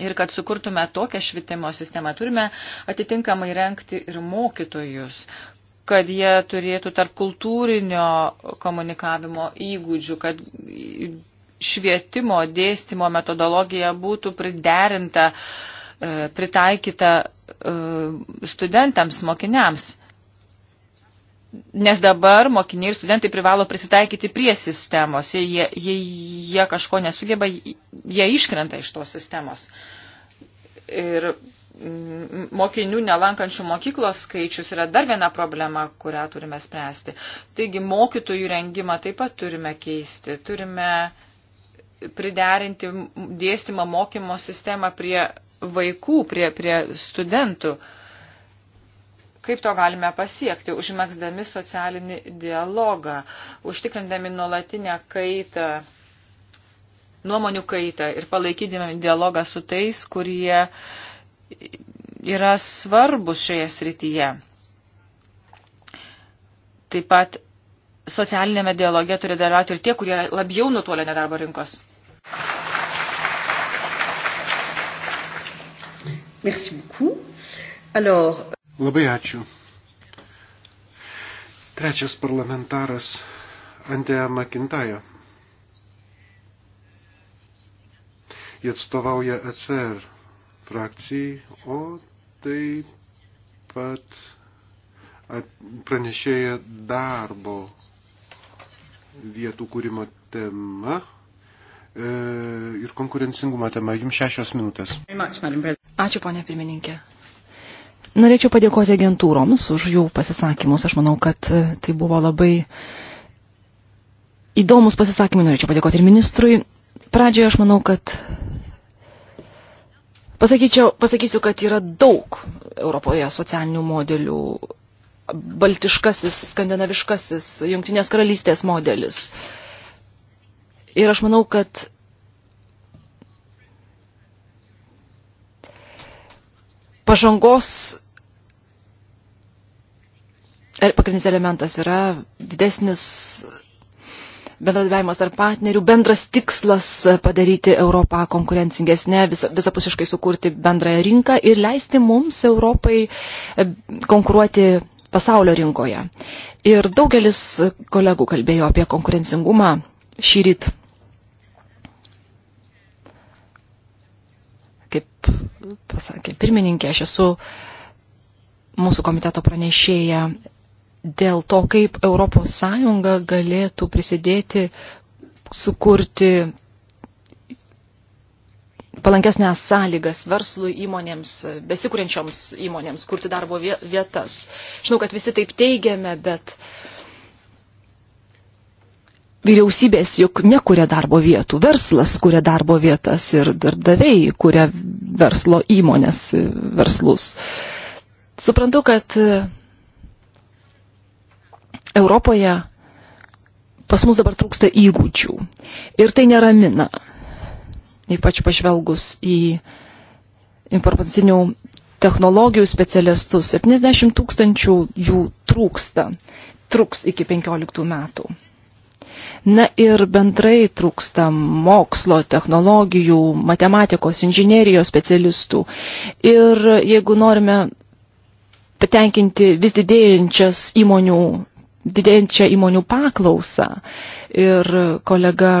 B: Ir kad sukurtume tokią švietimo sistemą, turime atitinkamai renkti ir mokytojus, kad jie turėtų tarp kultūrinio komunikavimo įgūdžių, kad švietimo dėstymo metodologija būtų priderinta, e, pritaikyta e, studentams, mokiniams. Nes dabar mokiniai ir studentai privalo prisitaikyti prie sistemos. Jei jie, jie, jie kažko nesugeba, jie iškrenta iš tos sistemos. Ir mokinių nelankančių mokyklos skaičius yra dar viena problema, kurią turime spręsti. Taigi mokytojų rengimą taip pat turime keisti. Turime priderinti dėstymą mokymo sistemą prie vaikų, prie, prie studentų. Kaip to galime pasiekti? Užmėgsdami socialinį dialogą, užtikrindami nuolatinę kaitą, nuomonių kaitą ir palaikydami dialogą su tais, kurie uh, yra svarbus šioje srityje. Taip pat socialinėme dialoge turi dalyvauti ir tie, kurie labiau nutolė nedarbo
C: rinkos. Merci beaucoup. Alors... Labai ačiū. Trečias parlamentaras Andėja Makintaja. Jie atstovauja ECR frakcijai, o taip pat pranešėja darbo vietų kūrimo tema e, ir konkurencingumo tema. Jums šešios minutės.
A: Ačiū, ponė pirmininkė. Norėčiau padėkoti agentūroms už jų pasisakymus. Aš manau, kad e, tai buvo labai įdomus pasisakymai. Norėčiau padėkoti ir ministrui. Pradžioje aš manau, kad pasakysiu, kad yra daug Europoje socialinių modelių. Baltiškasis, skandinaviškasis, jungtinės karalystės modelis. Ir aš manau, kad pažangos er, pagrindinis elementas yra didesnis bendradarbiavimas tarp partnerių, bendras tikslas e, padaryti Europą konkurencingesnę, visapusiškai sukurti bendrąją rinką ir leisti mums Europai e, konkuruoti pasaulio rinkoje. Ir daugelis kolegų kalbėjo apie konkurencingumą šį rytą. Kaip pasakė pirmininkė, aš esu mūsų komiteto pranešėja dėl to, kaip ES galėtų prisidėti sukurti palankesnės sąlygas verslui įmonėms, besikūrenčioms įmonėms, kurti darbo vietas. Žinau, kad visi taip teigiame, bet vyriausybės juk nekuria darbo vietų, verslas kuria darbo vietas ir darbdaviai kuria verslo įmonės verslus. Suprantu, kad Europoje pas mus dabar trūksta įgūdžių. Ir tai neramina, ypač pažvelgus į informacinių technologijų specialistus. 70 tūkstančių jų trūksta, truks iki 15 metų. Na ir bendrai trūksta mokslo, technologijų, matematikos, inžinierijos specialistų. Ir jeigu norime patenkinti vis didėjančias įmonių didėjančią įmonių paklausą. Ir kolega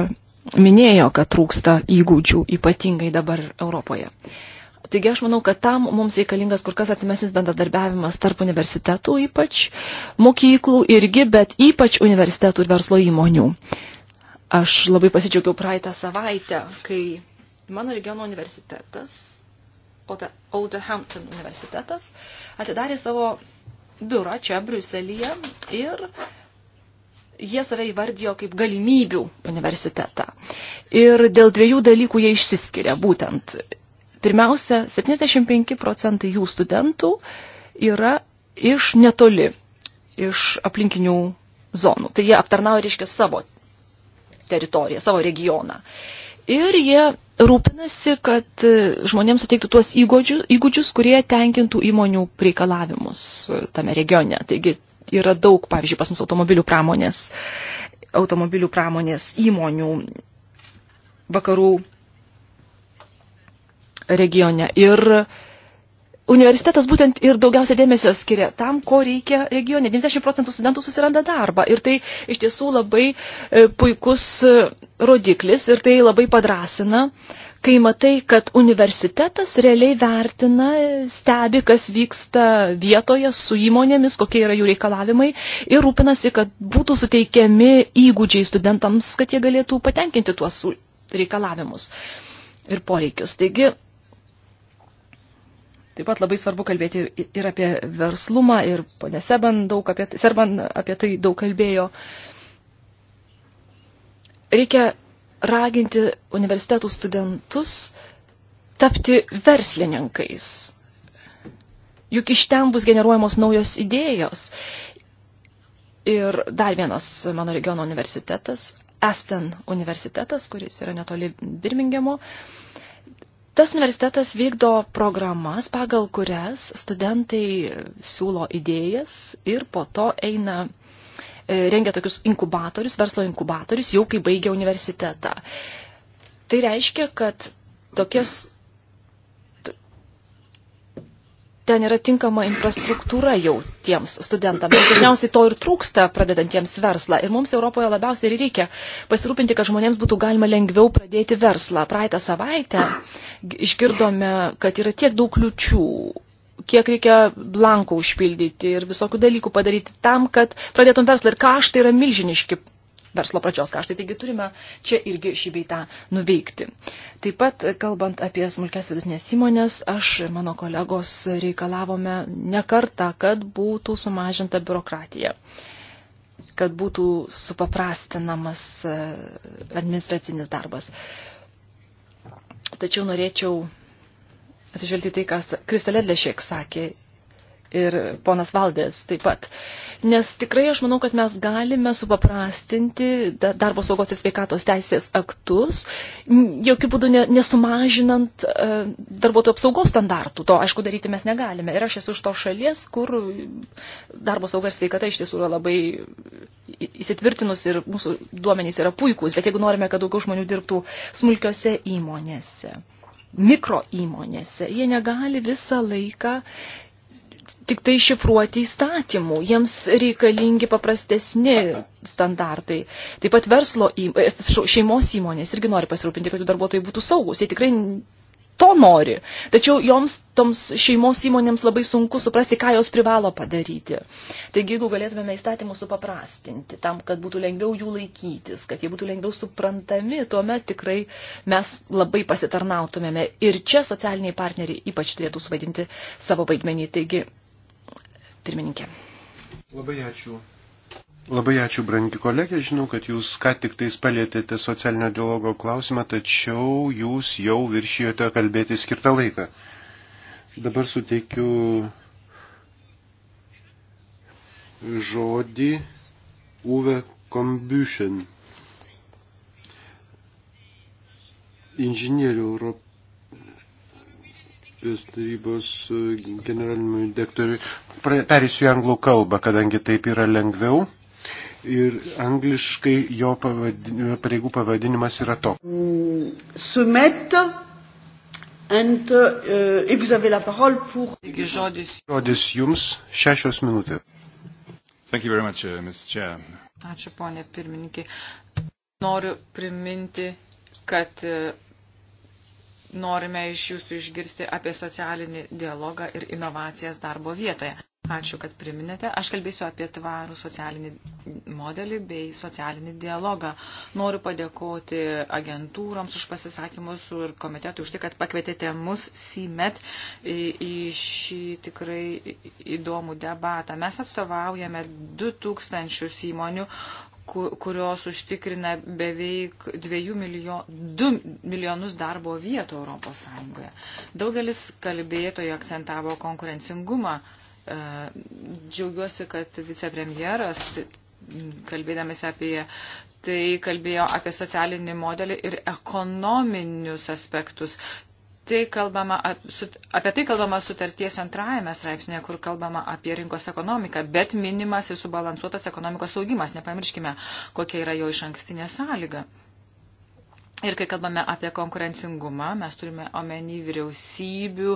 A: minėjo, kad trūksta įgūdžių, ypatingai dabar Europoje. Taigi aš manau, kad tam mums reikalingas kur kas artimesnis bendradarbiavimas tarp universitetų, ypač mokyklų irgi, bet ypač universitetų ir verslo įmonių. Aš labai pasidžiaugiau praeitą savaitę, kai mano regiono universitetas, Olderhampton universitetas, atidarė savo biurą čia Briuselyje ir jie save įvardijo kaip galimybių universitetą. Ir dėl dviejų dalykų jie išsiskiria būtent. Pirmiausia, 75 procentai jų studentų yra iš netoli, iš aplinkinių zonų. Tai jie aptarnauja, reiškia, savo teritoriją, savo regioną. Ir jie rūpinasi, kad e, žmonėms suteiktų tuos įgūdžius, įgūdžius, kurie tenkintų įmonių reikalavimus e, tame regione. Taigi yra daug, pavyzdžiui, pas mus automobilių pramonės, automobilių pramonės įmonių vakarų regione. Ir universitetas būtent ir daugiausia dėmesio skiria tam, ko reikia regione. 90 procentų studentų susiranda darbą ir tai iš tiesų labai e, puikus e, rodiklis ir tai labai padrasina, kai matai, kad universitetas realiai vertina, e, stebi, kas vyksta vietoje su įmonėmis, kokie yra jų reikalavimai ir rūpinasi, kad būtų suteikiami įgūdžiai studentams, kad jie galėtų patenkinti tuos reikalavimus ir poreikius. Taigi, Taip pat labai svarbu kalbėti ir apie verslumą, ir ponė Seban, daug apie, Serban apie tai daug kalbėjo. Reikia raginti universitetų studentus tapti verslininkais. Juk iš ten bus generuojamos naujos idėjos. Ir dar vienas mano regiono universitetas, Aston universitetas, kuris yra netoli Birmingemo, uh, Tas universitetas vykdo programas, pagal kurias studentai siūlo idėjas ir po to eina e, rengia tokius inkubatorius, verslo inkubatorius, jau kai baigia universitetą. Tai reiškia, kad tokias ten yra tinkama infrastruktūra jau tiems studentams. Dažniausiai to ir trūksta pradedantiems verslą. Ir mums Europoje labiausiai ir reikia pasirūpinti, kad žmonėms būtų galima lengviau pradėti verslą. Praeitą savaitę išgirdome, kad yra tiek daug kliučių kiek reikia blankų užpildyti ir visokių dalykų padaryti tam, kad pradėtum verslą. Ir kaštai yra milžiniški verslo pradžios kaštai. Taigi turime čia irgi šį beitą nuveikti. Taip pat, kalbant apie smulkės vidutinės įmonės, aš ir mano kolegos reikalavome ne kartą, kad būtų sumažinta biurokratija kad būtų supaprastinamas e, administracinis darbas. Tačiau norėčiau atsižvelgti tai, kas Kristalė Lešėk sakė ir ponas Valdės taip pat. Nes tikrai aš manau, kad mes galime supaprastinti darbo saugos ir sveikatos teisės aktus, jokių būdų nesumažinant e, darbuotojų apsaugos standartų. To, aišku, daryti mes negalime. Ir aš esu iš to šalies, kur darbo sauga ir sveikata iš tiesų yra labai įsitvirtinus ir mūsų duomenys yra puikūs. Bet jeigu norime, kad daugiau žmonių dirbtų smulkiose įmonėse mikro įmonėse. Jie negali visą laiką tik tai šifruoti įstatymų, jiems reikalingi paprastesni standartai. Taip pat verslo į, e, šeimos įmonės irgi nori pasirūpinti, kad jų darbuotojai būtų saugus. Jie tikrai to nori. Tačiau joms, toms šeimos įmonėms labai sunku suprasti, ką jos privalo padaryti. Taigi, jeigu galėtumėme įstatymus supaprastinti, tam, kad būtų lengviau jų laikytis, kad jie būtų lengviau suprantami, tuomet tikrai mes labai pasitarnautumėme. Ir čia socialiniai partneriai ypač turėtų suvaidinti savo vaidmenį. Taigi, pirmininkė.
C: Labai ačiū. Labai ačiū, brangi kolegė. Žinau, kad jūs ką tik tais palėtėte socialinio dialogo klausimą, tačiau jūs jau viršijote kalbėti skirtą laiką. Dabar suteikiu žodį Uwe Kombiušen, inžinierių Europos tarybos e, generaliniam direktoriui. Perėsiu į anglų kalbą, kadangi taip yra lengviau. Ir angliškai jo pavadin, pareigų pavadinimas yra toks. Mm, Sumetto And, uh, et vous avez la parole
B: pour... Žodis,
C: žodis jums šešios minutės. Thank you very much, uh, Ms. Chair.
B: Ačiū, ponė pirmininkė. Noriu priminti, kad uh, norime iš jūsų išgirsti apie socialinį dialogą ir inovacijas darbo vietoje. Ačiū, kad priminėte. Aš kalbėsiu apie tvarų socialinį modelį bei socialinį dialogą. Noriu padėkoti agentūroms už pasisakymus ir komitetui už tai, kad pakvietėte mus SIMET į, į šį tikrai įdomų debatą. Mes atstovaujame 2000 įmonių, kurios užtikrina beveik 2, milijon, 2 milijonus darbo vietų Europos Sąjungoje. Daugelis kalbėtojų akcentavo konkurencingumą. E, džiaugiuosi, kad vicepremjeras, kalbėdamas apie tai, kalbėjo apie socialinį modelį ir ekonominius aspektus tai kalbama, apie tai kalbama sutarties antrajame straipsnėje, kur kalbama apie rinkos ekonomiką, bet minimas ir subalansuotas ekonomikos augimas. Nepamirškime, kokia yra jo iš ankstinė sąlyga. Ir kai kalbame apie konkurencingumą, mes turime omeny vyriausybių,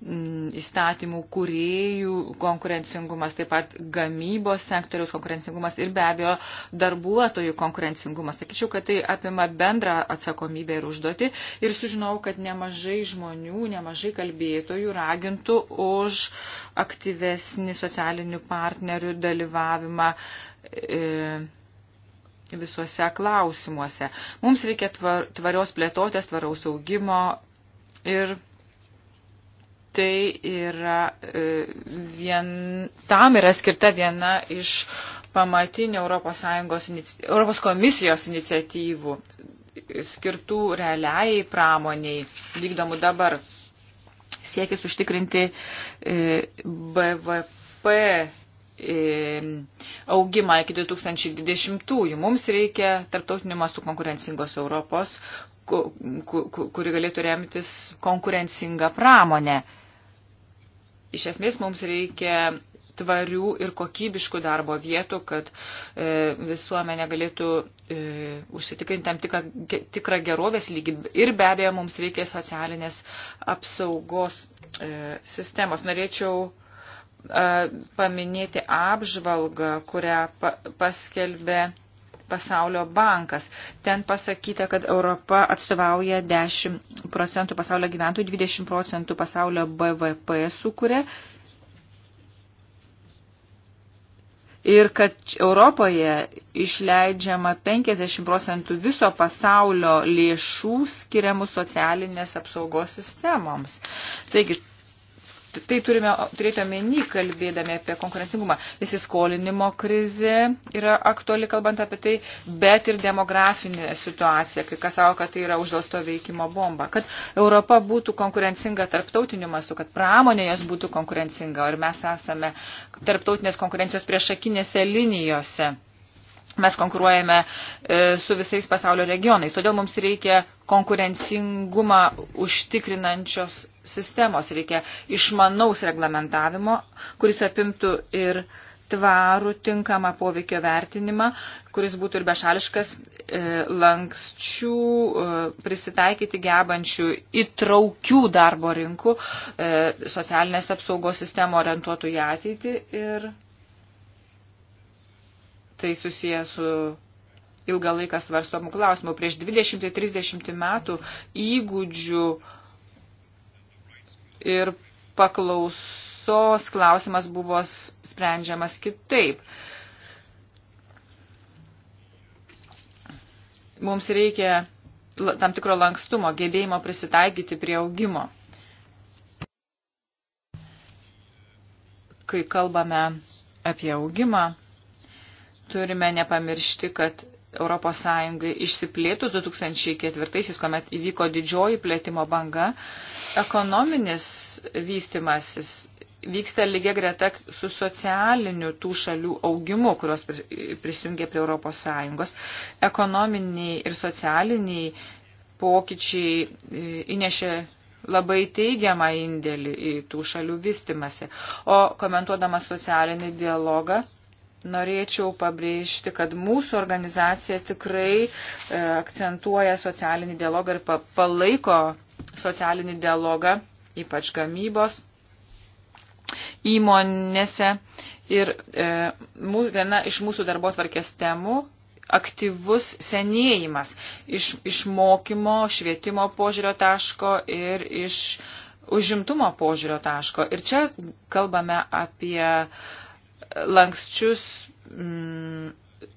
B: Mm, įstatymų kuriejų konkurencingumas, taip pat gamybos sektoriaus konkurencingumas ir be abejo darbuotojų konkurencingumas. Sakyčiau, kad tai apima bendrą atsakomybę ir užduoti ir sužinau, kad nemažai žmonių, nemažai kalbėtojų ragintų už aktyvesnį socialinių partnerių dalyvavimą. E, visuose klausimuose. Mums reikia tvarios plėtotės, tvaraus augimo ir tai yra e, vien, tam yra skirta viena iš pamatinių Europos, Sąjungos, Europos komisijos iniciatyvų skirtų realiai pramoniai vykdomų dabar siekis užtikrinti e, BVP e, augimą iki 2020-ųjų. Mums reikia tarptautinių mastų konkurencingos Europos, kuri galėtų remtis konkurencingą pramonę iš esmės mums reikia tvarių ir kokybiškų darbo vietų, kad e, visuomenė galėtų e, užsitikrinti tam tikrą, tikrą gerovės lygį. Ir be abejo, mums reikia socialinės apsaugos e, sistemos. Norėčiau e, paminėti apžvalgą, kurią pa, paskelbė pasaulio bankas. Ten pasakyta, kad Europa atstovauja 10 procentų pasaulio gyventojų, 20 procentų pasaulio BVP sukuria. Ir kad Europoje išleidžiama 50 procentų viso pasaulio lėšų skiriamų socialinės apsaugos sistemoms. Taigi, tai turime turėti omeny, kalbėdami apie konkurencingumą. Įsiskolinimo krizė yra aktuali, kalbant apie tai, bet ir demografinė situacija, kai kas savo, kad tai yra uždėlsto veikimo bomba. Kad Europa būtų konkurencinga tarptautiniu mastu, kad pramonė jos būtų konkurencinga, ir mes esame tarptautinės konkurencijos priešakinėse linijose mes konkuruojame e, su visais pasaulio regionais. Todėl mums reikia konkurencingumą užtikrinančios sistemos, reikia išmanaus reglamentavimo, kuris apimtų ir tvarų tinkamą poveikio vertinimą, kuris būtų ir bešališkas e, lankščių, e, prisitaikyti gebančių įtraukių darbo rinkų, socialinės apsaugos sistemų orientuotų į ateitį ir tai susiję su ilgą laiką svarstomų klausimų. Prieš 20-30 metų įgūdžių ir paklausos klausimas buvo sprendžiamas kitaip. Mums reikia tam tikro lankstumo, gebėjimo prisitaikyti prie augimo. Kai kalbame apie augimą, turime nepamiršti, kad ES išsiplėtus 2004-aisiais, kuomet įvyko didžioji plėtimo banga, ekonominis vystimasis vyksta lygia greta su socialiniu tų šalių augimu, kurios prisijungia prie ES. Ekonominiai ir socialiniai pokyčiai e, įnešė labai teigiamą indėlį į tų šalių vystimasi. O komentuodamas socialinį dialogą, norėčiau pabrėžti, kad mūsų organizacija tikrai e, akcentuoja socialinį dialogą ir palaiko socialinį dialogą, ypač gamybos įmonėse. Ir e, viena iš mūsų darbo tvarkės temų aktyvus senėjimas iš, iš mokymo, švietimo požiūrio taško ir iš užimtumo požiūrio taško. Ir čia kalbame apie uh, lankščius mm,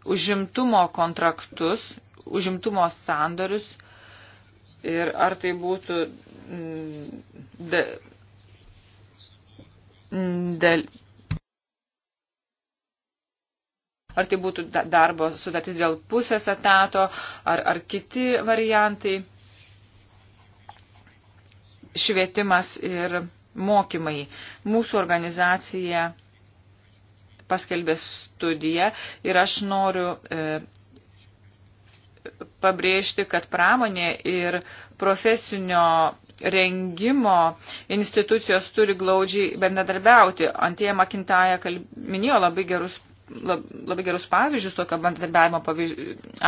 B: užimtumo kontraktus, užimtumo sandorius ir ar tai būtų mm, da, mm, dėl. Ar tai būtų darbo sudatis dėl pusės etato, ar, ar kiti variantai, švietimas ir mokymai. Mūsų organizacija paskelbė studiją ir aš noriu e, pabrėžti, kad pramonė ir profesinio rengimo institucijos turi glaudžiai bendradarbiauti. Antėja Makintaja minėjo labai gerus, lab, labai gerus pavyzdžius tokio bendradarbiavimo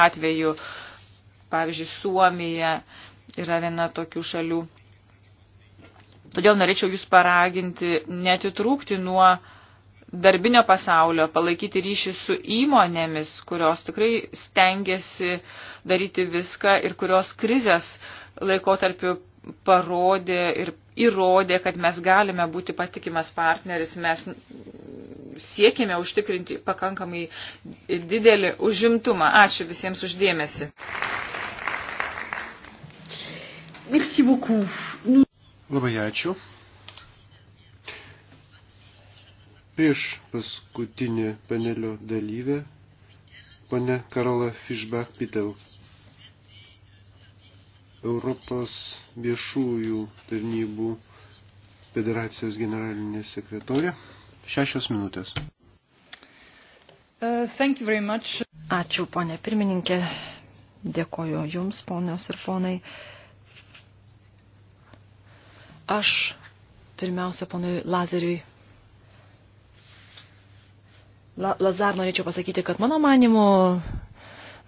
B: atveju. Pavyzdžiui, Suomija yra viena tokių šalių. Todėl norėčiau Jūs paraginti netitrūkti nuo uh, darbinio pasaulio, palaikyti ryšį su įmonėmis, kurios tikrai stengiasi daryti viską ir kurios krizės laikotarpiu parodė ir įrodė, kad mes galime būti patikimas partneris, mes siekime užtikrinti pakankamai didelį užimtumą. Ačiū visiems uždėmesi.
C: Labai ačiū. prieš paskutinį panelio dalyvę, ponę Karolą Fischbach Pitel. Europos viešųjų tarnybų federacijos generalinė sekretorė. Šešios minutės.
A: Uh, Ačiū, ponė pirmininkė. Dėkoju Jums, ponios ir ponai. Aš pirmiausia, ponui Lazeriui Lazar norėčiau pasakyti, kad mano manimu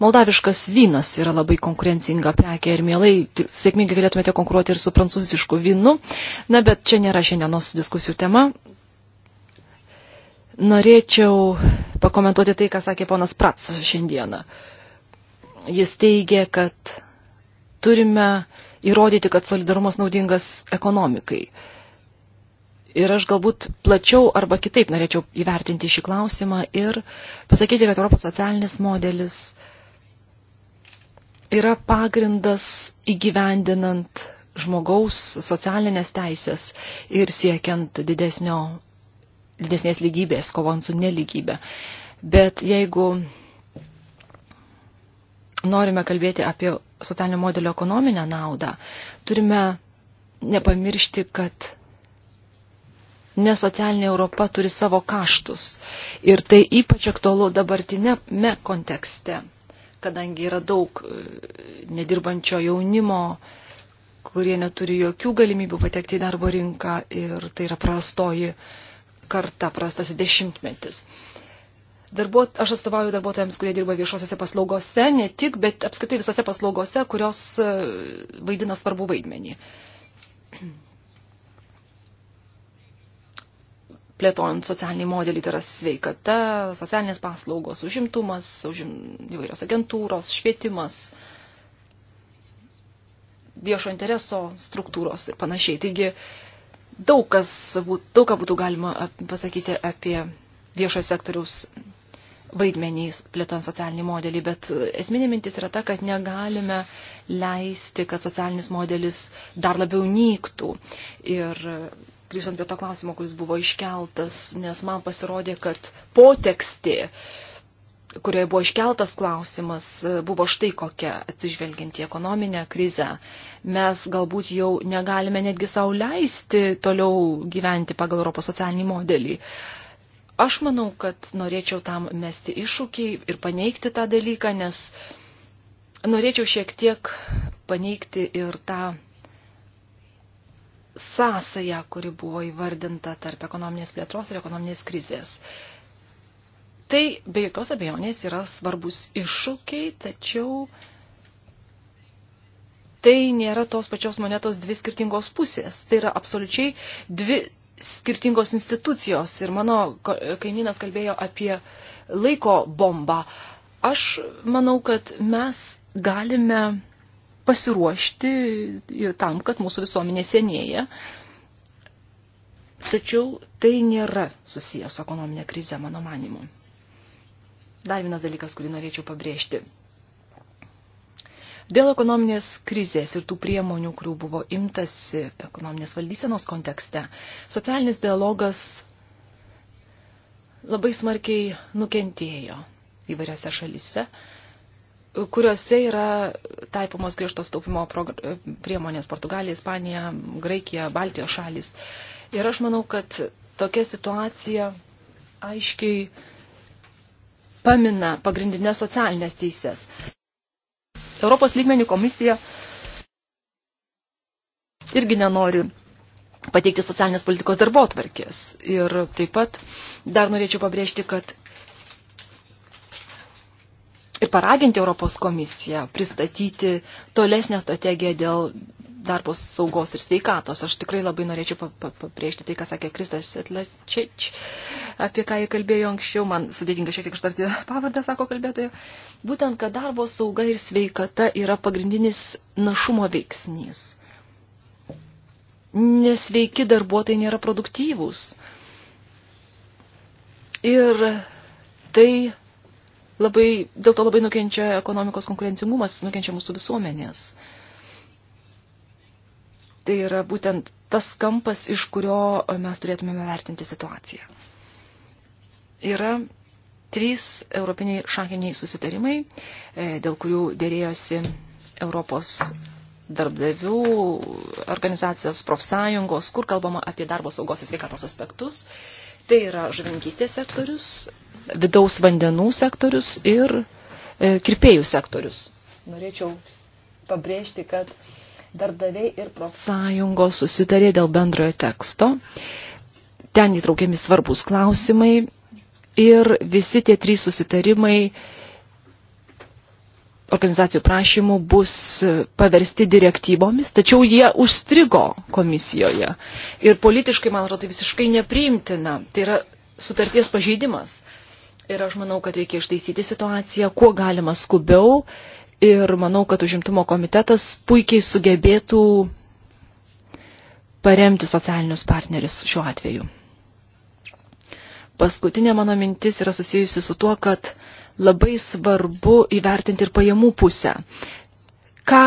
A: moldaviškas vynas yra labai konkurencinga prekė ir mielai sėkmingai galėtumėte konkuruoti ir su prancūzišku vynu. Na, bet čia nėra šiandienos diskusijų tema. Norėčiau pakomentuoti tai, ką sakė ponas Prats šiandieną. Jis teigė, kad turime įrodyti, kad solidarumas naudingas ekonomikai. Uh, Ir aš galbūt plačiau arba kitaip norėčiau įvertinti šį klausimą ir pasakyti, kad Europos socialinis modelis yra pagrindas įgyvendinant žmogaus socialinės teisės ir siekiant didesnio, didesnės lygybės, kovant su neligybė. Bet jeigu norime kalbėti apie socialinio modelio ekonominę naudą, turime nepamiršti, kad nes socialinė Europa turi savo kaštus. Ir tai ypač aktualu dabartinėme kontekste, kadangi yra daug e, nedirbančio jaunimo, kurie neturi jokių galimybių patekti į darbo rinką ir tai yra prastoji karta, prastas dešimtmetis. Darbo, aš atstovauju darbuotojams, kurie dirba viešosiose paslaugose, ne tik, bet apskritai visose paslaugose, kurios e, vaidina svarbų vaidmenį. plėtojant socialinį modelį, tai yra sveikata, socialinės paslaugos, užimtumas, užim, įvairios agentūros, švietimas, viešo intereso struktūros ir panašiai. Taigi daug, kas, daug ką būtų galima pasakyti apie viešo sektoriaus vaidmenį plėtojant socialinį modelį, bet esminė mintis yra ta, kad negalime leisti, kad socialinis modelis dar labiau nyktų. Ir grįžtant prie to klausimo, kuris buvo iškeltas, nes man pasirodė, kad potekstė, kurioje buvo iškeltas klausimas, buvo štai kokia atsižvelgiant į ekonominę krizę. Mes galbūt jau negalime netgi savo leisti toliau gyventi pagal Europos socialinį modelį. Aš manau, kad norėčiau tam mesti iššūkį ir paneigti tą dalyką, nes norėčiau šiek tiek paneigti ir tą sąsają, kuri buvo įvardinta tarp ekonominės plėtros ir ekonominės krizės. Tai be jokios abejonės yra svarbus iššūkiai, tačiau tai nėra tos pačios monetos dvi skirtingos pusės. Tai yra absoliučiai dvi skirtingos institucijos. Ir mano kaimynas kalbėjo apie laiko bombą. Aš manau, kad mes galime pasiruošti tam, kad mūsų visuomenė senėja. Tačiau tai nėra susijęs su ekonominė krize, mano manimu. Dar vienas dalykas, kurį norėčiau pabrėžti. Dėl ekonominės krizės ir tų priemonių, kurių buvo imtasi ekonominės valdysenos kontekste, socialinis dialogas labai smarkiai nukentėjo įvairiose šalise kuriuose yra taipomos griežtos taupimo priemonės Portugalija, Ispanija, Graikija, Baltijos šalis. Ir aš manau, kad tokia situacija aiškiai pamina pagrindinės socialinės teises. Europos lygmenių komisija irgi nenori pateikti socialinės politikos darbo tvarkės. Ir taip pat dar norėčiau pabrėžti, kad ir paraginti Europos komisiją pristatyti tolesnę strategiją dėl darbo saugos ir sveikatos. Aš tikrai labai norėčiau pabrėžti tai, ką sakė Kristas Setlačič, apie ką jie kalbėjo anksčiau. Man sudėtinga šiek tiek ištarti pavardę, sako kalbėtojo. Būtent, kad darbo sauga ir sveikata yra pagrindinis našumo veiksnys. Nesveiki darbuotojai nėra produktyvūs. Ir tai labai, dėl to labai nukenčia ekonomikos konkurencingumas, nukenčia mūsų visuomenės. Tai yra būtent tas kampas, iš kurio mes turėtumėme vertinti situaciją. Yra trys europiniai šakiniai susitarimai, e, dėl kurių dėrėjosi Europos darbdavių organizacijos profsąjungos, kur kalbama apie darbo saugos ir sveikatos aspektus. Tai yra žuvininkystės sektorius, vidaus vandenų sektorius ir e, kirpėjų sektorius. Norėčiau pabrėžti, kad darbdaviai ir profsąjungos susitarė dėl bendrojo teksto. Ten įtraukiami svarbus klausimai ir visi tie trys susitarimai e, organizacijų prašymų bus paversti direktyvomis, tačiau jie užstrigo komisijoje. Ir politiškai, man atrodo, tai visiškai nepriimtina. Tai yra sutarties pažeidimas. Ir aš manau, kad reikia ištaisyti situaciją, kuo galima skubiau. Ir manau, kad užimtumo komitetas puikiai sugebėtų paremti socialinius partnerius šiuo atveju. Paskutinė mano mintis yra susijusi su tuo, kad uh, labai svarbu įvertinti ir pajamų pusę. Ką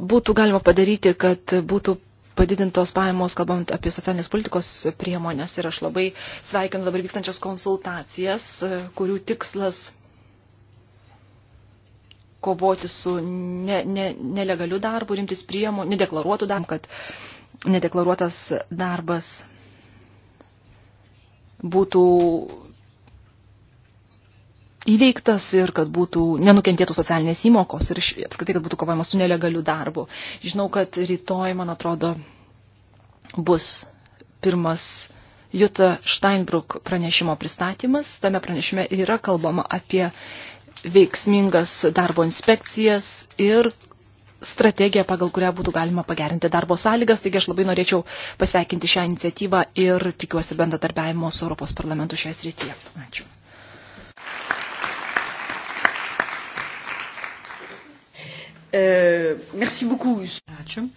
A: būtų galima padaryti, kad būtų padidintos pajamos, kalbant apie socialinės politikos priemonės. Ir aš labai sveikinu dabar vykstančias konsultacijas, kurių tikslas kovoti su ne, ne, nelegaliu darbu, rimtis priemonių, nedeklaruotų darbų, kad nedeklaruotas darbas būtų įveiktas ir kad būtų nenukentėtų socialinės įmokos ir apskritai, kad būtų kovojama su nelegaliu darbu. Žinau, kad rytoj, man atrodo, bus pirmas Juta Steinbrück pranešimo pristatymas. Tame pranešime yra kalbama apie veiksmingas darbo inspekcijas ir strategiją, pagal kurią būtų galima pagerinti darbo sąlygas. Taigi aš labai norėčiau pasveikinti šią iniciatyvą ir tikiuosi bendradarbiavimo su Europos parlamentu šioje srityje. Ačiū.
B: Euh, merci beaucoup. Ačiū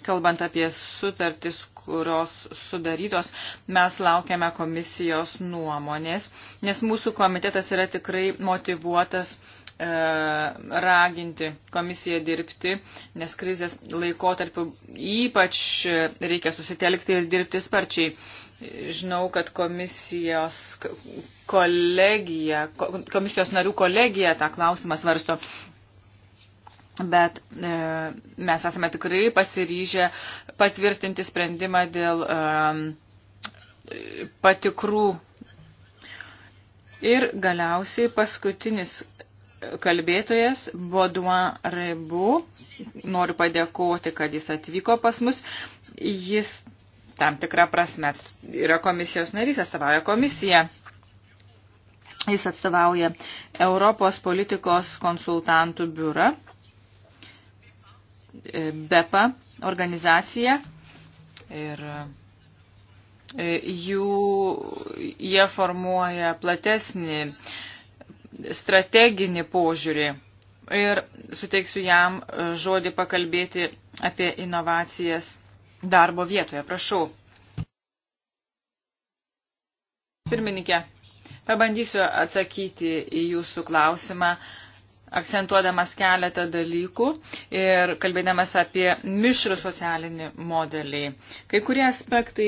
B: kalbant apie sutartis, kurios sudarytos, mes laukiame komisijos nuomonės, nes mūsų komitetas yra tikrai motivuotas e, raginti komisiją dirbti, nes krizės laikotarpiu ypač reikia susitelkti ir dirbti sparčiai. Žinau, kad komisijos, kolegija, komisijos narių kolegija tą klausimą svarsto Bet e, mes esame tikrai pasiryžę patvirtinti sprendimą dėl e, patikrų. Ir galiausiai paskutinis kalbėtojas Baudouin Rebu. Noriu padėkoti, kad jis atvyko pas mus. Jis tam tikrą prasme yra komisijos narys, atstovauja komisiją. Jis atstovauja Europos politikos konsultantų biurą BEPA organizacija ir e, jų, jie formuoja platesnį strateginį požiūrį ir suteiksiu jam e, žodį pakalbėti apie inovacijas darbo vietoje. Prašau. Pirmininkė, pabandysiu atsakyti į jūsų klausimą akcentuodamas keletą dalykų ir kalbėdamas apie mišrų socialinį modelį. Kai kurie aspektai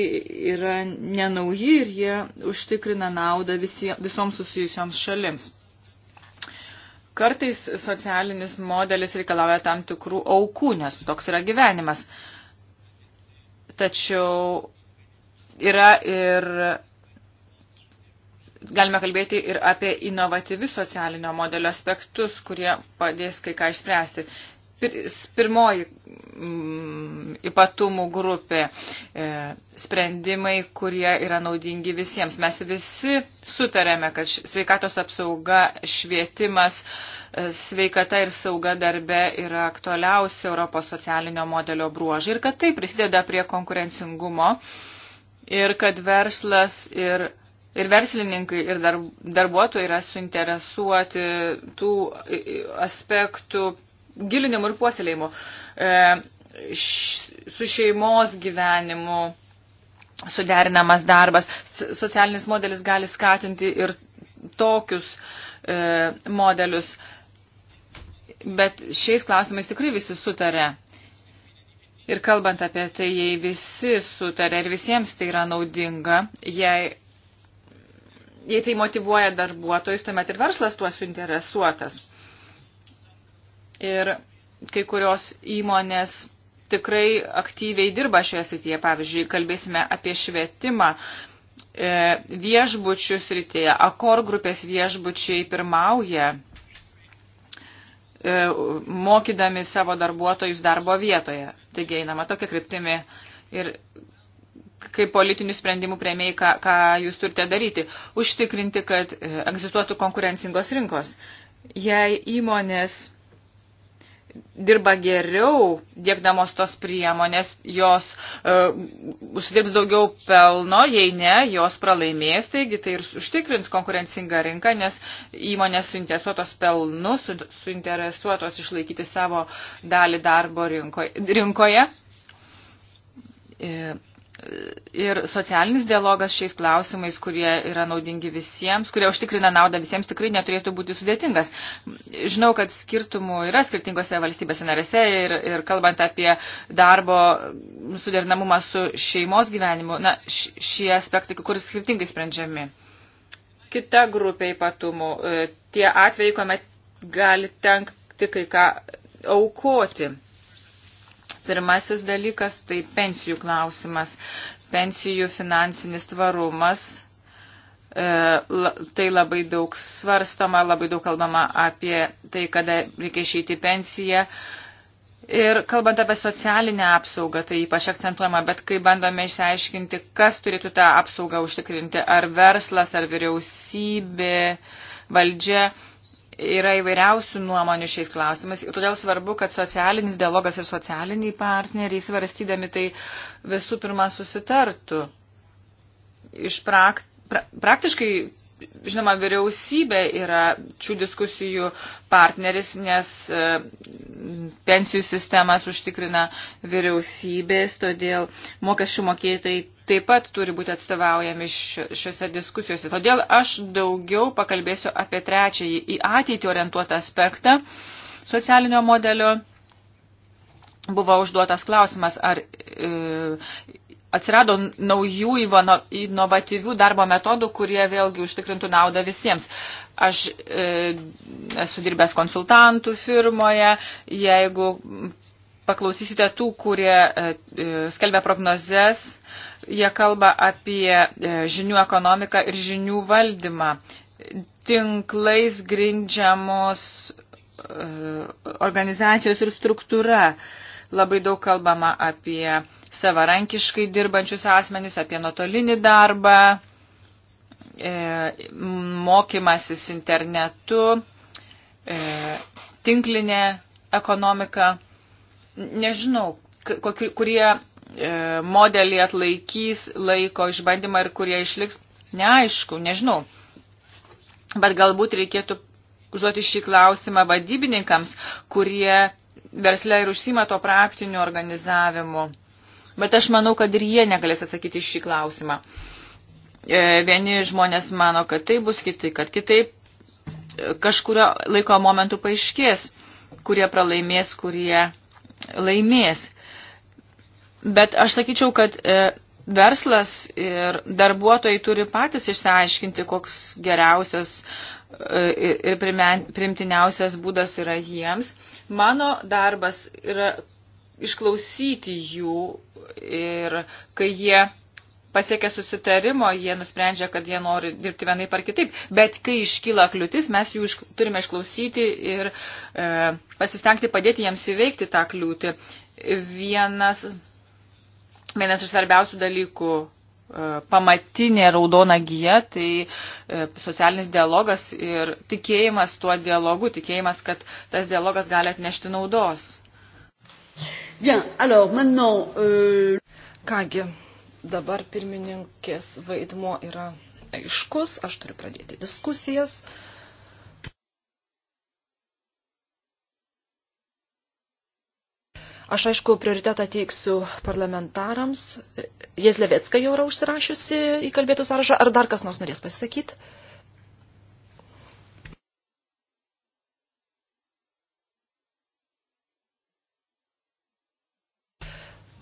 B: yra nenauji ir jie užtikrina naudą visie, visoms susijusioms šalims. Kartais socialinis modelis reikalauja tam tikrų aukų, nes toks yra gyvenimas. Tačiau yra ir galime kalbėti ir apie inovatyvius socialinio modelio aspektus, kurie padės kai ką išspręsti. Pirmoji mm, ypatumų grupė e, sprendimai, kurie yra naudingi visiems. Mes visi sutarėme, kad sveikatos apsauga, švietimas, e, sveikata ir sauga darbe yra aktualiausi Europos socialinio modelio bruožai ir kad tai prisideda prie konkurencingumo ir kad verslas ir ir verslininkai, ir dar, darbuotojai yra suinteresuoti tų aspektų gilinimu ir puoselėjimu, e, š, su šeimos gyvenimu suderinamas darbas. Socialinis modelis gali skatinti ir tokius e, modelius, bet šiais klausimais tikrai visi sutarė. Ir kalbant apie tai, jei visi sutarė ir visiems tai yra naudinga, jei jei tai motivuoja darbuotojus, tuomet ir verslas tuo suinteresuotas. Ir kai kurios įmonės tikrai aktyviai dirba šioje srityje. Pavyzdžiui, kalbėsime apie švietimą e, viešbučių srityje. Akor grupės viešbučiai pirmauja e, mokydami savo darbuotojus darbo vietoje. Taigi einama tokia kryptimi. Ir kaip politinių sprendimų prieimėjai, ką, ką jūs turite daryti. Užtikrinti, kad e, egzistuotų konkurencingos rinkos. Jei įmonės dirba geriau, dėkdamos tos priemonės, jos uh, užsidirbs daugiau pelno, jei ne, jos pralaimės, taigi tai ir užtikrins konkurencingą rinką, nes įmonės suinteresuotos pelnu, su, suinteresuotos išlaikyti savo dalį darbo rinkoje. rinkoje. Uh, ir socialinis dialogas šiais klausimais, kurie yra naudingi visiems, kurie užtikrina naudą visiems, tikrai neturėtų būti sudėtingas. Žinau, kad skirtumų yra skirtingose valstybėse narėse ir, ir kalbant apie darbo suderinamumą su šeimos gyvenimu, na, šie aspektai kur skirtingai sprendžiami. Kita grupė ypatumų, e, tie atvejai, kuomet gali tenkti kai ką aukoti Pirmasis dalykas tai pensijų klausimas, pensijų finansinis tvarumas. E, tai labai daug svarstoma, labai daug kalbama apie tai, kada reikia išeiti pensiją. Ir kalbant apie socialinę apsaugą, tai ypač akcentuojama, bet kai bandome išsiaiškinti, kas turėtų tą apsaugą užtikrinti, ar verslas, ar vyriausybė, valdžia, Yra įvairiausių nuomonių šiais klausimais, todėl svarbu, kad socialinis dialogas ir socialiniai partneriai svarstydami tai visų pirma susitartų. Iš prakt, pra, praktiškai žinoma, vyriausybė yra šių diskusijų partneris, nes e, pensijų sistemas užtikrina vyriausybės, todėl mokesčių mokėtojai taip pat turi būti atstovaujami šiuose diskusijose. Todėl aš daugiau pakalbėsiu apie trečiąjį į ateitį orientuotą aspektą socialinio modelio. Buvo užduotas klausimas, ar e, atsirado naujų inovatyvių darbo metodų, kurie vėlgi užtikrintų naudą visiems. Aš e, esu dirbęs konsultantų firmoje, jeigu paklausysite tų, kurie e, e, skelbia prognozes, jie kalba apie e, žinių ekonomiką ir žinių valdymą. Tinklais grindžiamos organizacijos ir struktūra. Labai daug kalbama apie savarankiškai dirbančius asmenys, apie nuotolinį darbą, mokymasis internetu, tinklinė ekonomika. Nežinau, kurie e, modeliai atlaikys laiko išbandymą ir kurie išliks, neaišku, nežinau. Bet galbūt reikėtų užduoti šį klausimą vadybininkams, kurie verslė ir užsima to praktiniu organizavimu. Bet aš manau, kad ir jie negalės atsakyti šį klausimą. E, vieni žmonės mano, kad tai bus kiti, kad kitaip e, kažkurio laiko momentų paaiškės, kurie pralaimės, kurie laimės. Bet aš sakyčiau, kad e, verslas ir darbuotojai turi patys išsiaiškinti, koks geriausias e, ir primtiniausias būdas yra jiems. Mano darbas yra išklausyti jų ir kai jie pasiekia susitarimo, jie nusprendžia, kad jie nori dirbti vienai par kitaip. Bet kai iškyla kliūtis, mes jų iš, turime išklausyti ir e, pasistengti padėti jiems įveikti tą kliūtį. Vienas, vienas iš svarbiausių dalykų e, pamatinė raudona gyja, tai e, socialinis dialogas ir tikėjimas tuo dialogu, tikėjimas, kad tas dialogas gali atnešti naudos.
A: Bien, alors maintenant... Euh... Kągi, dabar pirmininkės vaidmo yra aiškus, aš turiu pradėti diskusijas. Aš aišku, prioritetą teiksiu parlamentarams. Jezlevecka jau yra užsirašiusi į kalbėtų sąrašą. Ar dar kas nors norės pasisakyti?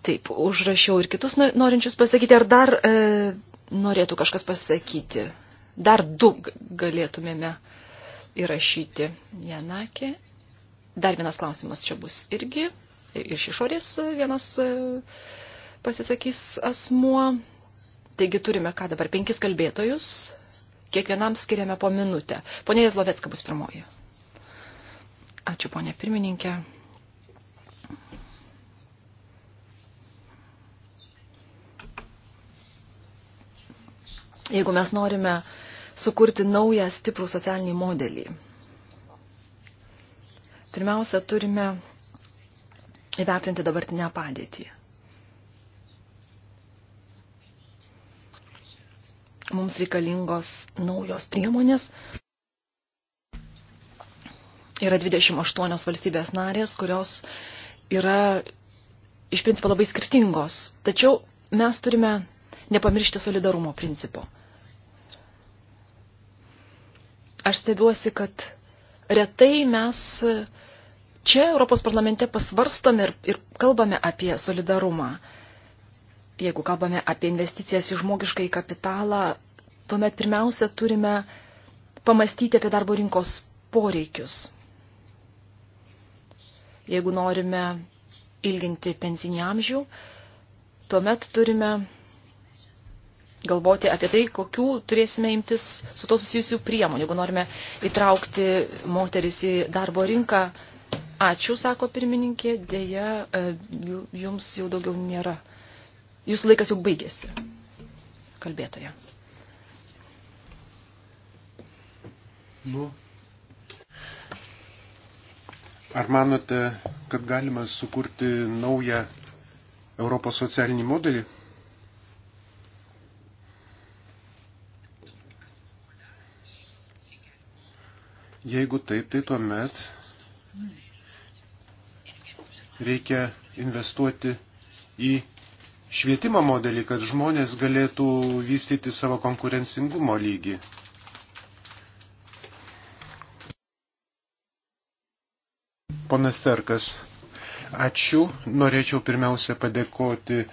A: Taip, užrašiau ir kitus norinčius pasakyti. Ar dar e, norėtų kažkas pasakyti? Dar du galėtumėme įrašyti. Janakė. Dar vienas klausimas čia bus irgi. Iš išorės vienas e, pasisakys asmuo. Taigi turime ką dabar penkis kalbėtojus. Kiekvienam skiriame po minutę. Pone Jezlovecka bus pirmoji. Ačiū, ponė pirmininkė. jeigu mes norime sukurti naują stiprų socialinį modelį. Pirmiausia, turime įvertinti dabartinę padėtį. Mums reikalingos naujos priemonės. Yra 28 valstybės narės, kurios yra iš principo labai skirtingos. Tačiau mes turime nepamiršti solidarumo principo. Aš stebiuosi, kad retai mes čia Europos parlamente pasvarstome ir, ir kalbame apie solidarumą. Jeigu kalbame apie investicijas į žmogiškai kapitalą, tuomet pirmiausia turime pamastyti apie darbo rinkos poreikius. Jeigu norime ilginti pensinį amžių, tuomet turime galvoti apie tai, kokių turėsime imtis su to susijusių priemonių. Jeigu norime įtraukti moteris į darbo rinką, ačiū, sako pirmininkė, dėja, e, jums jau daugiau nėra. Jūsų laikas jau baigėsi, kalbėtoja.
C: Nu. Ar manote, kad galima sukurti naują Europos socialinį modelį? Jeigu taip, tai tuomet reikia investuoti į švietimo modelį, kad žmonės galėtų vystyti savo konkurencingumo lygį. Ponas Serkas, ačiū. Norėčiau pirmiausia padėkoti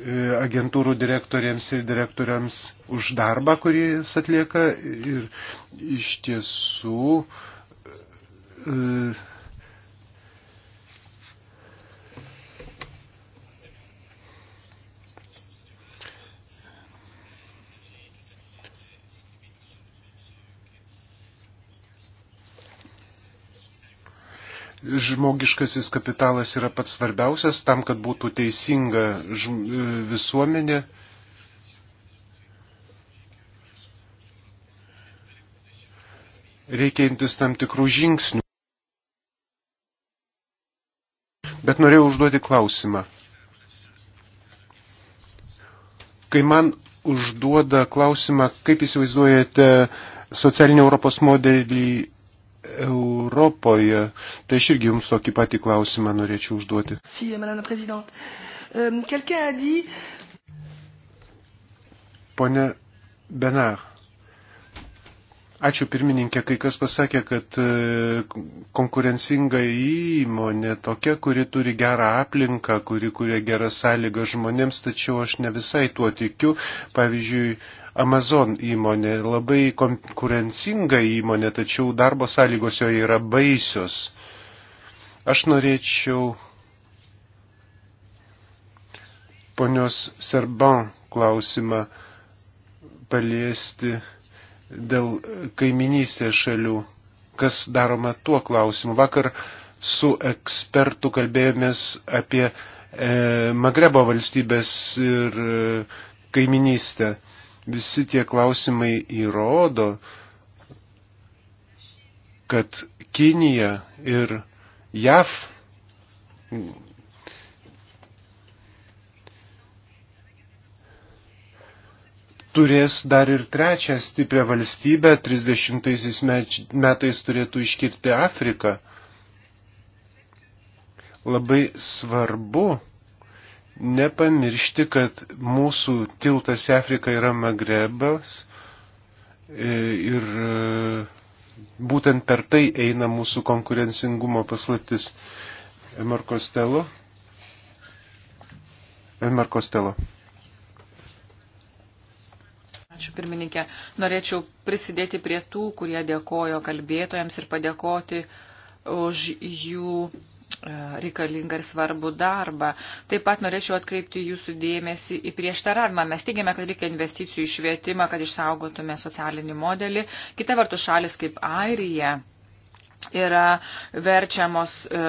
C: E, agentūrų direktoriams ir direktoriams už darbą, kurį jis atlieka. Ir iš tiesų e, žmogiškasis kapitalas yra pats svarbiausias tam, kad būtų teisinga e, visuomenė. Reikia imtis tam tikrų žingsnių. Bet norėjau užduoti klausimą. Kai man užduoda klausimą, kaip įsivaizduojate socialinį Europos modelį Europoje. Tai aš irgi jums tokį patį klausimą norėčiau užduoti.
A: Si, madame la présidente. Um, Quelqu'un a dit...
C: Pone Benar. Ačiū pirmininkė, kai kas pasakė, kad e, konkurencinga įmonė tokia, kuri turi gerą aplinką, kuri kuria gerą sąlygą žmonėms, tačiau aš ne visai tuo tikiu. Pavyzdžiui, Amazon įmonė, labai konkurencinga įmonė, tačiau darbo sąlygos joje yra baisios. Aš norėčiau ponios Serban klausimą paliesti dėl kaiminystės šalių. Kas daroma tuo klausimu? Vakar su ekspertu kalbėjomės apie e, Magrebo valstybės ir e, kaiminystę. Visi tie klausimai įrodo, kad Kinija ir JAV turės dar ir trečią stiprią valstybę, 30 metais turėtų iškirti Afriką. Labai svarbu, nepamiršti, kad mūsų tiltas į Afriką yra Magrebas e, ir e, būtent per tai eina mūsų konkurencingumo paslaptis. Emar Kostelo. Emar Kostelo.
B: Ačiū pirmininkė. Norėčiau prisidėti prie tų, kurie dėkojo kalbėtojams ir padėkoti už jų E, reikalingą ir svarbų darbą. Taip pat norėčiau atkreipti jūsų dėmesį į prieštaravimą. Mes teigiame, kad reikia investicijų į švietimą, kad išsaugotume socialinį modelį. Kita vertus šalis kaip Airija yra verčiamos e,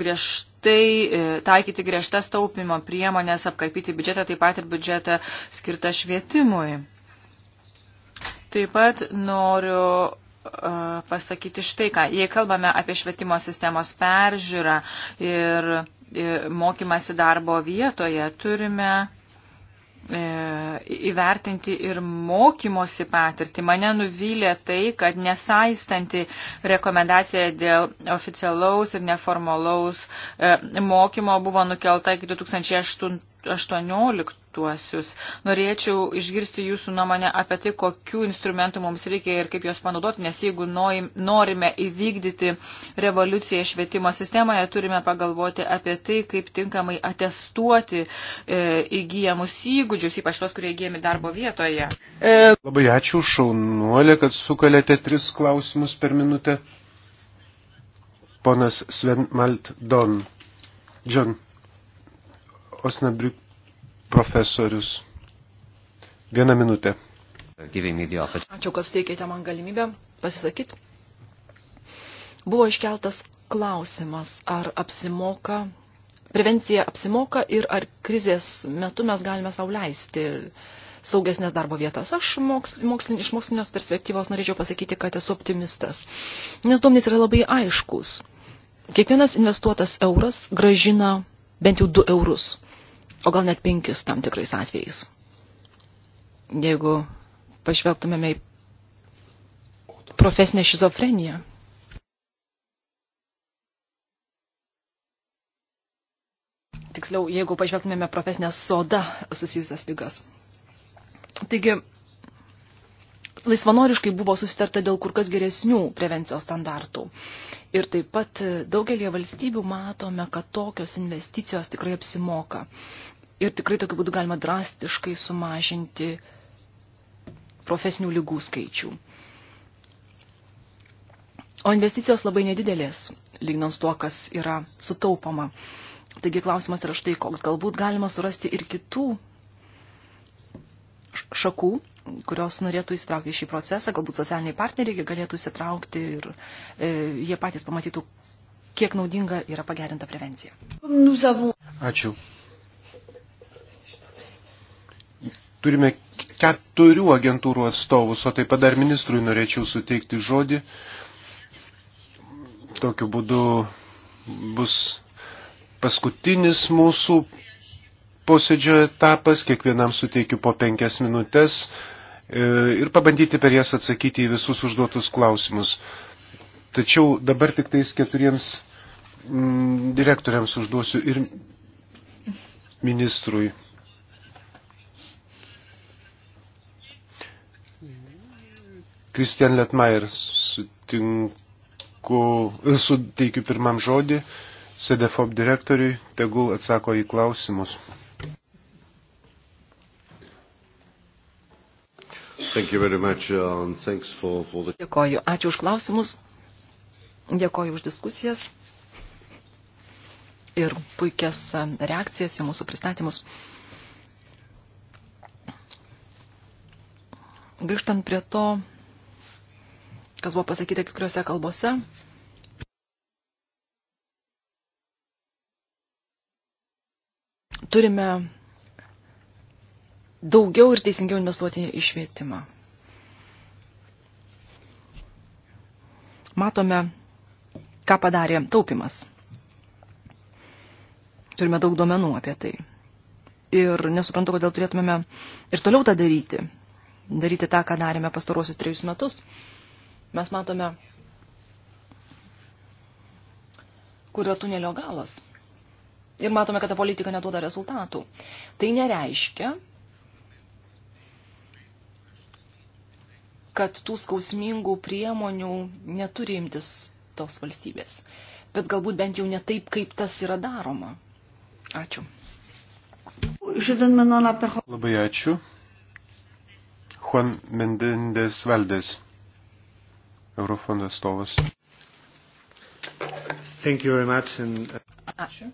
B: griežtai e, taikyti griežtas taupimo priemonės, apkarpyti biudžetą, taip pat ir biudžetą skirtą švietimui. Taip pat noriu pasakyti štai ką. Jei kalbame apie švietimo sistemos peržiūrą ir mokymasi darbo vietoje, turime e, įvertinti ir mokymosi patirtį. Mane nuvylė tai, kad nesaistanti rekomendacija dėl oficialaus ir neformalaus e, mokymo buvo nukelta iki 2018 paskirtuosius. Norėčiau išgirsti jūsų nuomonę apie tai, kokių instrumentų mums reikia ir kaip juos panaudoti, nes jeigu norime įvykdyti revoliuciją švietimo sistemoje, turime pagalvoti apie tai, kaip tinkamai atestuoti e, įgyjamus įgūdžius, ypač tos, kurie įgyjami darbo vietoje.
C: E... Labai ačiū, šaunuolė, kad sukalėte tris klausimus per minutę. Ponas Sven Malt Don. John Osnabrück profesorius. Vieną minutę. Ačiū,
A: kad suteikėte man galimybę pasisakyti. Buvo iškeltas klausimas, ar apsimoka, prevencija apsimoka ir ar krizės metu mes galime sauliaisti saugesnės darbo vietas. Aš mokslin, iš mokslinės perspektyvos norėčiau pasakyti, kad esu optimistas, nes duomenys yra labai aiškus. Kiekvienas investuotas euras gražina bent jau 2 eurus o gal net penkis tam tikrais atvejais. Jeigu pažvelgtumėme į profesinę šizofreniją. Tiksliau, jeigu pažvelgtumėme profesinę soda susijusias lygas. Taigi, laisvanoriškai buvo susitarta dėl kur kas geresnių prevencijos standartų. Ir taip pat daugelie valstybių matome, kad tokios investicijos tikrai apsimoka. Ir tikrai tokiu būdu galima drastiškai sumažinti profesinių lygų skaičių. O investicijos labai nedidelės, lygnant tuo, kas yra sutaupama. Taigi klausimas yra štai koks. Galbūt galima surasti ir kitų šakų, kurios norėtų įsitraukti į šį procesą, galbūt socialiniai partneriai galėtų įsitraukti ir e, jie patys pamatytų, kiek naudinga yra pagerinta prevencija.
C: Ačiū. Turime keturių agentūrų atstovus, o taip pat dar ministrui norėčiau suteikti žodį. Tokiu būdu bus paskutinis mūsų posėdžio etapas, kiekvienam suteikiu po penkias minutės e, ir pabandyti per jas atsakyti į visus užduotus klausimus. Tačiau dabar tik tais keturiems mm, direktoriams užduosiu ir ministrui. Kristian Letmaier sutinku, e, suteikiu pirmam žodį, SEDEFOP direktoriui, tegul atsako į klausimus. Much, uh, for, for the...
A: Dėkoju. Ačiū už klausimus. Dėkoju už diskusijas ir puikias e, reakcijas į mūsų pristatymus. Grįžtant prie to, kas buvo pasakyta kiekvienose kalbose. Turime daugiau ir teisingiau investuoti į švietimą. Matome, ką padarė taupimas. Turime daug duomenų apie tai. Ir nesuprantu, kodėl turėtumėme ir toliau tą daryti. Daryti tą, ką darėme pastaruosius trejus metus. Mes matome, kur yra tunelio galas. Ir matome, kad ta politika neduoda rezultatų. Tai nereiškia, kad tų skausmingų priemonių neturi imtis tos valstybės. Bet galbūt bent jau ne taip, kaip tas yra daroma. Ačiū. Labai
C: ačiū. Juan Mendendės Valdės. Eurofondo atstovas. And... Uh,
A: Ačiū.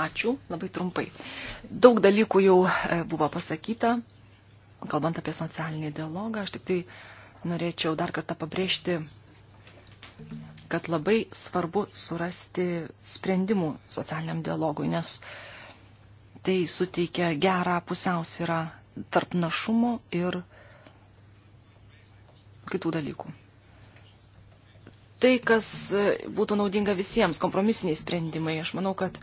A: Ačiū, labai trumpai. Daug dalykų jau e, buvo pasakyta, kalbant apie socialinį dialogą. Aš tik tai norėčiau dar kartą pabrėžti, kad labai svarbu surasti sprendimų socialiniam dialogui, nes tai suteikia gerą pusiausvyrą tarp našumo ir kitų dalykų tai, kas e, būtų naudinga visiems, kompromisiniai sprendimai. Aš manau, kad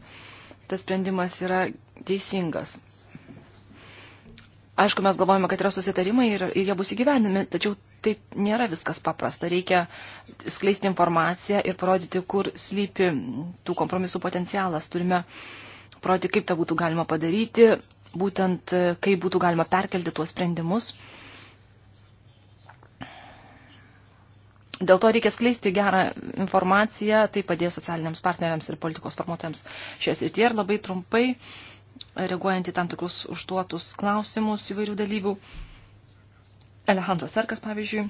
A: tas sprendimas yra teisingas. Aišku, mes galvojame, kad yra susitarimai ir, ir jie bus įgyvendami, tačiau taip nėra viskas paprasta. Reikia skleisti informaciją ir parodyti, kur slypi tų kompromisų potencialas. Turime parodyti, kaip tą būtų galima padaryti, būtent e, kaip būtų galima perkelti tuos sprendimus Dėl to reikia skleisti gerą informaciją, tai padės socialiniams partneriams ir politikos formuotojams šioje srityje. Ir labai trumpai, reaguojant į tam tikrus užduotus klausimus įvairių dalyvių, Alejandro Serkas, pavyzdžiui,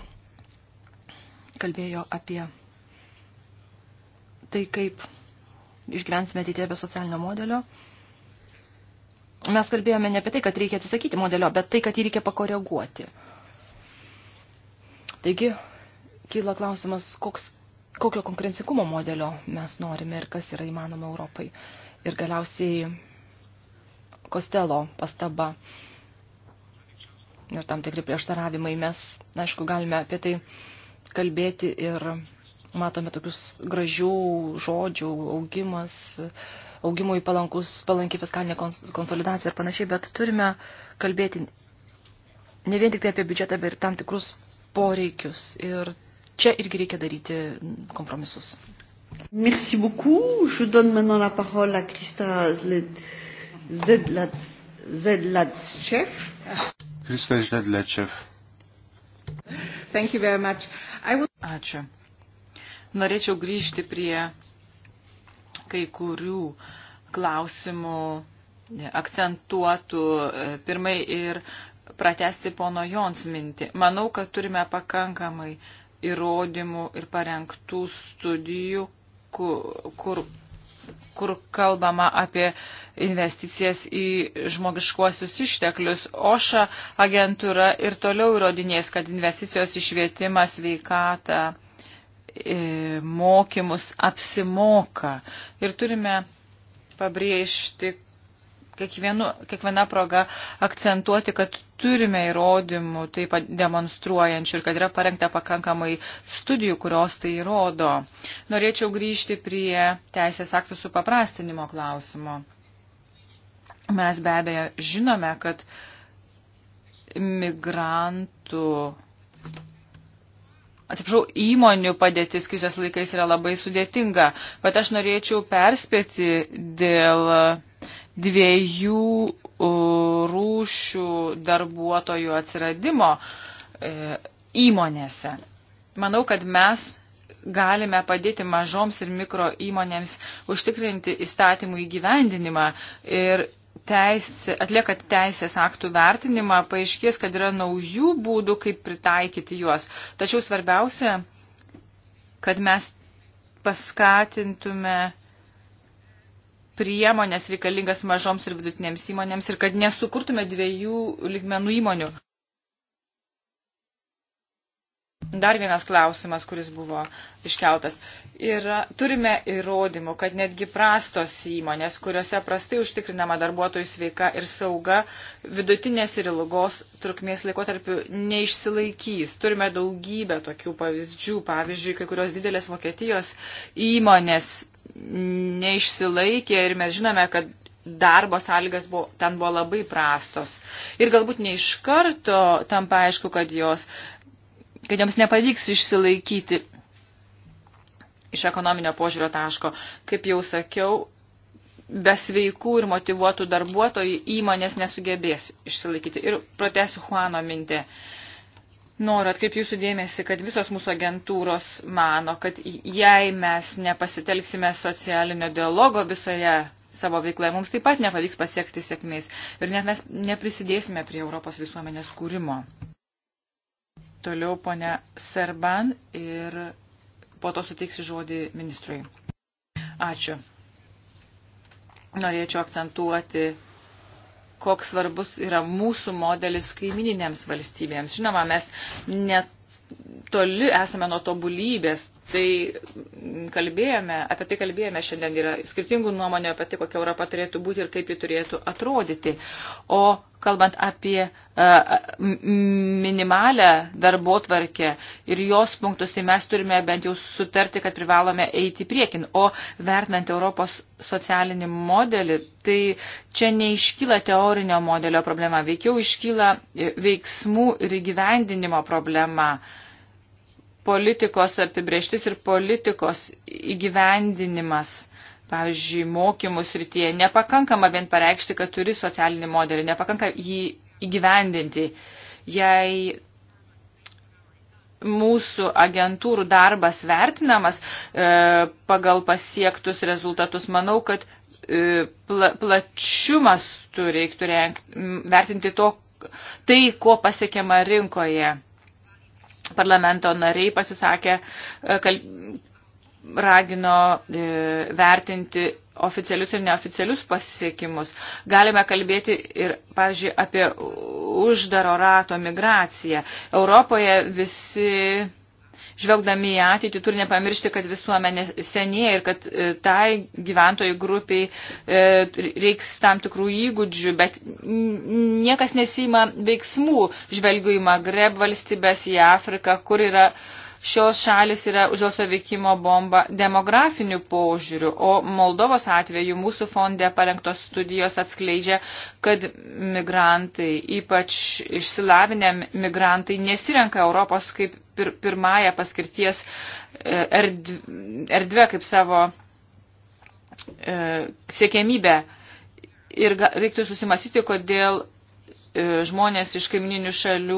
A: kalbėjo apie tai, kaip išgyvensime ateityje be socialinio modelio. Mes kalbėjome ne apie tai, kad reikia atsisakyti modelio, bet tai, kad jį reikia pakoreguoti. Taigi, kyla klausimas, koks, kokio konkurencingumo modelio mes norime ir kas yra įmanoma Europai. Ir galiausiai Kostelo pastaba ir tam tikri prieštaravimai. Mes, aišku, galime apie tai kalbėti ir matome tokius gražių žodžių, augimas, augimui palankus, palanki fiskalinė konsolidacija ir panašiai, bet turime kalbėti ne vien tik tai apie biudžetą, bet ir tam tikrus poreikius. Ir čia irgi reikia daryti kompromisus.
C: Merci beaucoup. Je donne maintenant la parole à Krista Zedlatschev. Krista Zedlatschev.
B: Thank you very much. I would... Ačiū. Norėčiau grįžti prie kai kurių klausimų akcentuotų e, pirmai ir pratesti pono Jons mintį. Manau, kad turime pakankamai uh, įrodymų ir parengtų studijų, kur, kur kalbama apie investicijas į žmogiškuosius išteklius. OŠA agentūra ir toliau įrodinės, kad investicijos į švietimą, sveikatą, mokymus apsimoka. Ir turime pabrėžti, kiekvienu, kiekviena proga akcentuoti, kad turime įrodymų taip pat demonstruojančių ir kad yra parengta pakankamai studijų, kurios tai įrodo. Norėčiau grįžti prie teisės aktų supaprastinimo klausimo. Mes be abejo žinome, kad migrantų atsiprašau, įmonių padėtis krizės laikais yra labai sudėtinga, bet aš norėčiau perspėti dėl dviejų rūšių darbuotojų atsiradimo e, įmonėse. Manau, kad mes galime padėti mažoms ir mikro įmonėms užtikrinti įstatymų įgyvendinimą ir teisė, atliekant teisės aktų vertinimą, paaiškės, kad yra naujų būdų, kaip pritaikyti juos. Tačiau svarbiausia, kad mes paskatintume priemonės reikalingas mažoms ir vidutinėms įmonėms ir kad nesukurtume dviejų lygmenų įmonių. Dar vienas klausimas, kuris buvo iškeltas. Yra, turime įrodymų, kad netgi prastos įmonės, kuriuose prastai užtikrinama darbuotojų sveika ir sauga, vidutinės ir ilgos trukmės laikotarpių neišsilaikys. Turime daugybę tokių pavyzdžių. Pavyzdžiui, kai kurios didelės Vokietijos įmonės neišsilaikė ir mes žinome, kad darbo sąlygas buvo, ten buvo labai prastos. Ir galbūt ne iš karto tampa aišku, kad, jos, kad joms nepavyks išsilaikyti iš ekonominio požiūrio taško. Kaip jau sakiau, be sveikų ir motivuotų darbuotojų įmonės nesugebės išsilaikyti. Ir pratesiu Juano mintę. Uh, Noriu atkreipti jūsų dėmesį, kad visos mūsų agentūros mano, kad jei mes nepasitelksime socialinio dialogo visoje savo veikloje, mums taip pat nepavyks pasiekti sėkmės ir net mes neprisidėsime prie Europos visuomenės kūrimo. Toliau ponia Serban ir po to suteiksiu žodį ministrui. Ačiū. Norėčiau akcentuoti koks svarbus yra mūsų modelis kaimininėms valstybėms. Žinoma, mes net toli esame nuo tobulybės, tai kalbėjome, apie tai kalbėjome šiandien, yra skirtingų nuomonė apie tai, kokia Europa turėtų būti ir kaip ji turėtų atrodyti. O kalbant apie e, minimalę darbo tvarkę ir jos punktus, tai mes turime bent jau sutarti, kad privalome eiti priekin. O vertinant Europos socialinį modelį, tai čia neiškyla teorinio modelio problema, veikiau iškyla e, veiksmų ir įgyvendinimo problema. problema politikos apibrieštis ir politikos įgyvendinimas, pavyzdžiui, mokymų srityje, nepakankama vien pareikšti, kad turi socialinį modelį, nepakanka jį įgyvendinti. Jei mūsų agentūrų darbas vertinamas e, pagal pasiektus rezultatus, manau, kad e, pla, plačiumas turi reiktų vertinti to, tai, ko pasiekiama rinkoje parlamento nariai pasisakė, e, kal... ragino e, vertinti oficialius ir neoficialius pasiekimus. Galime kalbėti ir, pavyzdžiui, apie uždaro rato migraciją. Europoje visi žvelgdami į ateitį, turime pamiršti, kad visuomenė senėja ir kad e, tai gyventojų grupiai e, reiks tam tikrų įgūdžių, bet niekas nesima veiksmų. Žvelgiu į Magreb valstybės, į Afriką, kur yra uh, šios šalis yra už jos veikimo bomba demografiniu požiūriu, o Moldovos atveju mūsų fonde parengtos studijos atskleidžia, kad migrantai, ypač išsilavinę migrantai, nesirenka Europos kaip pir pirmąją paskirties e, erdvę, kaip savo e, siekėmybę. Ir reiktų susimasyti, kodėl E, žmonės iš kaimininių šalių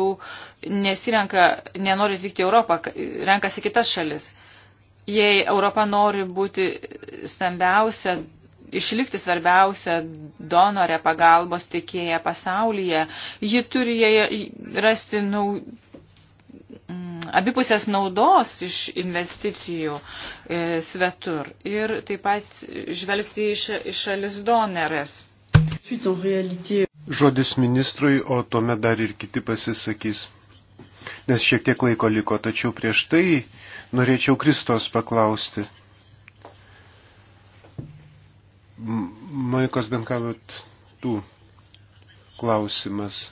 B: nesirenka, nenori atvykti į Europą, renkasi kitas šalis. Jei Europa nori būti stambiausia, išlikti svarbiausia donorė pagalbos tikėja pasaulyje, ji turi rasti nau, mm, abipusės naudos iš investicijų e, svetur ir taip pat žvelgti iš, iš šalis doneres
C: žodis ministrui, o tuomet dar ir kiti pasisakys. Nes šiek tiek laiko liko, tačiau prieš tai norėčiau Kristos paklausti. Monikos Benkavot tų klausimas.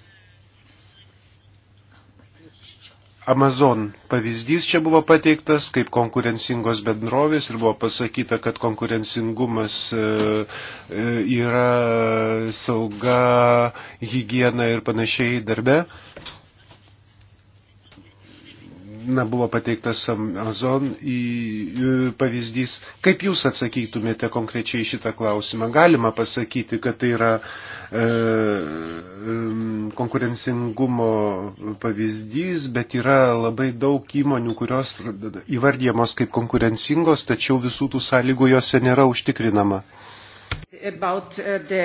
C: Amazon pavyzdys čia buvo pateiktas kaip konkurencingos bendrovės ir buvo pasakyta, kad konkurencingumas e, e, yra sauga, hygiena ir panašiai darbe na, buvo pateiktas Amazon į, pavyzdys. Kaip Jūs atsakytumėte konkrečiai šitą klausimą? Galima pasakyti, kad tai yra e, e, konkurencingumo pavyzdys, bet yra labai daug įmonių, kurios įvardyjamos kaip konkurencingos, tačiau visų tų sąlygų jose nėra užtikrinama.
A: Uh, the...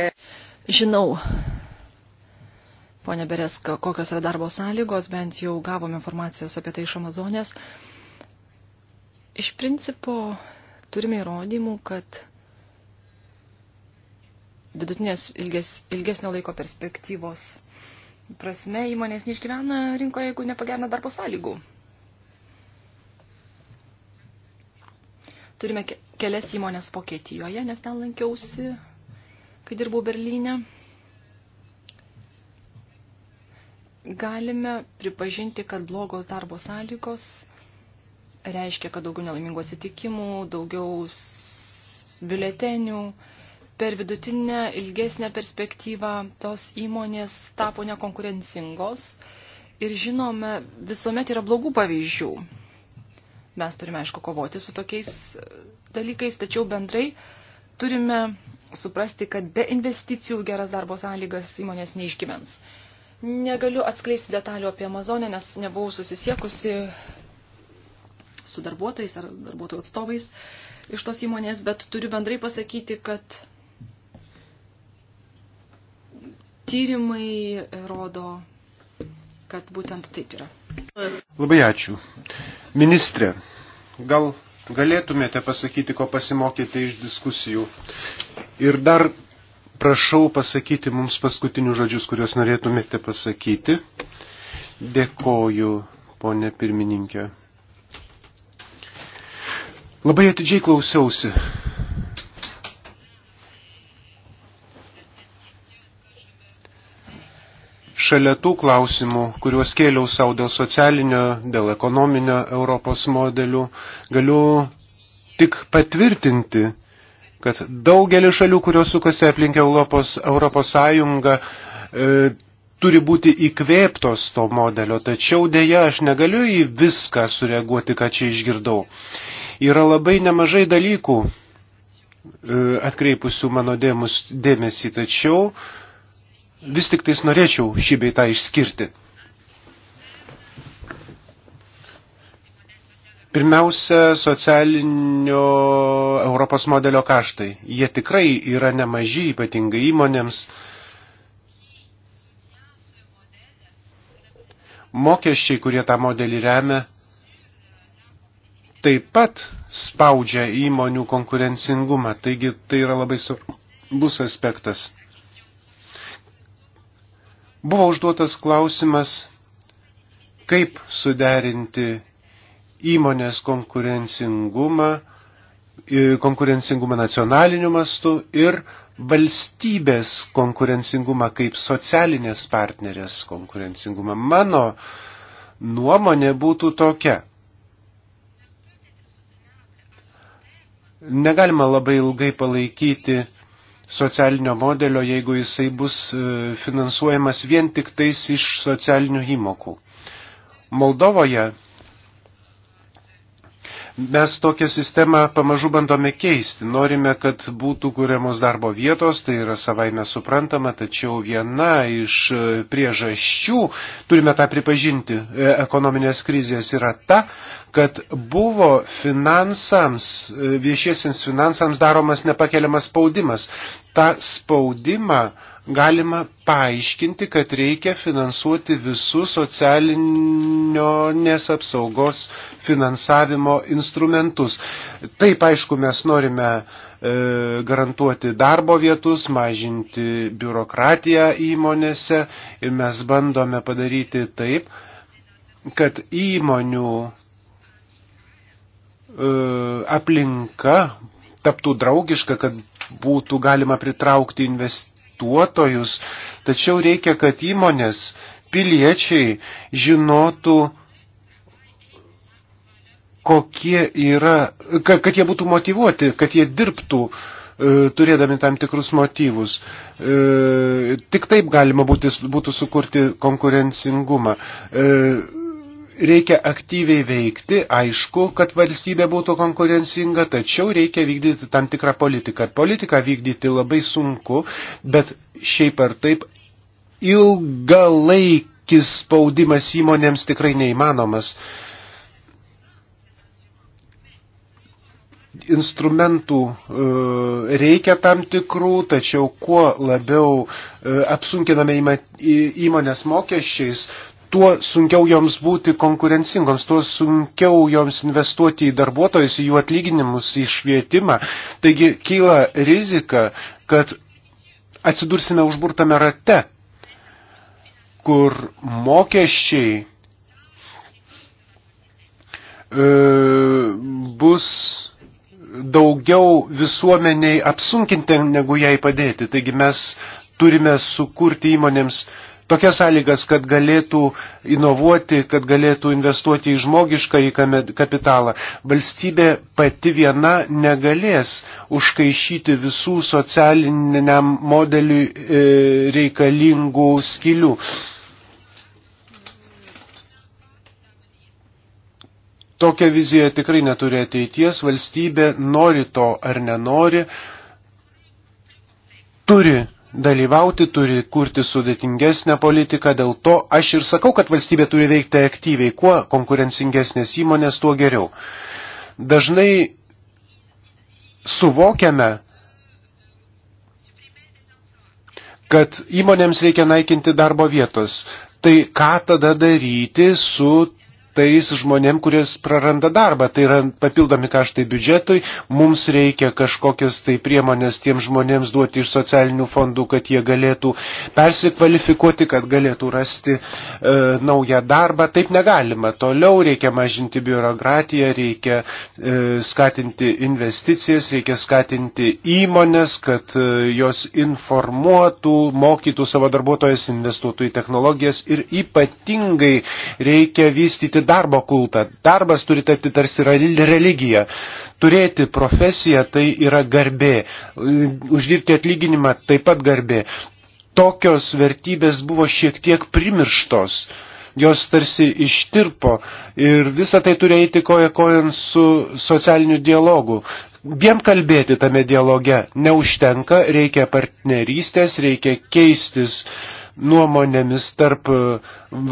A: Žinau Pone Bereska, kokios yra darbo sąlygos, bent jau gavom informacijos apie tai iš Amazonės. Iš principo turime įrodymų, kad vidutinės ilges, ilgesnio laiko perspektyvos prasme įmonės neišgyvena rinkoje, jeigu nepagerina darbo sąlygų. Turime kelias įmonės Vokietijoje, nes ten lankiausi, kai dirbau Berlyne. galime pripažinti, kad blogos darbo sąlygos reiškia, kad daugiau nelaimingų atsitikimų, daugiau biuletenių. Per vidutinę ilgesnę perspektyvą tos įmonės tapo nekonkurencingos ir žinome, visuomet yra blogų pavyzdžių. Mes turime, aišku, kovoti su tokiais e, dalykais, tačiau bendrai turime suprasti, kad be investicijų geras darbo sąlygas įmonės neišgyvens. Negaliu atskleisti detalių apie Amazonę, nes nebuvau susisiekusi su darbuotojais ar darbuotojų atstovais iš tos įmonės, bet turiu bendrai pasakyti, kad tyrimai rodo, kad būtent taip yra.
C: Labai ačiū. Ministrė, gal galėtumėte pasakyti, ko pasimokėte iš diskusijų? Ir dar Prašau pasakyti mums paskutinius žodžius, kuriuos norėtumėte pasakyti. Dėkoju, ponė pirmininkė. Labai atidžiai klausiausi. Šalia tų klausimų, kuriuos kėliau savo dėl socialinio, dėl ekonominio Europos modelių, galiu tik patvirtinti, kad daugelis šalių, kurios sukasi aplink Europos, Europos Sąjungą, e, turi būti įkvėptos to modelio, tačiau dėja aš negaliu į viską sureaguoti, ką čia išgirdau. Yra labai nemažai dalykų e, atkreipusių mano dėmus, dėmesį, tačiau vis tik tais norėčiau šį beitą išskirti. Pirmiausia, socialinio Europos modelio kaštai. Jie tikrai yra nemaži, ypatingai įmonėms. Mokesčiai, kurie tą modelį remia, taip pat spaudžia įmonių konkurencingumą. Taigi tai yra labai svarbus aspektas. Buvo užduotas klausimas, kaip suderinti įmonės konkurencingumą, konkurencingumą nacionaliniu mastu ir valstybės konkurencingumą kaip socialinės partnerės konkurencingumą. Mano nuomonė būtų tokia. Negalima labai ilgai palaikyti socialinio modelio, jeigu jisai bus e, finansuojamas vien tik tais iš socialinių įmokų. Moldovoje Mes tokią sistemą pamažu bandome keisti. Norime, kad būtų kuriamos darbo vietos, tai yra savaime suprantama, tačiau viena iš e, priežasčių, turime tą pripažinti, e, ekonominės krizės yra ta, kad buvo finansams, e, viešiesiems finansams daromas nepakeliamas spaudimas. Ta spaudima galima paaiškinti, kad reikia finansuoti visus socialinės apsaugos finansavimo instrumentus. Taip, aišku, mes norime e, garantuoti darbo vietus, mažinti biurokratiją įmonėse ir mes bandome padaryti taip, kad įmonių e, aplinka taptų draugiška, kad būtų galima pritraukti invest investuotojus, tačiau reikia, kad įmonės, piliečiai žinotų, kokie yra, kad, kad jie būtų motivuoti, kad jie dirbtų e, turėdami tam tikrus motyvus. E, tik taip galima būti, būtų sukurti konkurencingumą. E, reikia aktyviai veikti, aišku, kad valstybė būtų konkurencinga, tačiau reikia vykdyti tam tikrą politiką. Politiką vykdyti labai sunku, bet šiaip ar taip ilgalaikis spaudimas įmonėms tikrai neįmanomas. instrumentų e, reikia tam tikrų, tačiau kuo labiau e, apsunkiname įmonės mokesčiais, tuo sunkiau joms būti konkurencingoms, tuo sunkiau joms investuoti į darbuotojus, į jų atlyginimus, į švietimą. Taigi kyla rizika, kad atsidursime užburtame rate, kur mokesčiai e, bus daugiau visuomeniai apsunkinti, negu jai padėti. Taigi mes turime sukurti įmonėms uh, tokias sąlygas, kad galėtų inovuoti, kad galėtų investuoti į žmogišką į kapitalą. Valstybė pati viena negalės užkaišyti visų socialiniam modeliui e, reikalingų skilių. Tokia vizija tikrai neturi ateities, valstybė nori to ar nenori, turi dalyvauti, turi kurti sudėtingesnę politiką, dėl to aš ir sakau, kad valstybė turi veikti aktyviai, kuo konkurencingesnės įmonės, tuo geriau. Dažnai suvokiame, kad įmonėms reikia naikinti darbo vietos. Tai ką tada daryti su tais žmonėm, kuris praranda darbą. Tai yra papildomi kaštai biudžetui, mums reikia kažkokias tai priemonės tiem žmonėms duoti iš socialinių fondų, kad jie galėtų persikvalifikuoti, kad galėtų rasti e, naują darbą. Taip negalima. Toliau reikia mažinti biurokratiją, reikia e, skatinti investicijas, reikia skatinti įmonės, kad e, jos informuotų, mokytų savo darbuotojas, investuotų į technologijas ir ypatingai reikia vystyti tarsi darbo kultą. Darbas turi tapti tarsi religija. Turėti profesiją tai yra garbė. Uždirbti atlyginimą taip pat garbė. Tokios vertybės buvo šiek tiek primirštos. Jos tarsi ištirpo ir visa tai turi eiti koja kojant su socialiniu dialogu vien kalbėti tame dialoge neužtenka, reikia partnerystės, reikia keistis nuomonėmis tarp e,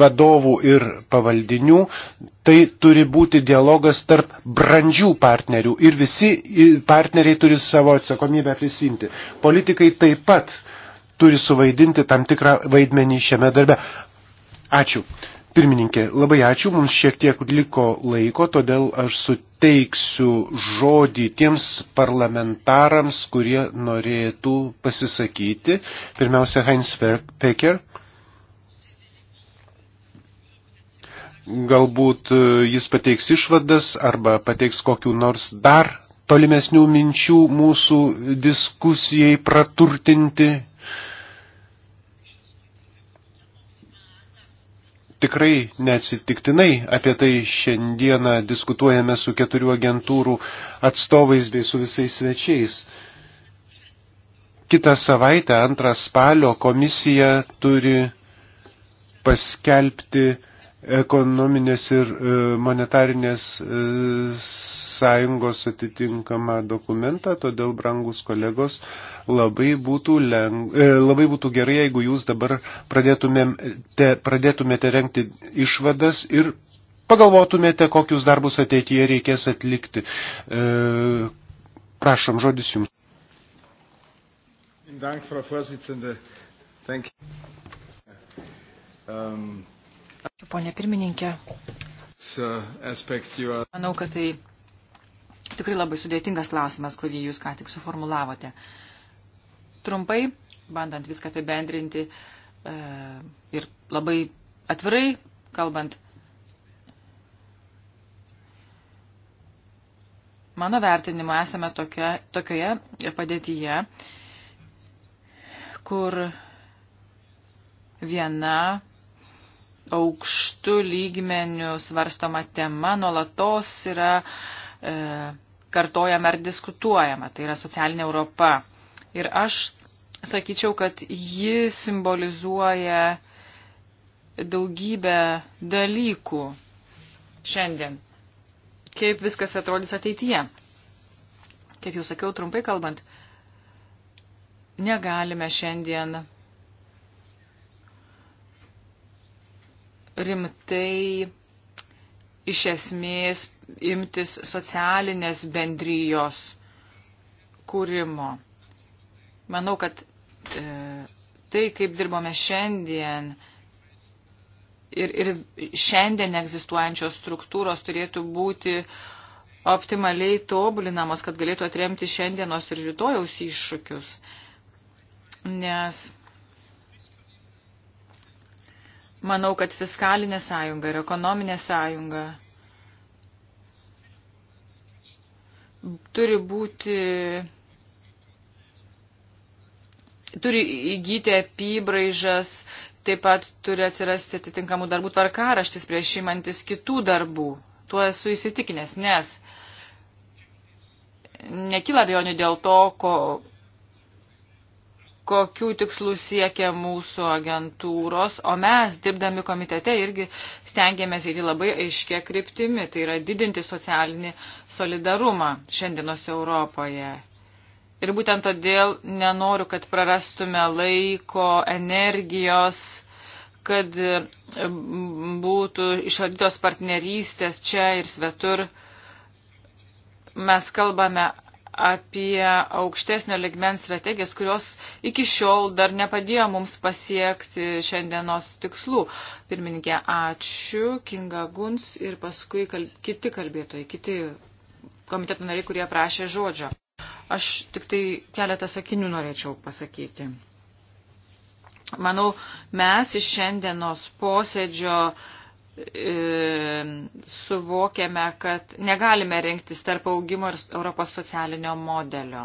C: vadovų ir pavaldinių, tai turi būti dialogas tarp brandžių partnerių ir visi partneriai turi savo atsakomybę prisimti. Politikai taip pat turi suvaidinti tam tikrą vaidmenį šiame darbe. Ačiū. Pirmininkė, labai ačiū, mums šiek tiek liko laiko, todėl aš suteiksiu žodį tiems parlamentarams, kurie norėtų pasisakyti. Pirmiausia, Heinz Pecker. Galbūt e, jis pateiks išvadas arba pateiks kokiu nors dar tolimesnių minčių mūsų diskusijai praturtinti tikrai neatsitiktinai apie tai šiandieną diskutuojame su keturių agentūrų atstovais bei su visais svečiais. Kita savaitė, antrą spalio, komisija turi paskelbti ekonominės ir e, monetarinės e, sąjungos atitinkamą dokumentą, todėl, brangus kolegos, labai būtų, leng... E, labai būtų gerai, jeigu jūs dabar pradėtumėte, pradėtumėte renkti išvadas ir pagalvotumėte, kokius darbus ateityje reikės atlikti. Prašom, žodis jums.
A: Dank, Frau Vorsitzende. Thank you. Um,
B: Pone pirmininkė. Manau, kad tai tikrai labai sudėtingas klausimas, kurį jūs ką tik suformulavote. Trumpai, bandant viską apibendrinti e, ir labai atvirai kalbant, mano vertinimu esame tokia, tokioje padėtyje, kur viena aukštų lygmenių svarstoma tema nuolatos yra e, kartojama ar diskutuojama, tai yra socialinė Europa. Ir aš sakyčiau, kad ji simbolizuoja daugybę dalykų šiandien. Kaip viskas atrodys ateityje. Kaip jau sakiau, trumpai kalbant, negalime šiandien rimtai iš esmės imtis socialinės bendrijos kūrimo. Manau, kad e, tai, kaip dirbome šiandien ir, ir šiandien egzistuojančios struktūros turėtų būti optimaliai tobulinamos, kad galėtų atremti šiandienos ir rytojaus iššūkius. Nes Manau, kad fiskalinė sąjunga ir ekonominė sąjunga turi būti, turi įgyti apibraižas, taip pat turi atsirasti atitinkamų darbų tvarkaraštis prieš imantis kitų darbų. Tuo esu įsitikinęs, nes nekyla abejonių dėl to, ko, kokių tikslų siekia mūsų agentūros, o mes, dirbdami komitete, irgi stengiamės eiti labai aiškia kryptimi, tai yra didinti socialinį solidarumą šiandienos Europoje. Ir būtent todėl nenoriu, kad prarastume laiko, energijos, kad būtų išardytos partnerystės čia ir svetur. Mes kalbame apie aukštesnio ligmens strategijas, kurios iki šiol dar nepadėjo mums pasiekti šiandienos tikslų. Pirmininkė, ačiū, Kinga Guns ir paskui kal kiti kalbėtojai, kiti komiteto nariai, kurie prašė žodžio. Aš tik tai keletą sakinių norėčiau pasakyti. Manau, mes iš šiandienos posėdžio uh, E, suvokiame, kad negalime rinktis tarp augimo ir Europos socialinio modelio.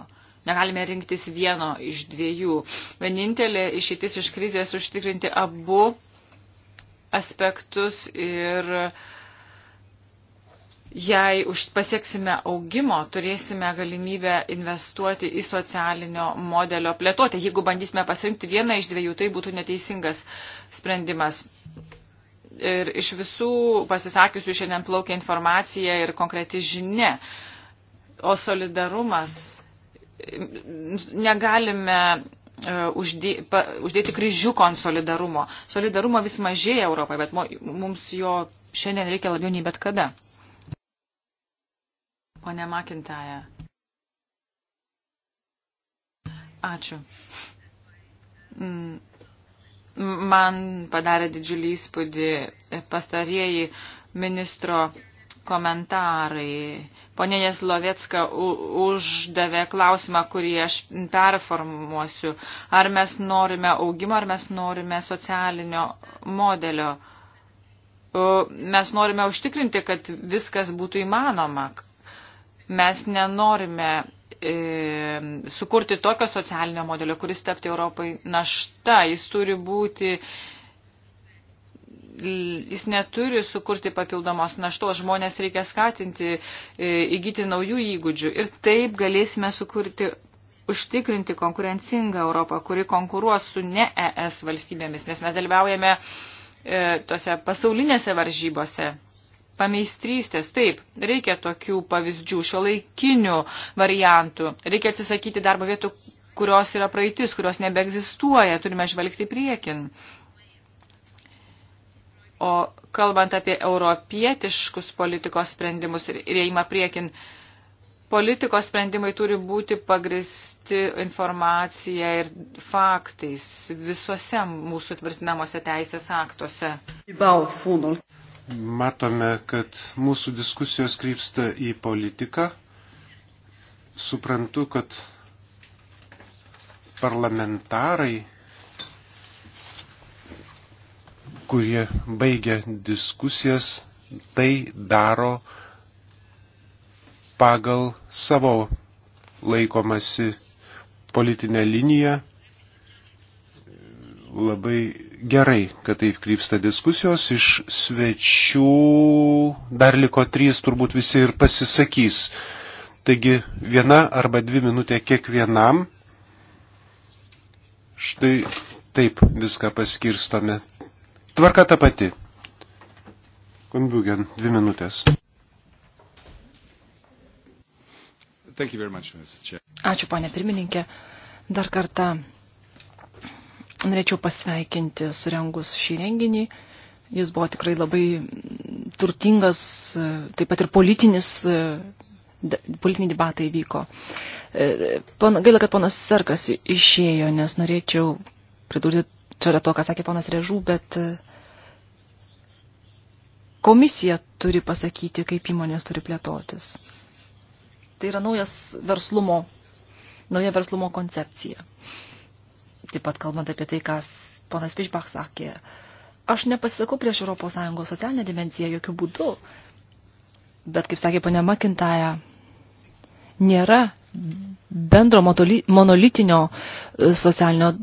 B: Negalime rinktis vieno iš dviejų. Vienintelė išeitis iš krizės užtikrinti abu aspektus ir jei pasieksime augimo, turėsime galimybę investuoti į socialinio modelio plėtotę. Jeigu bandysime pasirinkti vieną iš dviejų, tai būtų neteisingas sprendimas ir iš visų pasisakiusių šiandien plaukia informacija ir konkreti žinia. O solidarumas negalime e, uždė, pa, uždėti kryžiuko ant solidarumo. Solidarumo vis mažėja Europoje, bet mums jo šiandien reikia labiau nei bet kada. Pone Makintaja. Ačiū. Mm Man padarė didžiulį įspūdį pastarieji ministro komentarai. Pone Jeslovetska uždavė klausimą, kurį aš performuosiu. Ar mes norime augimo, ar mes norime socialinio modelio? Mes norime užtikrinti, kad viskas būtų įmanoma. Mes nenorime e, sukurti tokio socialinio modelio, kuris tapti Europai našta. Jis turi būti jis neturi sukurti papildomos naštos, žmonės reikia skatinti, e, įgyti naujų įgūdžių. Ir taip galėsime sukurti, užtikrinti konkurencingą Europą, kuri konkuruos su ne ES valstybėmis, nes mes dalyvaujame e, tose pasaulinėse varžybose pameistrystės. Taip, reikia tokių pavyzdžių, šio laikinių variantų. Reikia atsisakyti darbo vietų, kurios yra praeitis, kurios nebeegzistuoja. Turime žvelgti priekin. O kalbant apie europietiškus politikos sprendimus ir įėjimą priekin, politikos sprendimai turi būti pagristi informacija ir faktais visuose mūsų tvirtinamuose teisės aktuose. Bilbao,
C: matome, kad mūsų diskusijos krypsta į politiką. Suprantu, kad parlamentarai, kurie baigia diskusijas, tai daro pagal savo laikomasi politinę liniją. Labai Gerai, kad taip krypsta diskusijos. Iš svečių dar liko trys, turbūt visi ir pasisakys. Taigi viena arba dvi minutė kiekvienam. Štai taip viską paskirstome. Tvarka ta pati. Konbiugen, dvi minutės. Ačiū,
A: ponė pirmininkė. Dar kartą Norėčiau pasveikinti surengus šį renginį. Jis buvo tikrai labai turtingas, taip pat ir politinis, politiniai debatai vyko. E, gaila, kad ponas Serkas išėjo, nes norėčiau pridurti čia yra to, ką sakė ponas Režų, bet e, komisija turi pasakyti, kaip įmonės turi plėtotis. Tai yra naujas verslumo, nauja verslumo koncepcija taip pat kalbant apie tai, ką ponas Pišbach sakė, aš nepasisakau prieš ES socialinę dimenciją jokių būdų, bet, kaip sakė ponia Makintaja, nėra bendro monolitinio e, socialinio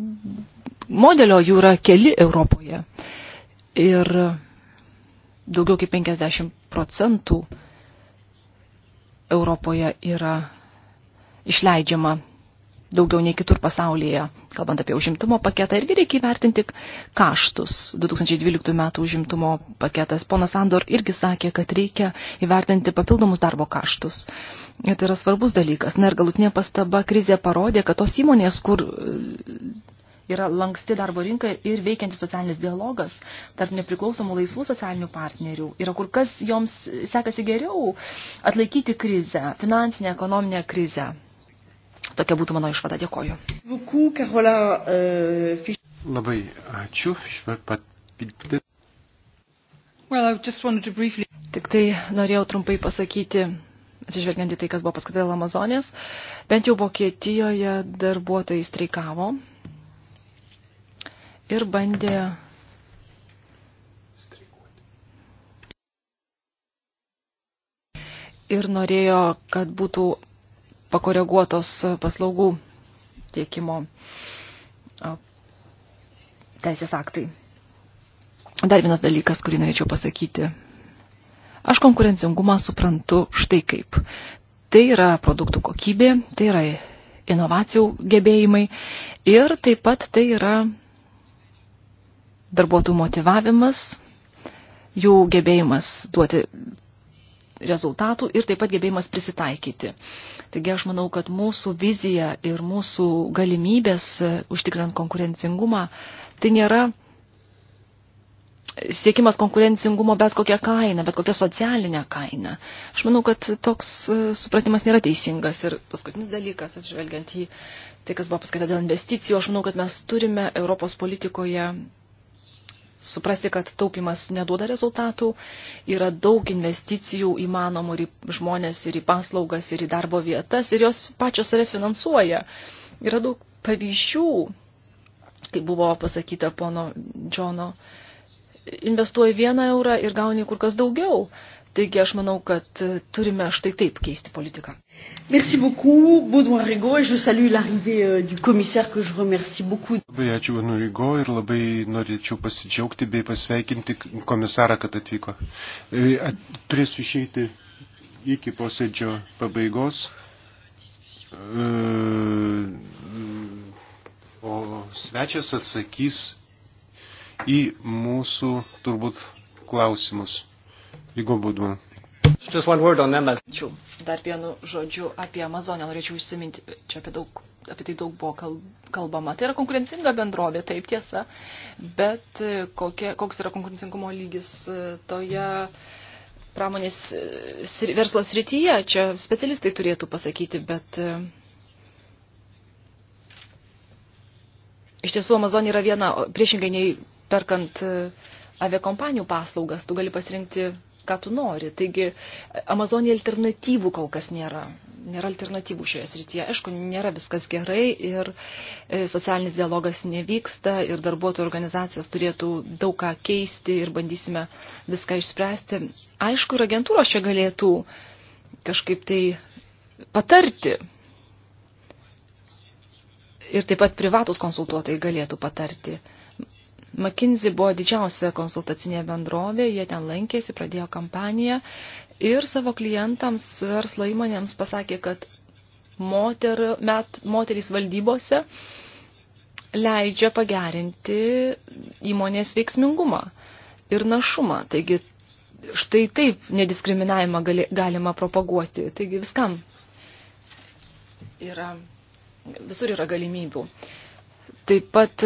A: modelio, jų yra keli Europoje. Ir daugiau kaip 50 procentų Europoje yra išleidžiama daugiau nei kitur pasaulyje, kalbant apie užimtumo paketą, irgi reikia įvertinti kaštus. 2012 metų užimtumo paketas ponas Andor irgi sakė, kad reikia įvertinti papildomus darbo kaštus. Ir tai yra svarbus dalykas. Na ir galutinė pastaba krizė parodė, kad tos įmonės, kur e, yra lanksti darbo rinka ir veikiantis socialinis dialogas tarp nepriklausomų laisvų socialinių partnerių. Yra kur kas joms sekasi geriau atlaikyti krizę, finansinę, ekonominę krizę. Tokia būtų mano išvada. Dėkoju.
C: Euh, Labai ačiū.
A: Well, briefly... Tik tai norėjau trumpai pasakyti, atsižvelgiant į tai, kas buvo paskata dėl Amazonės, bent jau Vokietijoje darbuotojai streikavo ir bandė ir norėjo, kad būtų pakoreguotos paslaugų tiekimo teisės aktai. Dar vienas dalykas, kurį norėčiau pasakyti. Aš konkurencingumą suprantu štai kaip. Tai yra produktų kokybė, tai yra inovacijų gebėjimai ir taip pat tai yra darbuotojų motivavimas, jų gebėjimas duoti rezultatų ir taip pat gebėjimas prisitaikyti. Taigi aš manau, kad mūsų vizija ir mūsų galimybės e, užtikrinant konkurencingumą, tai nėra siekimas konkurencingumo bet kokią kainą, bet kokią socialinę kainą. Aš manau, kad toks e, supratimas nėra teisingas. Ir paskutinis dalykas, atžvelgiant į tai, kas buvo paskaita dėl investicijų, aš manau, kad mes turime Europos politikoje suprasti, kad taupimas neduoda rezultatų, yra daug investicijų įmanomų ir į žmonės, ir į paslaugas, ir į darbo vietas, ir jos pačios save finansuoja. Yra daug pavyzdžių, kaip buvo pasakyta pono Džono, investuoji vieną eurą ir gauni kur kas daugiau. Taigi aš manau, kad turime štai taip keisti politiką.
C: Merci beaucoup, Baudouin Rigo, et je salue l'arrivée euh, du commissaire que je remercie beaucoup. Labai ačiū Baudouin Rigo ir labai norėčiau pasidžiaugti bei pasveikinti komisarą, kad atvyko. E, turėsiu išeiti iki posėdžio pabaigos. E, o svečias atsakys į mūsų turbūt klausimus. Lygo būdu. Ačiū.
A: Dar vienu žodžiu apie Amazonę norėčiau užsiminti. Čia apie, daug, apie tai daug buvo kalbama. Tai yra konkurencinga bendrovė, taip tiesa. Bet e, kokie, koks yra konkurencingumo lygis e, toje pramonės e, verslo srityje, čia specialistai turėtų pasakyti, bet iš tiesų Amazon yra viena, priešingai nei perkant aviakompanijų paslaugas, tu gali pasirinkti ką tu nori. Taigi Amazonija alternatyvų kol kas nėra. Nėra alternatyvų šioje srityje. Aišku, nėra viskas gerai ir e, socialinis dialogas nevyksta ir darbuotojų organizacijos turėtų daug ką keisti ir bandysime viską išspręsti. Aišku, ir agentūros čia galėtų kažkaip tai patarti. Ir taip pat privatus konsultuotojai galėtų patarti. Uh, McKinsey buvo didžiausia konsultacinė bendrovė, jie ten lankėsi, pradėjo kampaniją ir savo klientams, verslo įmonėms pasakė, kad moter, met, moterys valdybose leidžia pagerinti įmonės veiksmingumą ir našumą. Taigi štai taip nediskriminavimą gali, galima propaguoti. Taigi viskam yra, visur yra galimybių. Taip pat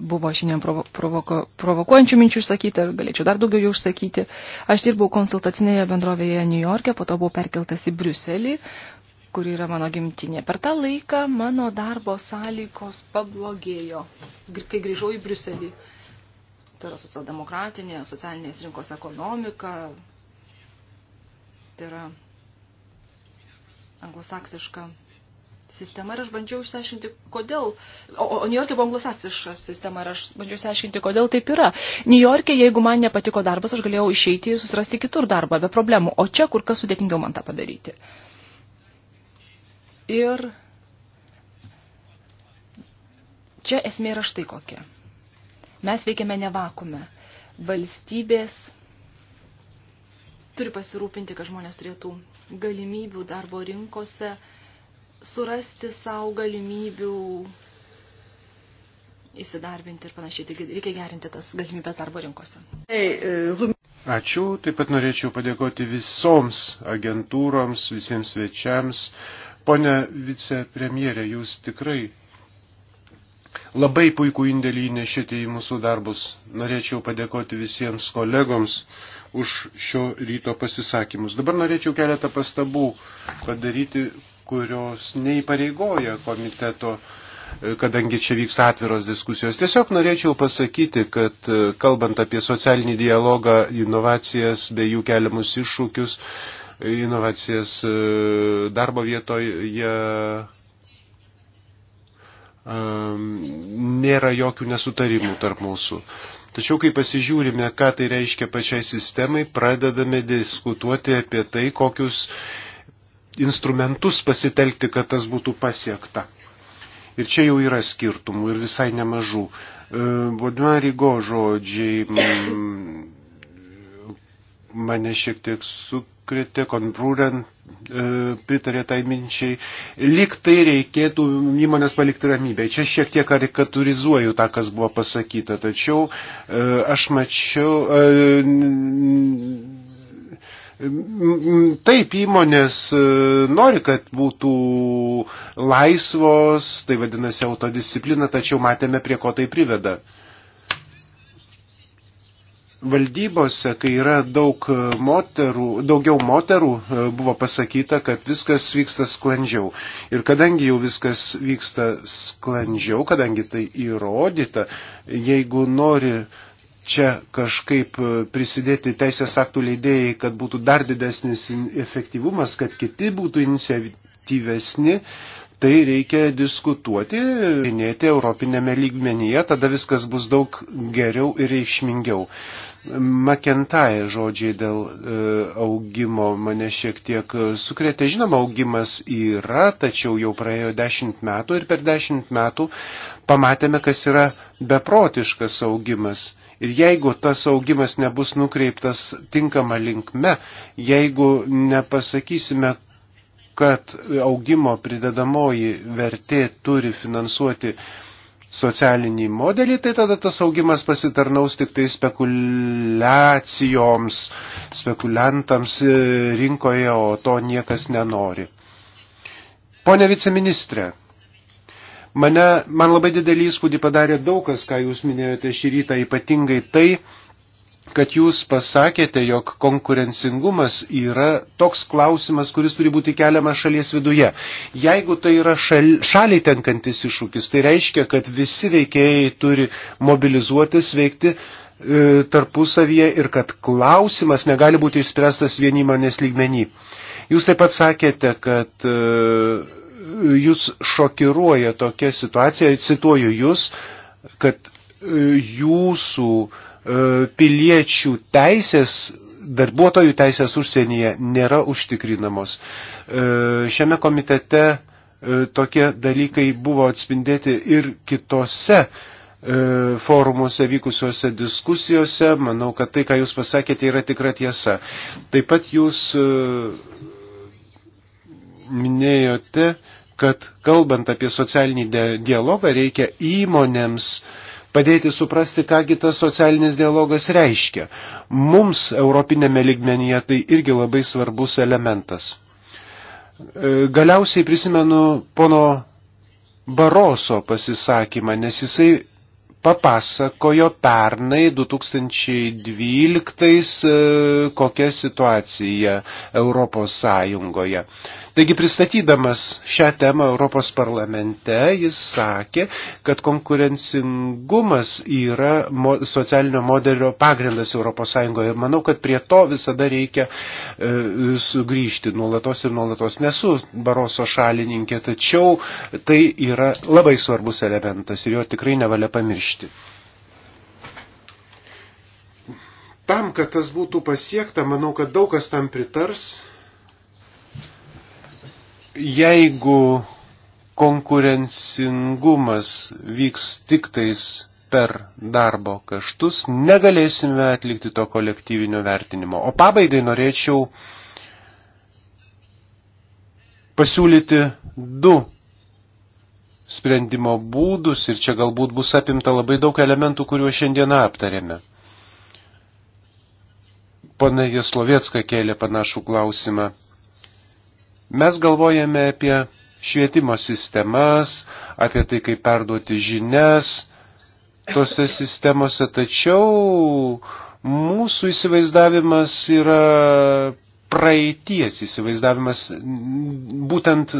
A: buvo šiandien provoko, provokuojančių minčių išsakyta, galėčiau dar daugiau jų išsakyti. Aš dirbau konsultacinėje bendrovėje New York'e, po to buvau perkeltas į Briuselį, kur yra mano gimtinė. Per tą laiką mano darbo sąlygos pablogėjo, kai grįžau į Briuselį. Tai yra socialdemokratinė, socialinės rinkos ekonomika, tai yra anglosaksiška sistema ir aš bandžiau išsiaiškinti, kodėl, o, o New York'e buvo anglosasiška sistema ir aš bandžiau išsiaiškinti, kodėl taip yra. New York'e, jeigu man nepatiko darbas, aš galėjau išeiti ir susirasti kitur darbą be problemų, o čia kur kas sudėtingiau man tą padaryti. Ir čia esmė yra štai kokia. Mes veikiame ne vakume. Valstybės turi pasirūpinti, kad žmonės turėtų galimybių darbo rinkose uh, surasti savo galimybių įsidarbinti ir panašiai. Taigi reikia gerinti tas galimybės darbo rinkose.
C: Ačiū. Taip pat norėčiau padėkoti visoms agentūroms, visiems svečiams. Pone vicepremjerė, jūs tikrai labai puikų indėlį įnešėte į mūsų darbus. Norėčiau padėkoti visiems kolegoms už šio ryto pasisakymus. Dabar norėčiau keletą pastabų padaryti, kurios neįpareigoja komiteto, e, kadangi čia vyksta atviros diskusijos. Tiesiog norėčiau pasakyti, kad e, kalbant apie socialinį dialogą, inovacijas bei jų keliamus iššūkius, e, inovacijas darbo vietoje nėra jokių nesutarimų tarp mūsų. Tačiau, kai pasižiūrime, ką tai reiškia pačiai sistemai, pradedame diskutuoti apie tai, kokius instrumentus pasitelkti, kad tas būtų pasiekta. Ir čia jau yra skirtumų ir visai nemažų. E, Bodmarigo žodžiai. Mm, mane šiek tiek sukrėtė, konbrūren e, pritarė tai minčiai, lyg tai reikėtų įmonės palikti ramybę. Čia šiek tiek karikaturizuoju tą, kas buvo pasakyta, tačiau e, aš mačiau. E, Taip, įmonės e, nori, kad būtų laisvos, tai vadinasi autodisciplina, tačiau matėme, prie ko tai priveda. E, valdybose, kai yra daug moterų, daugiau moterų, e, buvo pasakyta, kad viskas vyksta sklandžiau. Ir kadangi jau viskas vyksta sklandžiau, kadangi tai įrodyta, jeigu nori čia kažkaip e, prisidėti teisės aktų leidėjai, kad būtų dar didesnis efektyvumas, kad kiti būtų iniciatyvesni, tai reikia diskutuoti, minėti Europinėme lygmenyje, tada viskas bus daug geriau ir reikšmingiau. Makentai žodžiai dėl e, augimo mane šiek tiek e, sukrėtė. Žinoma, augimas yra, tačiau jau praėjo dešimt metų ir per dešimt metų pamatėme, kas yra beprotiškas augimas. Ir jeigu tas augimas nebus nukreiptas tinkama linkme, jeigu nepasakysime, kad augimo pridedamoji vertė turi finansuoti socialinį modelį, tai tada tas augimas pasitarnaus tik tai spekulacijoms, spekuliantams e, rinkoje, o to niekas nenori. Pone viceministrė, mane, man labai didelį įspūdį padarė daug kas, ką jūs minėjote šį rytą, ypatingai tai, kad jūs pasakėte, jog konkurencingumas yra toks klausimas, kuris turi būti keliamas šalies viduje. Jeigu tai yra šal, šaliai tenkantis iššūkis, tai reiškia, kad visi veikėjai turi mobilizuotis, veikti e, tarpusavyje ir kad klausimas negali būti išspręstas vienimonės lygmenį. Jūs taip pat sakėte, kad e, jūs šokiruoja tokia situacija, cituoju jūs, kad e, jūsų e, E, piliečių teisės, darbuotojų teisės užsienyje nėra užtikrinamos. E, šiame komitete e, tokie dalykai buvo atspindėti ir kitose forumuose vykusiuose diskusijose. Manau, kad tai, ką Jūs pasakėte, yra tikra tiesa. Taip pat Jūs minėjote, kad kalbant apie socialinį dialogą reikia įmonėms uh, padėti suprasti, kągi tas socialinis dialogas reiškia. Mums Europinėme ligmenyje tai irgi labai svarbus elementas. E, galiausiai prisimenu pono Baroso pasisakymą, nes jisai papasakojo pernai 2012 e, kokia situacija Europos Sąjungoje. Taigi pristatydamas šią temą Europos parlamente jis sakė, kad konkurencingumas yra mo socialinio modelio pagrindas ES. Manau, kad prie to visada reikia e, sugrįžti nuolatos ir nuolatos. Nesu Baroso šalininkė, tačiau tai yra labai svarbus elementas ir jo tikrai nevalia pamiršti. Tam, kad tas būtų pasiekta, manau, kad daug kas tam pritars jeigu konkurencingumas vyks tik tais per darbo kaštus, negalėsime atlikti to kolektyvinio vertinimo. O pabaigai norėčiau pasiūlyti du sprendimo būdus ir čia galbūt bus apimta labai daug elementų, kuriuos šiandieną aptarėme. Pana Jeslovietska kėlė panašų klausimą. Mes galvojame apie švietimo sistemas, apie tai, kaip perduoti žinias tose sistemose, tačiau mūsų įsivaizdavimas yra praeities įsivaizdavimas, būtent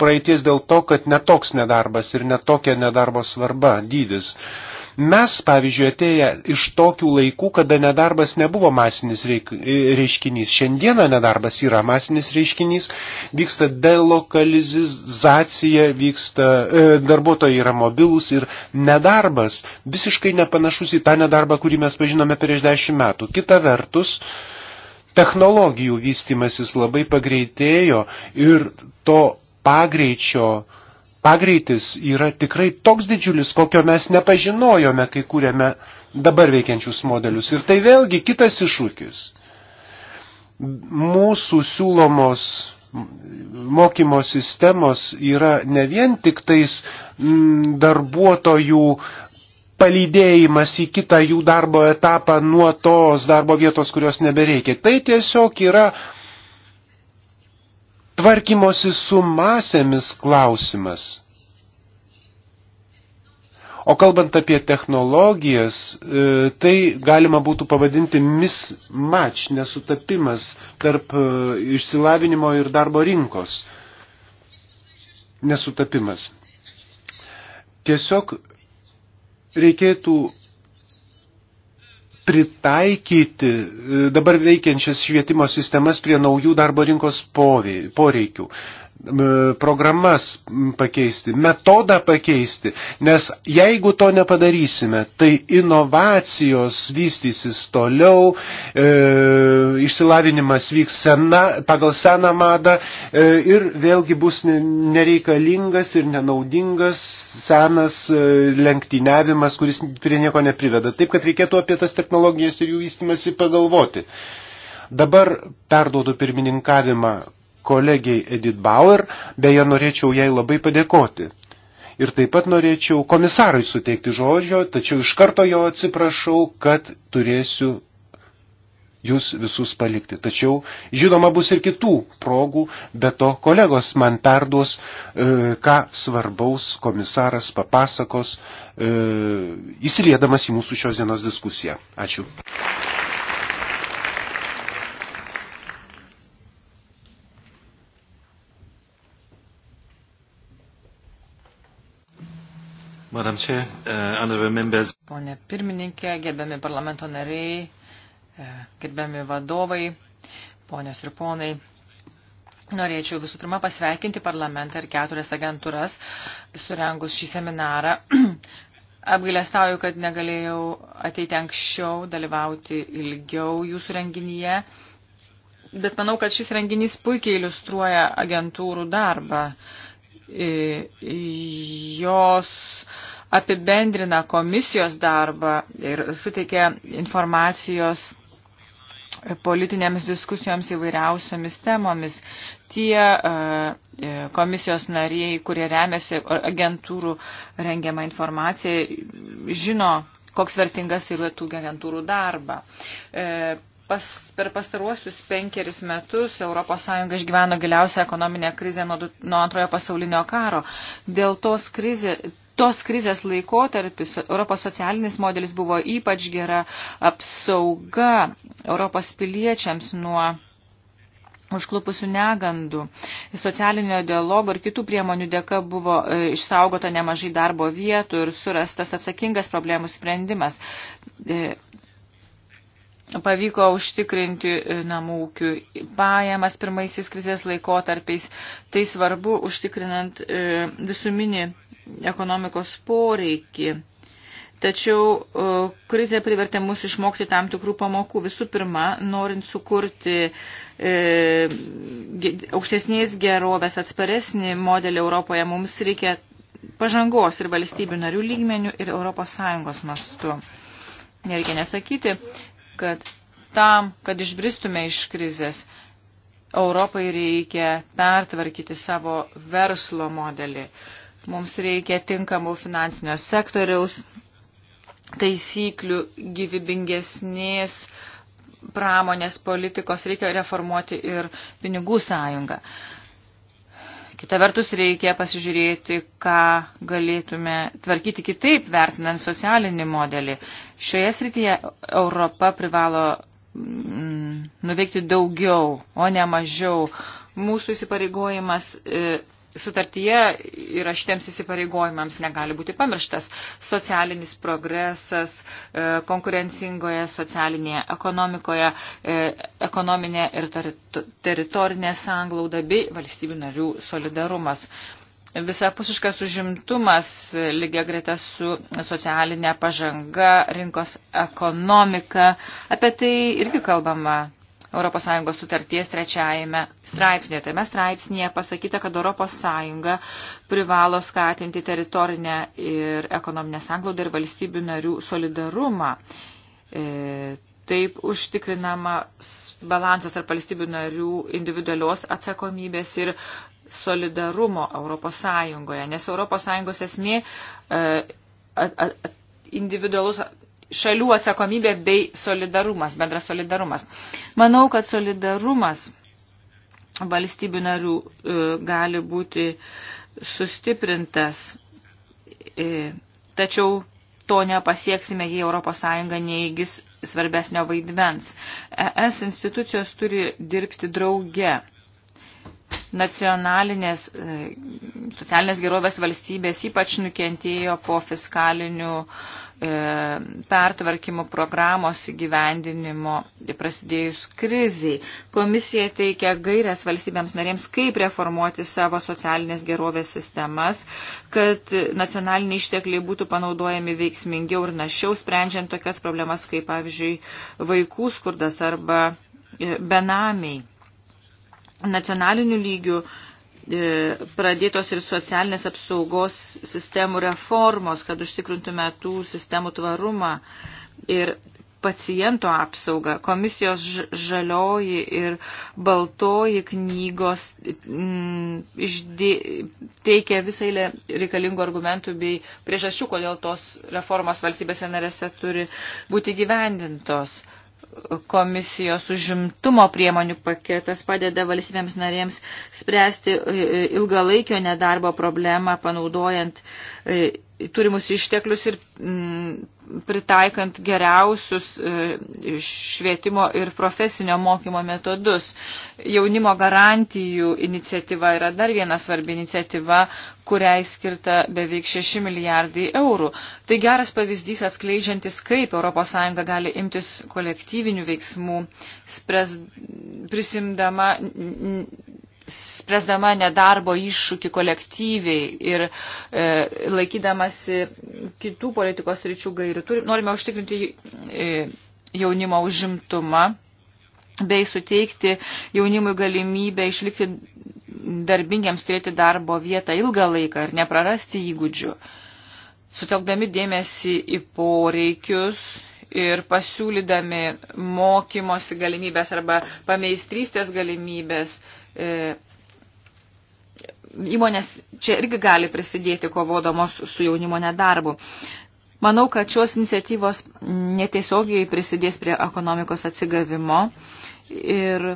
C: praeities dėl to, kad netoks nedarbas ir netokia nedarbo svarba, dydis. Uh, Mes, pavyzdžiui, atėję iš tokių laikų, kada nedarbas nebuvo masinis reik, reiškinys. Šiandieną nedarbas yra masinis reiškinys, vyksta delokalizacija, vyksta, e, darbuotojai yra mobilus ir nedarbas visiškai nepanašus į tą nedarbą, kurį mes pažinome prieš dešimt metų. Kita vertus, technologijų vystimasis labai pagreitėjo ir to pagreičio pagreitis yra tikrai toks didžiulis, kokio mes nepažinojome, kai kūrėme dabar veikiančius modelius. Ir tai vėlgi kitas iššūkis. Mūsų siūlomos mokymo sistemos yra ne vien tik tais mm, darbuotojų palydėjimas į kitą jų darbo etapą nuo tos darbo vietos, kurios nebereikia. Tai tiesiog yra tvarkymosi su masėmis klausimas. O kalbant apie technologijas, e, tai galima būtų pavadinti mismatch, nesutapimas tarp e, išsilavinimo ir darbo rinkos. Nesutapimas. Tiesiog reikėtų pritaikyti e, dabar veikiančias švietimo sistemas prie naujų darbo rinkos poreikių programas pakeisti, metodą pakeisti, nes jeigu to nepadarysime, tai inovacijos vystysis toliau, e, išsilavinimas vyks sena, pagal seną madą e, ir vėlgi bus nereikalingas ir nenaudingas senas e, lenktyniavimas, kuris prie nieko nepriveda. Taip, kad reikėtų apie tas technologijas ir jų vystymasi pagalvoti. Dabar perduodu pirmininkavimą kolegiai Edith Bauer, beje norėčiau jai labai padėkoti. Ir taip pat norėčiau komisarui suteikti žodžio, tačiau iš karto jo atsiprašau, kad turėsiu jūs visus palikti. Tačiau, žinoma, bus ir kitų progų, bet to kolegos man perduos, e, ką svarbaus komisaras papasakos, e, įsiliedamas į mūsų šios dienos diskusiją. Ačiū. Madam Chair, uh, honorable members.
B: Pone pirmininkė, gerbiami parlamento nariai, uh, gerbiami vadovai, ponios ir ponai. Norėčiau visų pirma pasveikinti parlamentą ir keturias agentūras, surengus šį seminarą. Apgailestauju, kad negalėjau ateiti anksčiau, dalyvauti ilgiau jūsų renginyje, bet manau, kad šis renginys puikiai iliustruoja agentūrų darbą. Jos apibendrina komisijos darbą ir suteikia informacijos politinėms diskusijoms įvairiausiomis temomis. Tie e, komisijos nariai, kurie remiasi agentūrų rengiamą informaciją, žino, koks vertingas yra tų agentūrų darbą. E, pas, per pastaruosius penkeris metus ES išgyveno giliausią ekonominę krizę nuo, nuo antrojo pasaulinio karo. Dėl tos krizė, tos krizės laikotarpis Europos socialinis modelis buvo ypač gera apsauga Europos piliečiams nuo užklupusių negandų. Socialinio dialogo ir kitų priemonių dėka buvo e, išsaugota nemažai darbo vietų ir surastas atsakingas problemų sprendimas. E, pavyko užtikrinti e, namų ūkių pajamas pirmaisiais krizės laikotarpiais. Tai svarbu užtikrinant visuminį ekonomikos poreikį. Tačiau e, krizė privertė mus išmokti tam tikrų pamokų. Visų pirma, norint sukurti e, aukštesnės gerovės atsparesnį modelį Europoje, mums reikia pažangos ir valstybių narių lygmenių ir ES mastu. Nereikia nesakyti, kad tam, kad išbristume iš krizės, Europai reikia pertvarkyti savo verslo modelį. E, Mums reikia tinkamų finansinio sektoriaus taisyklių gyvybingesnės pramonės politikos, reikia reformuoti ir pinigų sąjungą. Kita vertus, reikia pasižiūrėti, ką galėtume tvarkyti kitaip, vertinant socialinį modelį. Šioje srityje Europa privalo mm, nuveikti daugiau, o ne mažiau. Mūsų įsipareigojimas e, sutartyje yra šitiems įsipareigojimams negali būti pamirštas. Socialinis progresas e, konkurencingoje socialinėje ekonomikoje, e, ekonominė ir teritorinė sanglauda bei valstybių narių solidarumas. Visapusiškas užimtumas e, lygia greta su socialinė pažanga, rinkos ekonomika. Apie tai irgi kalbama ES sutarties trečiajame straipsnėje. Tame straipsnėje pasakyta, kad ES privalo skatinti teritorinę ir ekonominę sanglaudą ir valstybių narių solidarumą. E, taip užtikrinama balansas tarp valstybių narių individualios atsakomybės ir solidarumo Europos Sąjungoje, nes Europos Sąjungos esmė e, individualus šalių atsakomybė bei solidarumas, bendras solidarumas. Manau, kad solidarumas valstybių narių e, gali būti sustiprintas, e, tačiau to nepasieksime, jei ES neįgis svarbesnio vaidmens. ES institucijos turi dirbti drauge. Nacionalinės e, socialinės gerovės valstybės ypač nukentėjo po fiskalinių uh, E, pertvarkymų programos įgyvendinimo prasidėjus kriziai. Komisija teikia gairias valstybėms narėms, kaip reformuoti savo socialinės gerovės sistemas, kad nacionaliniai ištekliai būtų panaudojami veiksmingiau ir našiau, sprendžiant tokias problemas kaip, pavyzdžiui, vaikų skurdas arba e, benamiai. Nacionaliniu lygiu uh, E, pradėtos ir socialinės apsaugos sistemų reformos, kad užtikrintume tų sistemų tvarumą ir paciento apsaugą. Komisijos žalioji ir baltoji knygos m, mm, išdė, teikia visą eilę reikalingų argumentų bei priežasčių, kodėl tos reformos valstybėse narėse turi būti gyvendintos. Uh, komisijos užimtumo priemonių paketas padeda valstybėms narėms spręsti e, e, ilgalaikio nedarbo problemą, panaudojant e, turimus išteklius ir mm, pritaikant geriausius e, švietimo ir profesinio mokymo metodus. Jaunimo garantijų iniciatyva yra dar viena svarbi iniciatyva, kuriai skirta beveik 6 milijardai eurų. Tai geras pavyzdys atskleidžiantis, kaip ES gali imtis kolektyvinių veiksmų, spres, prisimdama spręsdama nedarbo iššūkį kolektyviai ir e, laikydamasi kitų politikos ryčių gairių. Turim, norime užtikrinti e, jaunimo užimtumą bei suteikti jaunimui galimybę išlikti darbingiams turėti darbo vietą ilgą laiką ir neprarasti įgūdžių, sutelkdami dėmesį į poreikius ir pasiūlydami mokymosi galimybės arba pameistrystės galimybės E, įmonės čia irgi gali prisidėti kovodamos su jaunimo nedarbu. Manau, kad šios iniciatyvos netiesiogiai prisidės prie ekonomikos atsigavimo ir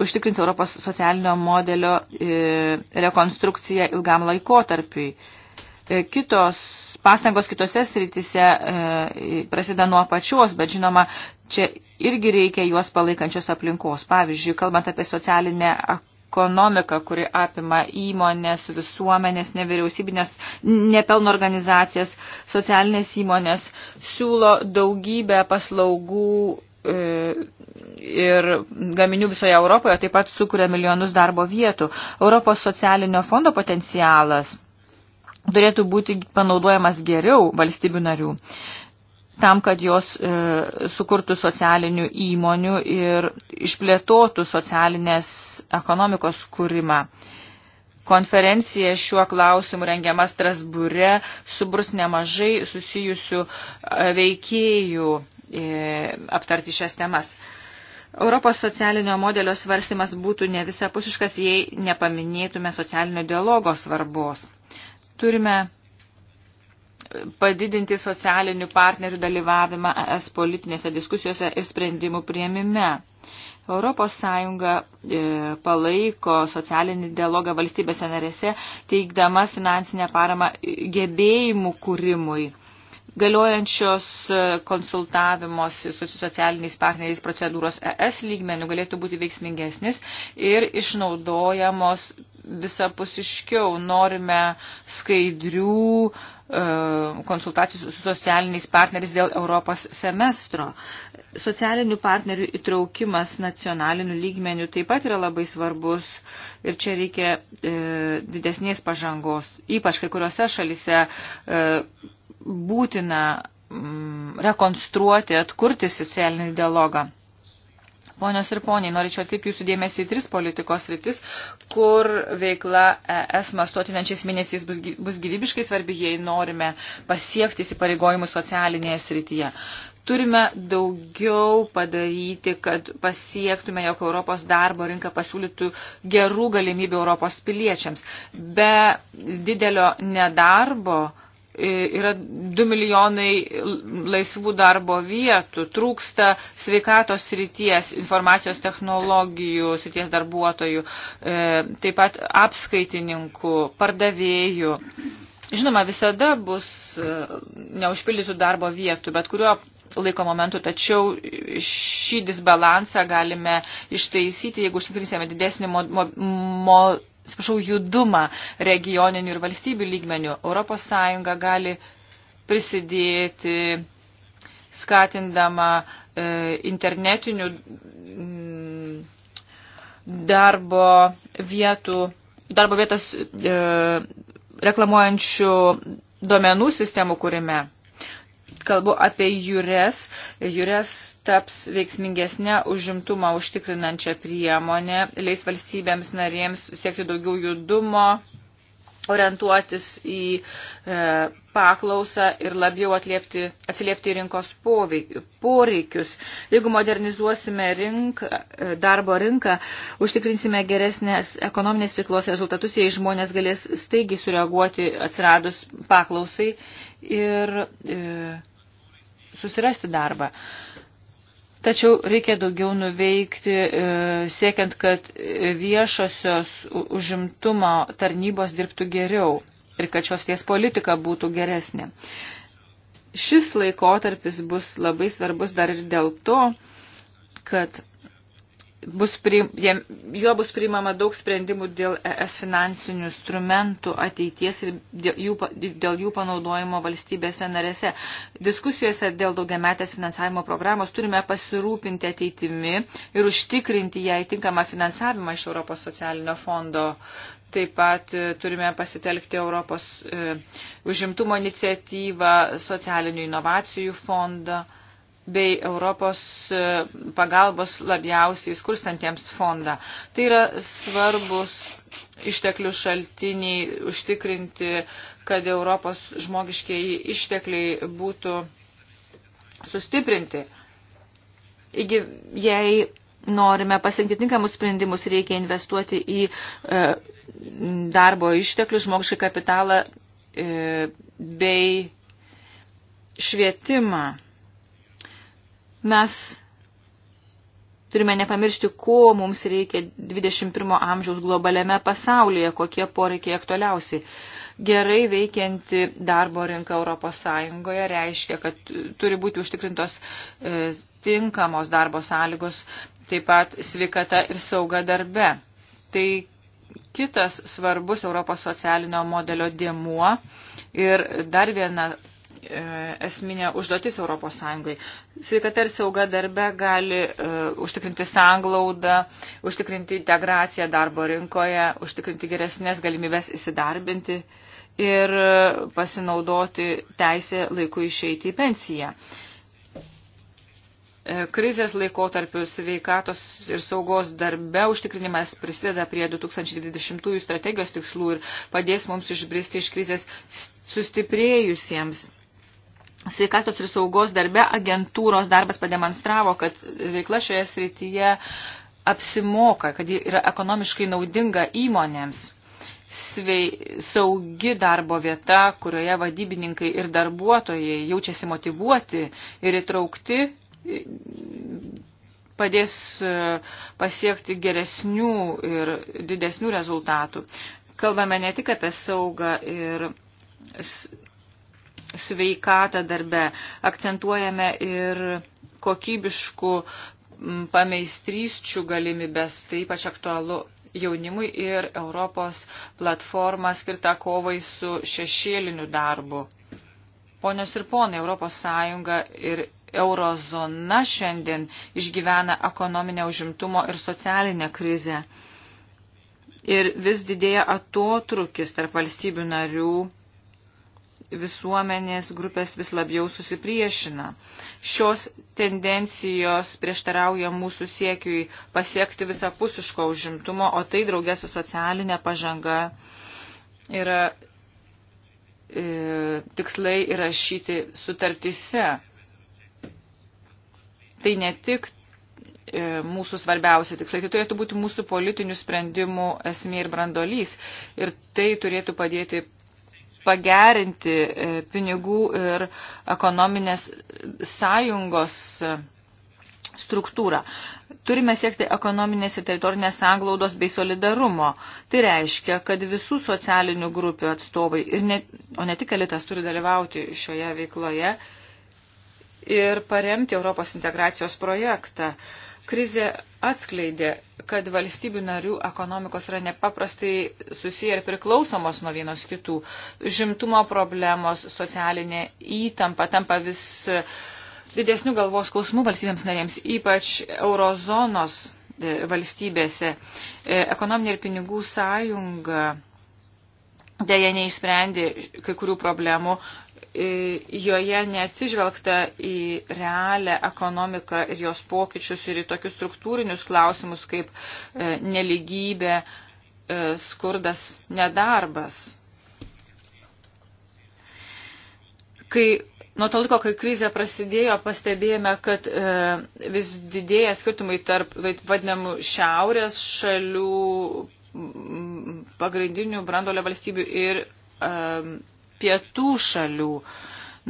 B: užtikrins Europos socialinio modelio e, rekonstrukciją ilgam laikotarpiui. E, kitos pastangos kitose sritise e, prasideda nuo pačios, bet žinoma, čia irgi reikia juos palaikančios aplinkos. Pavyzdžiui, kalbant apie socialinę ekonomiką, kuri apima įmonės, visuomenės, nevyriausybinės, nepelno organizacijas, socialinės įmonės, siūlo daugybę paslaugų e, ir gaminių visoje Europoje taip pat sukuria milijonus darbo vietų. Europos socialinio fondo potencialas turėtų būti panaudojamas geriau valstybių narių, tam, kad jos e, sukurtų socialinių įmonių ir išplėtotų socialinės ekonomikos kūrimą. Konferencija šiuo klausimu rengiama Strasbūre subrus nemažai susijusių e, veikėjų e, aptarti šias temas. Europos socialinio modelio svarstymas būtų ne visapusiškas, jei nepaminėtume socialinio dialogo svarbos. Turime padidinti socialinių partnerių dalyvavimą ES politinėse diskusijose ir sprendimų prieimime. Europos Sąjunga e, palaiko socialinį dialogą valstybėse narėse, teikdama finansinę paramą gebėjimų kūrimui Galiojančios e, konsultavimosi su socialiniais partneriais procedūros ES lygmenių galėtų būti veiksmingesnis ir išnaudojamos visapusiškiau. Norime skaidrių e, konsultacijų su socialiniais partneriais dėl Europos semestro. Socialinių partnerių įtraukimas nacionalinių lygmenių taip pat yra labai svarbus ir čia reikia e, didesnės pažangos. Ypač kai kuriuose šalise e, būtina mm, rekonstruoti, atkurti socialinį dialogą. Ponios ir poniai, norėčiau atkreipti jūsų dėmesį į tris politikos rytis, kur veikla ES mastuotinančiais mėnesiais bus, bus gyvybiškai svarbi, jei norime pasiekti įsipareigojimus socialinėje srityje. Turime daugiau padaryti, kad pasiektume, jog Europos darbo rinka pasiūlytų gerų galimybių Europos piliečiams. Be didelio nedarbo E, yra 2 milijonai laisvų darbo vietų, trūksta sveikatos srities, informacijos technologijų srities darbuotojų, e, taip pat apskaitininkų, pardavėjų. Žinoma, visada bus e, neužpildytų darbo vietų, bet kuriuo laiko momentu, tačiau šį disbalansą galime ištaisyti, jeigu užtikrinsime didesnį mo, mo, mo, atsiprašau, judumą regioninių ir valstybių lygmenių. Europos Sąjunga gali prisidėti skatindama e, internetinių m, mm, darbo vietų, darbo vietas e, reklamuojančių duomenų sistemų kūrime kalbu apie jūres. Jūres taps veiksmingesnė užimtumą užtikrinančią priemonę, leis valstybėms narėms siekti daugiau judumo orientuotis į e, paklausą ir labiau atliepti, atsiliepti rinkos poveikiu, poreikius. Jeigu modernizuosime rink, e, darbo rinką, užtikrinsime geresnės ekonominės veiklos rezultatus, jei žmonės galės staigiai sureaguoti atsiradus paklausai ir e, susirasti darbą. Tačiau reikia daugiau nuveikti, e, siekiant, kad e, viešosios užimtumo tarnybos dirbtų geriau ir kad šios ties politika būtų geresnė. Šis laikotarpis bus labai svarbus dar ir dėl to, kad bus priim, juo bus priimama daug sprendimų dėl ES finansinių instrumentų ateities ir dėl jų, dėl jų panaudojimo valstybėse narėse. Diskusijose dėl daugiametės finansavimo programos turime pasirūpinti ateitimi ir užtikrinti ją įtinkamą finansavimą iš Europos socialinio fondo. Taip pat e, turime pasitelkti Europos e, užimtumo iniciatyvą, socialinių inovacijų fondą bei Europos e, pagalbos labiausiai skurstantiems fondą. Tai yra svarbus išteklių šaltiniai užtikrinti, kad Europos žmogiškiai ištekliai būtų sustiprinti. Jei norime pasirinkti tinkamus sprendimus, reikia investuoti į e, darbo išteklių, žmogišką kapitalą e, bei švietimą. Mes turime nepamiršti, ko mums reikia 21 amžiaus globaliame pasaulyje, kokie poreikiai aktualiausiai. Gerai veikianti darbo rinka Europos Sąjungoje reiškia, kad turi būti užtikrintos e, tinkamos darbo sąlygos, taip pat sveikata ir sauga darbe. Tai kitas svarbus Europos socialinio modelio dėmuo ir dar viena E, esminė užduotis Europos Sąjungai. Sveikata ir sauga darbe gali uh, užtikrinti sanglaudą, užtikrinti integraciją darbo rinkoje, užtikrinti geresnės galimybės įsidarbinti ir e, pasinaudoti teisę laiku išeiti į pensiją. Krizės laikotarpiu sveikatos ir saugos darbe užtikrinimas prisideda prie 2020 strategijos tikslų ir padės mums išbristi iš krizės sustiprėjusiems Sveikatos ir saugos darbe agentūros darbas pademonstravo, kad veikla šioje srityje apsimoka, kad ji yra ekonomiškai naudinga įmonėms. Svei, saugi darbo vieta, kurioje vadybininkai ir darbuotojai jaučiasi motivuoti ir įtraukti, padės e, pasiekti geresnių ir didesnių rezultatų. Kalbame ne tik apie saugą ir sveikatą darbe. Akcentuojame ir kokybiškų pameistrysčių galimybės, tai ypač aktualu jaunimui ir Europos platforma skirta kovai su šešėliniu darbu. Ponios ir ponai, Europos Sąjunga ir eurozona šiandien išgyvena ekonominę užimtumo ir socialinę krizę. Ir vis didėja atotrukis tarp valstybių narių visuomenės grupės vis labiau susipriešina. Šios tendencijos prieštarauja mūsų siekiui pasiekti visapusiško užimtumo, o tai draugė su socialinė pažanga yra e, tikslai įrašyti sutartise. Tai ne tik e, mūsų svarbiausia tikslai. Tai turėtų būti mūsų politinių sprendimų esmė ir brandolys. Ir tai turėtų padėti pagerinti e, pinigų ir ekonominės sąjungos e, struktūrą. Turime siekti ekonominės ir teritorinės sanglaudos bei solidarumo. Tai reiškia, kad visų socialinių grupių atstovai, ir ne, o ne tik elitas, turi dalyvauti šioje veikloje ir paremti Europos integracijos projektą. Uh, Krizė atskleidė, kad valstybių narių ekonomikos yra nepaprastai susiję ir priklausomos nuo vienos kitų. Žimtumo problemos, socialinė įtampa tampa vis didesnių galvos skausmų valstybėms narėms, ypač eurozonos e, valstybėse. E, ekonominė ir pinigų sąjunga dėja neišsprendė kai kurių problemų, joje neatsižvelgta į realią ekonomiką ir jos pokyčius ir į tokius struktūrinius klausimus kaip e, neligybė, e, skurdas, nedarbas. Kai nuo to laiko, kai krizė prasidėjo, pastebėjome, kad e, vis didėja skirtumai tarp vadinamų šiaurės šalių pagrindinių brandolio valstybių ir e, pietų šalių.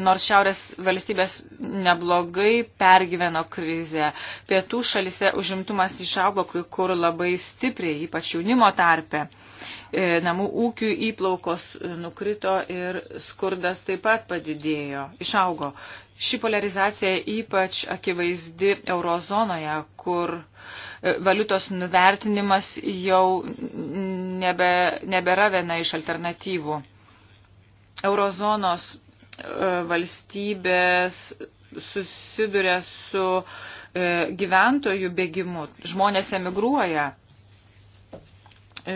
B: Nors šiaurės valstybės neblogai pergyveno krizę, pietų šalise užimtumas išaugo kai kur labai stipriai, ypač jaunimo tarpe. E, namų ūkių įplaukos e, nukrito ir skurdas taip pat padidėjo, išaugo. Ši polarizacija ypač akivaizdi eurozonoje, kur e, valiutos nuvertinimas jau nebe, nebėra viena iš alternatyvų eurozonos e, valstybės susiduria su e, gyventojų bėgimu, žmonės emigruoja.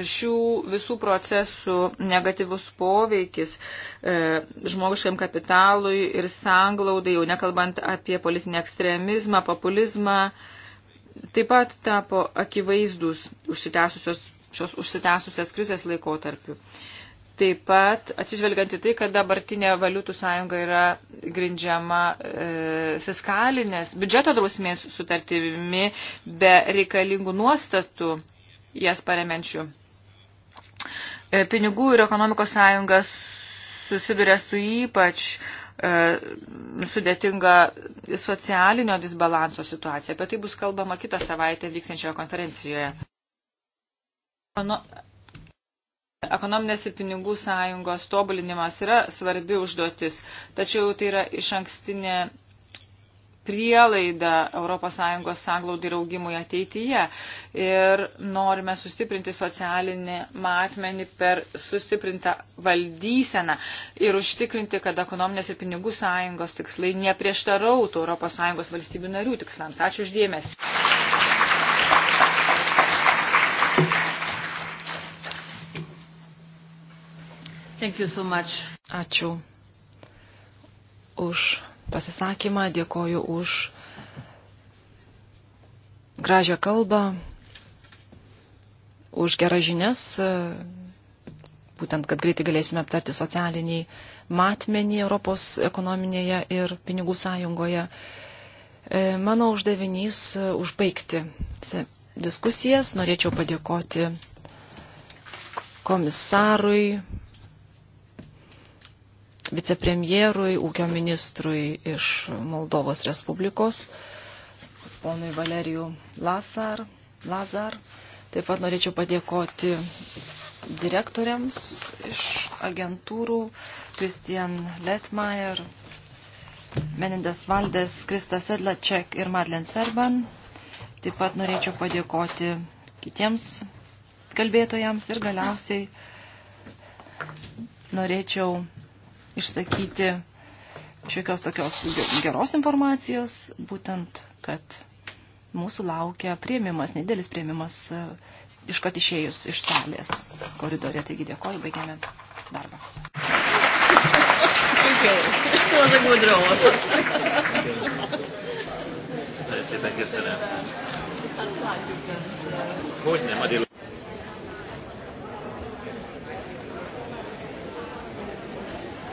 B: Šių visų procesų negatyvus poveikis e, žmogiškam kapitalui ir sanglaudai, jau nekalbant apie politinį ekstremizmą, populizmą, taip pat tapo akivaizdus užsitęsusios, šios užsitęsusios krizės laikotarpiu. E, Taip pat atsižvelgiant į tai, kad dabartinė valiutų sąjunga yra grindžiama e, fiskalinės biudžeto drausmės sutartimi be reikalingų nuostatų jas paremenčių. E, pinigų ir ekonomikos sąjungas susiduria su ypač e, sudėtinga socialinio disbalanso situacija. Apie tai bus kalbama kitą savaitę vyksiančioje konferencijoje. Mano, Ekonominės ir pinigų sąjungos tobulinimas yra svarbi užduotis, tačiau tai yra iš ankstinė prielaida ES sanglaudai ir augimui ateityje. Ir norime sustiprinti socialinį matmenį per sustiprintą valdyseną ir užtikrinti, kad ekonominės ir pinigų sąjungos tikslai neprieštarautų ES valstybių narių tikslams. Ačiū uždėmesi. So much. Ačiū
A: už pasisakymą, dėkoju už gražią kalbą, už geras žinias, būtent, kad greitai galėsime aptarti socialinį matmenį Europos ekonominėje ir pinigų sąjungoje. E, mano uždavinys užbaigti diskusijas. Norėčiau padėkoti komisarui, vicepremjerui, ūkio ministrui iš Moldovos Respublikos, ponui Valerijų Lazar. Lazar. Taip pat norėčiau padėkoti direktoriams iš agentūrų Kristian Letmaier, Menindas Valdės, Kristas Sedlaček ir Madlen Serban. Taip pat norėčiau padėkoti kitiems kalbėtojams ir galiausiai norėčiau išsakyti šiokios tokios geros informacijos, būtent, kad mūsų laukia prieimimas, nedėlis prieimimas e, iškart išėjus iš salės koridorė. Taigi dėkoju, baigiame darbą. Szépen köszönöm. Hogy nem, a